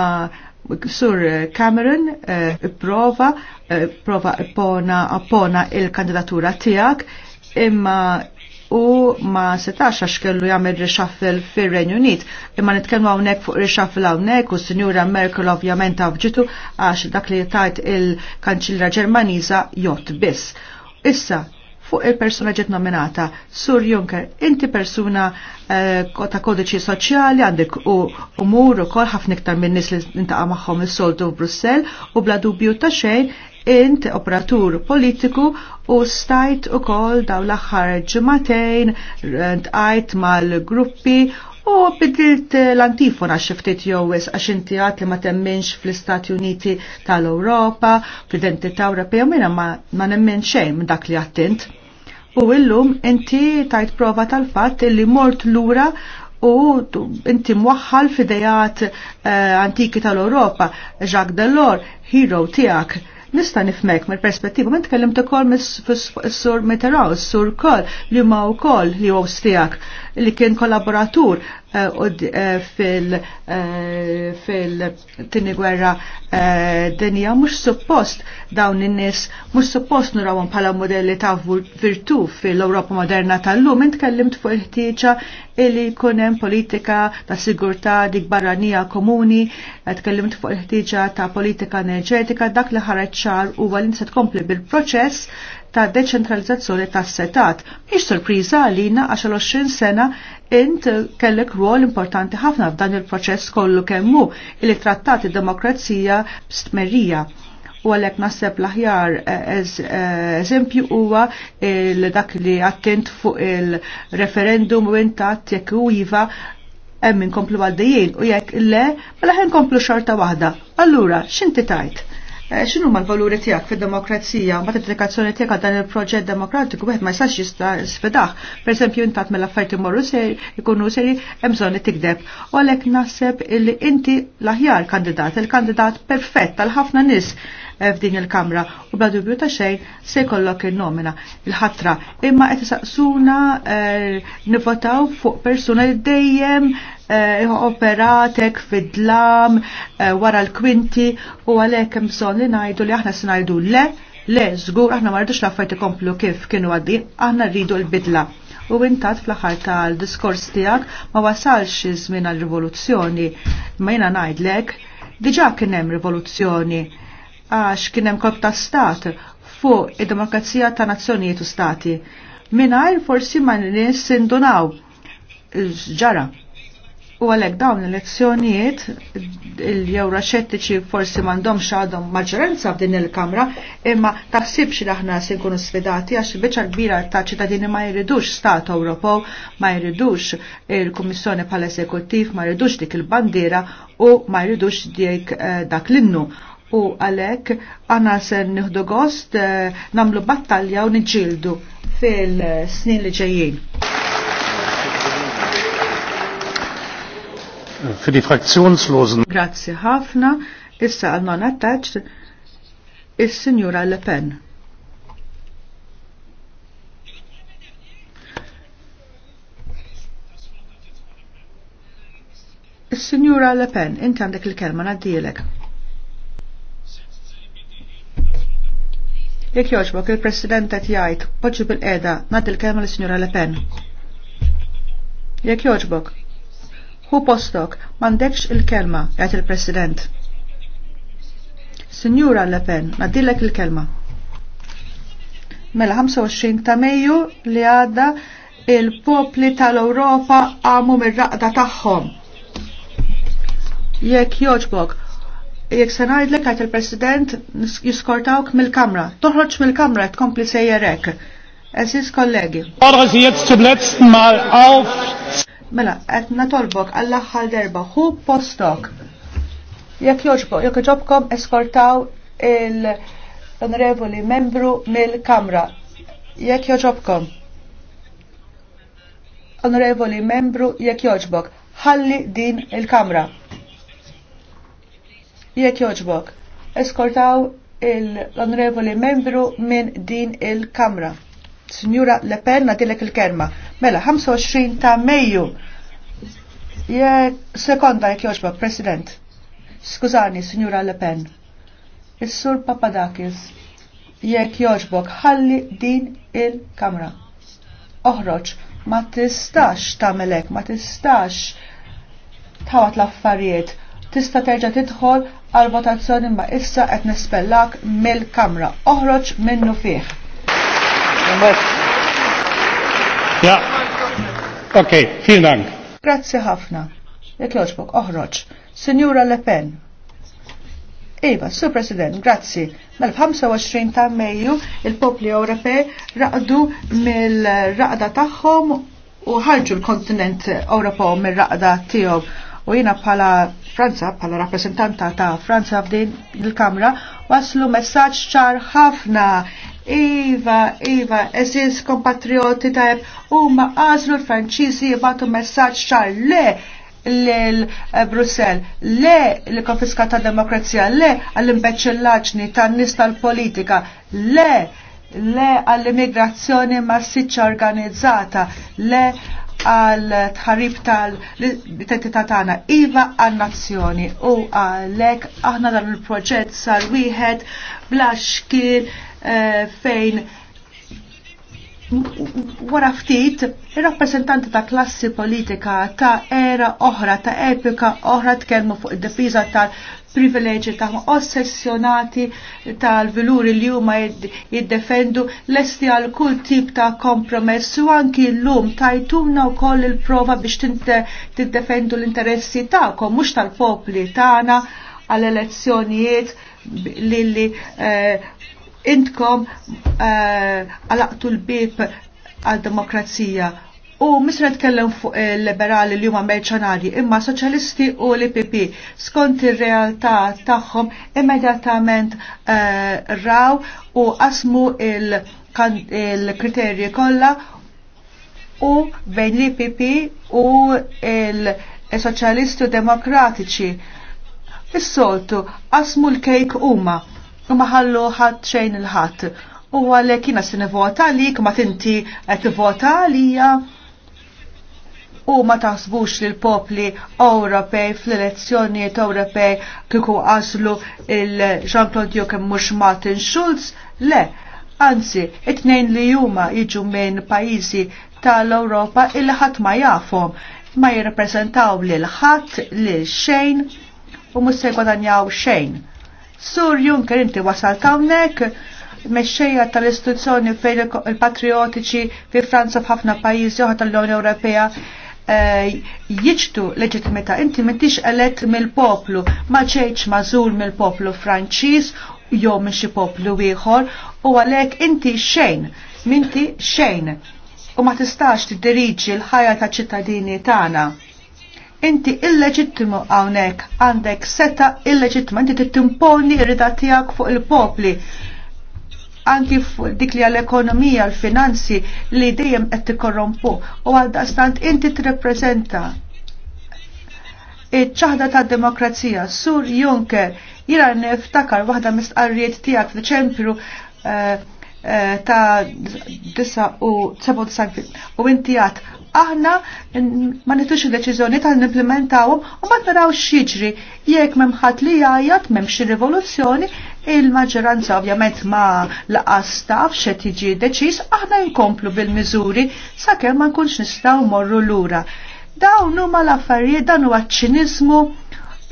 Sur Cameron eh, prova, eh, prova appona, appona il-kandidatura tijak imma u ma setax għax kellu jagħmel reshuffle fir-Renju Unit. Imma nitkellmu hawnhekk fuq reshuffle hawnhekk u Sinjura Merkel ovvjament avġitu għax dak li tajt il-Kanċillra Ġermaniża jott biss. Issa, fuq il-persuna ġiet nominata. Sur Juncker, inti persuna eh, ta' kodiċi soċjali għandek u umur u kol ħafna iktar minn nis li intaqa' magħhom is-soltu f'Brussell u bla dubju ta' xejn Int operatur politiku u stajt u kol daw l axar ġematejn tqajt mal-gruppi u bidilt l-antifona xiftit jowis għax inti għat li ma temminx fl-Istati Uniti tal-Europa, fl-identità Ewropea, minna ma nemmen xejn dak li għattint. U illum inti tajt prova tal-fat li mort lura u inti mwaħħal fidejat uh, antiki tal-Europa, Jacques Delors, hero tijak Nista' nifmek mill-perspettiva, ma tkellimt ukoll mis-sur Meteraw, sur kol li huma wkoll li huwa stijak li kien kollaboratur eh, eh, fil-tini eh, gwerra dinja mux suppost dawn in-nies mux suppost nurawhom bħala modelli ta' virtu fil-Ewropa moderna tal-lum intkellimt fuq il-ħtieġa illi jkun hemm politika ta' sigurtà dik barranija komuni, tkellimt fuq il-ħtieġa ta' politika enerġetika dak li ħareċ ċar huwa li se tkompli bil-proċess ta' deċentralizzazzjoni tas setat. Mhix sorpriża għalina għax 20 sena int kellek rol importanti ħafna f'dan il-proċess kollu kemmu li trattat id-demokrazija b'stmerija u għalek nasib laħjar eh, eh, eżempju huwa dak li għattint fuq il-referendum u intat jekk u jiva emmin komplu għaddejjien u jekk le, mela ħen komplu xorta wahda. Allura, xinti tajt? Eh, xinu ma l-valuri tijak fil-demokrazija, ma t-applikazzjoni tijak dan il-proġett demokratiku, għed ma jistax jista sfidax. Per esempio, intat mill affarti morru seri, ikunu seri, emżoni tikdeb. U għalek nasib illi inti laħjar kandidat, il-kandidat perfett tal-ħafna nis eh, f'din il-kamra u bla dubju ta' xejn se jkollok il-nomina il-ħatra imma qed isaqsuna eh, nivotaw fuq persuna li dejjem Eh, operatek fid-dlam eh, wara l-kwinti u għalhekk hemm bżonn li ngħidu li aħna se ngħidu le le zgur, aħna ma rridux l-affarijiet ikomplu kif kienu għaddi, aħna rridu l-bidla u intat fl-aħħar tal-diskors tiegħek ma wasalx iż-żmien għal-rivoluzzjoni ma jiena ngħidlek diġà kien hemm rivoluzzjoni għax kien hemm kop ta' stat fuq id-demokrazija ta' nazzjonijiet u stati. Mingħajr forsi ma nies sindunaw ġara U għalek dawn l-elezzjonijiet, il-jewra xettiċi forsi mandom xadhom maġġoranza f'din il-Kamra, imma taħsibx li aħna se nkunu sfidati għax il-biċa kbira ta' ċittadini ma jridux Stat Ewropew, ma jridux il-Kummissjoni pal eżekuttiv ma jridux dik il-bandiera u ma jridux dik eh, dak l-innu. U għalek għana se nieħdu gost eh, namlu battalja u niġġieldu fil-snin li ġejjin. für die Fraktionslosen. Grazie ħafna, issa għal non attached is signora Le Pen. Il-Signora Le Pen, inti għandek il-kelma ngħaddilek. Jek joġbok il-President qed jgħid, bil eda nagħti il-kelma l-Signora Le Pen. Jek joġbok. Hu postok, mandekx il-kelma, għat il-President. Signora Le Pen, maddillek il-kelma. Mela 25 ta' Mejju li għadda il-popli tal-Europa għamu mir-raqda tagħhom. Jekk joġbok, jekk se ngħidlek għat il-President jiskortawk mill-Kamra. Toħroġ mill-Kamra tkompli sejjerek. Eżis kollegi. Fordere Sie jetzt zum letzten Mal auf Mela, qed natolbok għall-aħħar derba hu postok. jek joġbo, jek joġobkom eskortaw il-onorevoli membru mill-Kamra. Jekk joġobkom. Onorevoli membru, jek joġbok, ħalli din il-Kamra. Jek joġbok, eskortaw l-onorevoli membru minn din il-Kamra. Signora Le Pen nadilek il-kerma. Mela, 25 ta' Mejju. Sekonda jek joġba, President. Skużani, Signora Le Pen. Is-Sur Papadakis. Jekk joġbok, ħalli din il-kamra. Oħroġ, ma tistax melek, ma tistax tawat l-affarijiet. Tista terġa tidħol għal votazzjoni ma issa qed nispellak mill-kamra. Oħroġ minnu fih so much. Ja. Ok, vielen Dank. Grazie ħafna. Jek joġbok, oħroġ. Signora Le Pen. Iva, Su President, grazzi. mel 25 ta' Mejju il-popli Ewropej raqdu mill-raqda tagħhom u ħarġu l-kontinent Ewropew mill-raqda tiegħu. U jiena bħala Franza, bħala rappresentanta ta' Franza f'din il-Kamra, waslu messaġġ ċar ħafna Iva, Iva, eżis kompatrioti tajb, huma għażlu l-Franċiżi jibatu messaġġ ċar le l-Brussel, eh, le l-konfiska ta' demokrazija, le għall-imbeċillaġni ta' nis tal-politika, le le għall-immigrazzjoni massiċċa organizzata, le għal tħarib tal-identità tagħna iva għan nazzjoni u għalhekk aħna dan il-proġett sar wieħed bla Eh, fejn wara ftit ir-rappresentanti ta' klassi politika ta' era oħra, ta' epika oħra tkellmu fuq id-difiża tal-privileġi ta' ossessjonati tal-viluri li huma jiddefendu lesti għal kull tip ta' kompromess u anki llum tajtuna wkoll il-prova biex tiddefendu l-interessi ta' kom mhux tal-popli tagħna għall elezzjonijiet lilli eh, intkom eh, għalaqtu uh, l-bib għal-demokrazija U misra tkellem fuq il-liberali li huma merċanari imma soċjalisti u l-IPP skont ir-realtà tagħhom immedjatament uh, raw u qasmu il-kriterji il kollha u bejn l-IPP u il-soċjalisti demokratiċi. Is-soltu qasmu l-kejk huma u maħallu ħadd xejn il-ħadd. U għalhekk jiena se nivvota għalik ma tinti qed tivvota għalija u ma taħsbux li l-popli Ewropej fl-elezzjonijiet Ewropej kieku għaslu il-Jean-Claude Juncker mhux Martin Schulz, le, anzi, it-tnejn li huma jiġu minn pajjiżi tal-Ewropa il ħadd ma jafhom, ma li lil ħadd lil xejn u mhux se jgwadanjaw xejn Sur Juncker inti wasal tawnek, mexxejja tal-istituzzjoni fejn il-patriotiċi fi Franza f'ħafna pajjiżi oħra tal-Unjoni Ewropea eh, jiġtu leġitimità. Inti m'intix elett mill-poplu, ma ġejtx mażul mill-poplu Franċiż jew minn xi poplu ieħor u għalhekk inti xejn, minti xejn u ma tistax tiddiriġi l-ħajja ta' ċittadini tagħna. Inti illeġittimu għawnek, għandek seta illeġittima, inti tittimponi irrida tijak fuq il-popli anki dik li għall-ekonomija, l-finanzi li dejjem qed tikkorrompu u għaldaqstant inti tirrepreżenta iċ-ċaħda ta' demokrazija. Sur Juncker, jira niftakar waħda mistqarriet tiegħek f'Ċempru eh, eh, ta' 97 u inti għat aħna ma nitux il-deċiżjoni tal-nimplementawhom u ma naraw xieġri jekk m'hemm ħadd li jgħajjat m'hemmx rivoluzzjoni il-maġġoranza ovvjament ma laqas taf xe tiġi deċiż aħna nkomplu bil-miżuri sakemm ma nkunx nistgħu morru lura. Dawn huma l-affarijiet dan huwa ċinizmu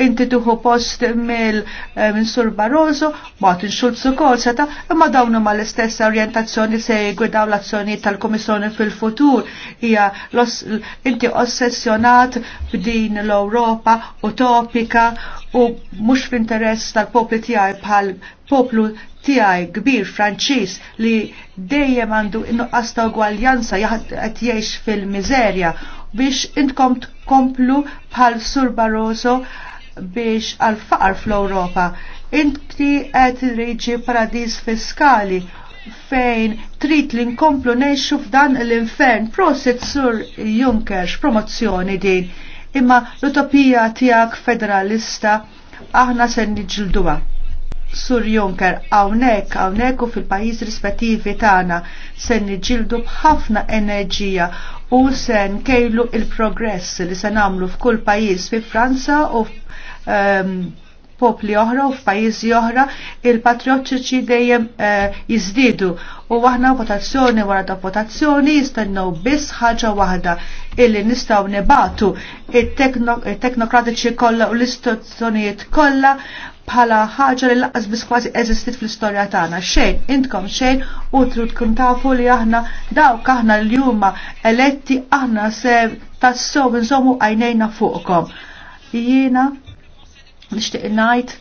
inti tuħu post mill eh, minn Sur Barroso, Martin Schulz kol seta, imma dawn huma l-istess orjentazzjoni se jgwidaw l-azzjonijiet tal-Komissjoni fil-futur. Hija inti ossessjonat b'din l-Ewropa utopika u mhux f'interess tal-popli tiegħi bħal poplu tijaj kbir Franċiż li dejjem għandu innuqasta ta' ugwaljanza qed jgħix fil-miżerja biex intkom tkomplu bħal Sur Barroso biex għal-faqar fl-Europa. Inti qed riġi paradis fiskali fejn trid li nkomplu neħxu f'dan l-infern. Prosit sur Junkers, promozzjoni din. Imma l-utopija tijak federalista aħna sen niġilduha. Sur Juncker, għawnek, hawnhekk u fil pajjiż rispettivi tagħna sen niġildu bħafna enerġija u sen kejlu il-progress li se nagħmlu f'kull pajjiż fi Franza u Ehm, popli oħra u f'pajjiżi oħra il-patriotiċi dejjem eh, jiżdiedu u aħna votazzjoni wara ta' votazzjoni jistennew biss ħaġa waħda illi nistgħu nibatu it-teknokratiċi kollha u l-istituzzjonijiet kollha bħala ħaġa li laqqas biss kważi eżistit fl-istorja tagħna. Xejn, intkom xejn u trid tkun tafu li aħna dawk aħna l huma eletti aħna se tassew nżommu għajnejna fuqkom. Jiena nixtieq ngħid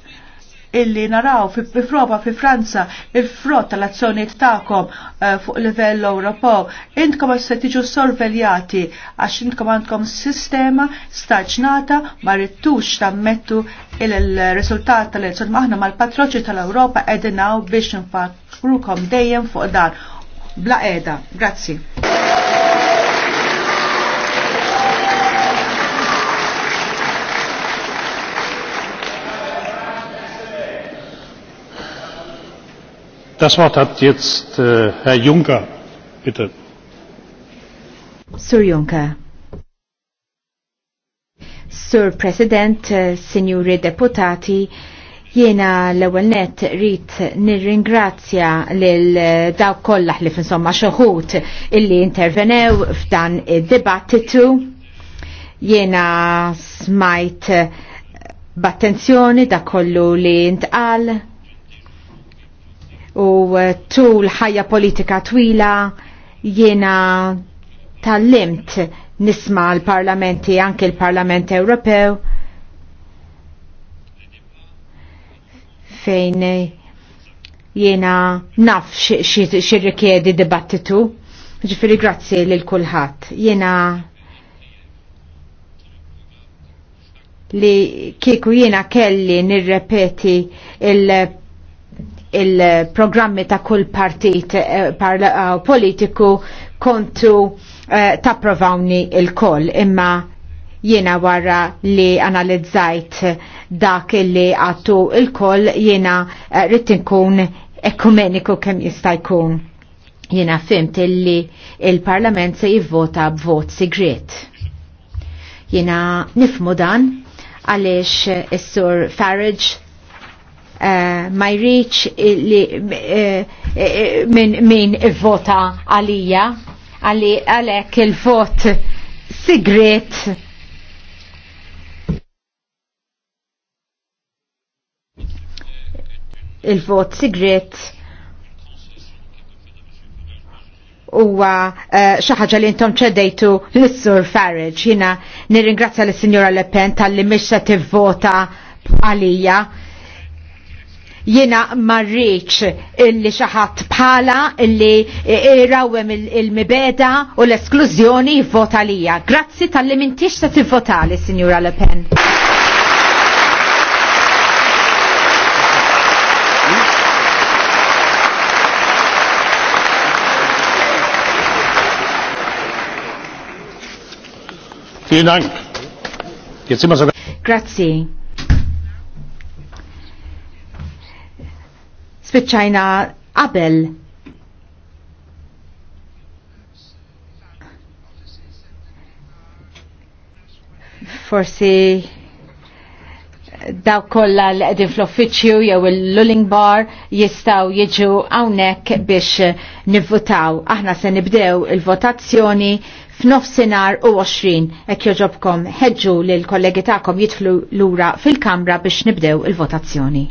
illi naraw fi proba fi Franza, il-frott tal-azzjoniet ta'kom eh, fuq livell Ewropew. Intkom se tiġu sorveljati għax intkom għandkom sistema staġnata ma rittux tammettu il-risultat tal-elezzjoni maħna mal-patroċi tal-Ewropa edinaw biex nfakrukom dejjem fuq dan. Bla edha. Grazzi. Das Wort hat jetzt äh, Herr Juncker, bitte. Sir Juncker. Sir President, äh, Signori Deputati, Jiena l-ewel net rrit nirringrazzja lil äh, daw kollha ħlif insomma xoħut illi intervenew f'dan id-dibattitu. Jiena smajt äh, b'attenzjoni da kollu li intqal u eh, tul ħajja politika twila jiena tal-limt nisma l-parlamenti, anke l-parlament Ewropew, fejn eh, jiena naf xirrikjedi dibattitu, ġifiri grazzi lil kulħadd Jiena li kieku jiena kelli nirrepeti il- il-programmi ta' kull partit eh, eh, politiku kontu ta' eh, tapprovawni il-koll imma jiena wara li analizzajt dak li għattu il-koll jiena eh, rittinkun ekumeniku kem jista' jkun. Jiena fimt li il-parlament se jivvota b'vot sigret. Jiena nifmu dan għaliex is-sur Farage Eh, ma jriċ li eh, eh, min vota għalija għalli għalek il-vot sigret il-vot sigret huwa xi ħaġa li intom ċedejtu lis-Sur Farage. Jiena nirringrazzja lis-Sinjora Le Pen talli mhix se tivvota għalija Jena marriċ illi xaħat bħala illi irawem il-mibeda u l-esklużjoni votalija. lija. Grazzi tal-li mintix ta' tivvotali, Signora Le Pen. Vielen Dank. Grazie. spiċċajna qabel forsi daw kolla l qegħdin fl-uffiċċju jew il-lulling bar jistgħu jiġu hawnhekk biex nivvutaw. Aħna se nibdew il-votazzjoni f'nofsinhar u 20 hekk joġobkom ħeġġu lill kollegi tagħkom jidħlu lura fil-kamra biex nibdew il-votazzjoni.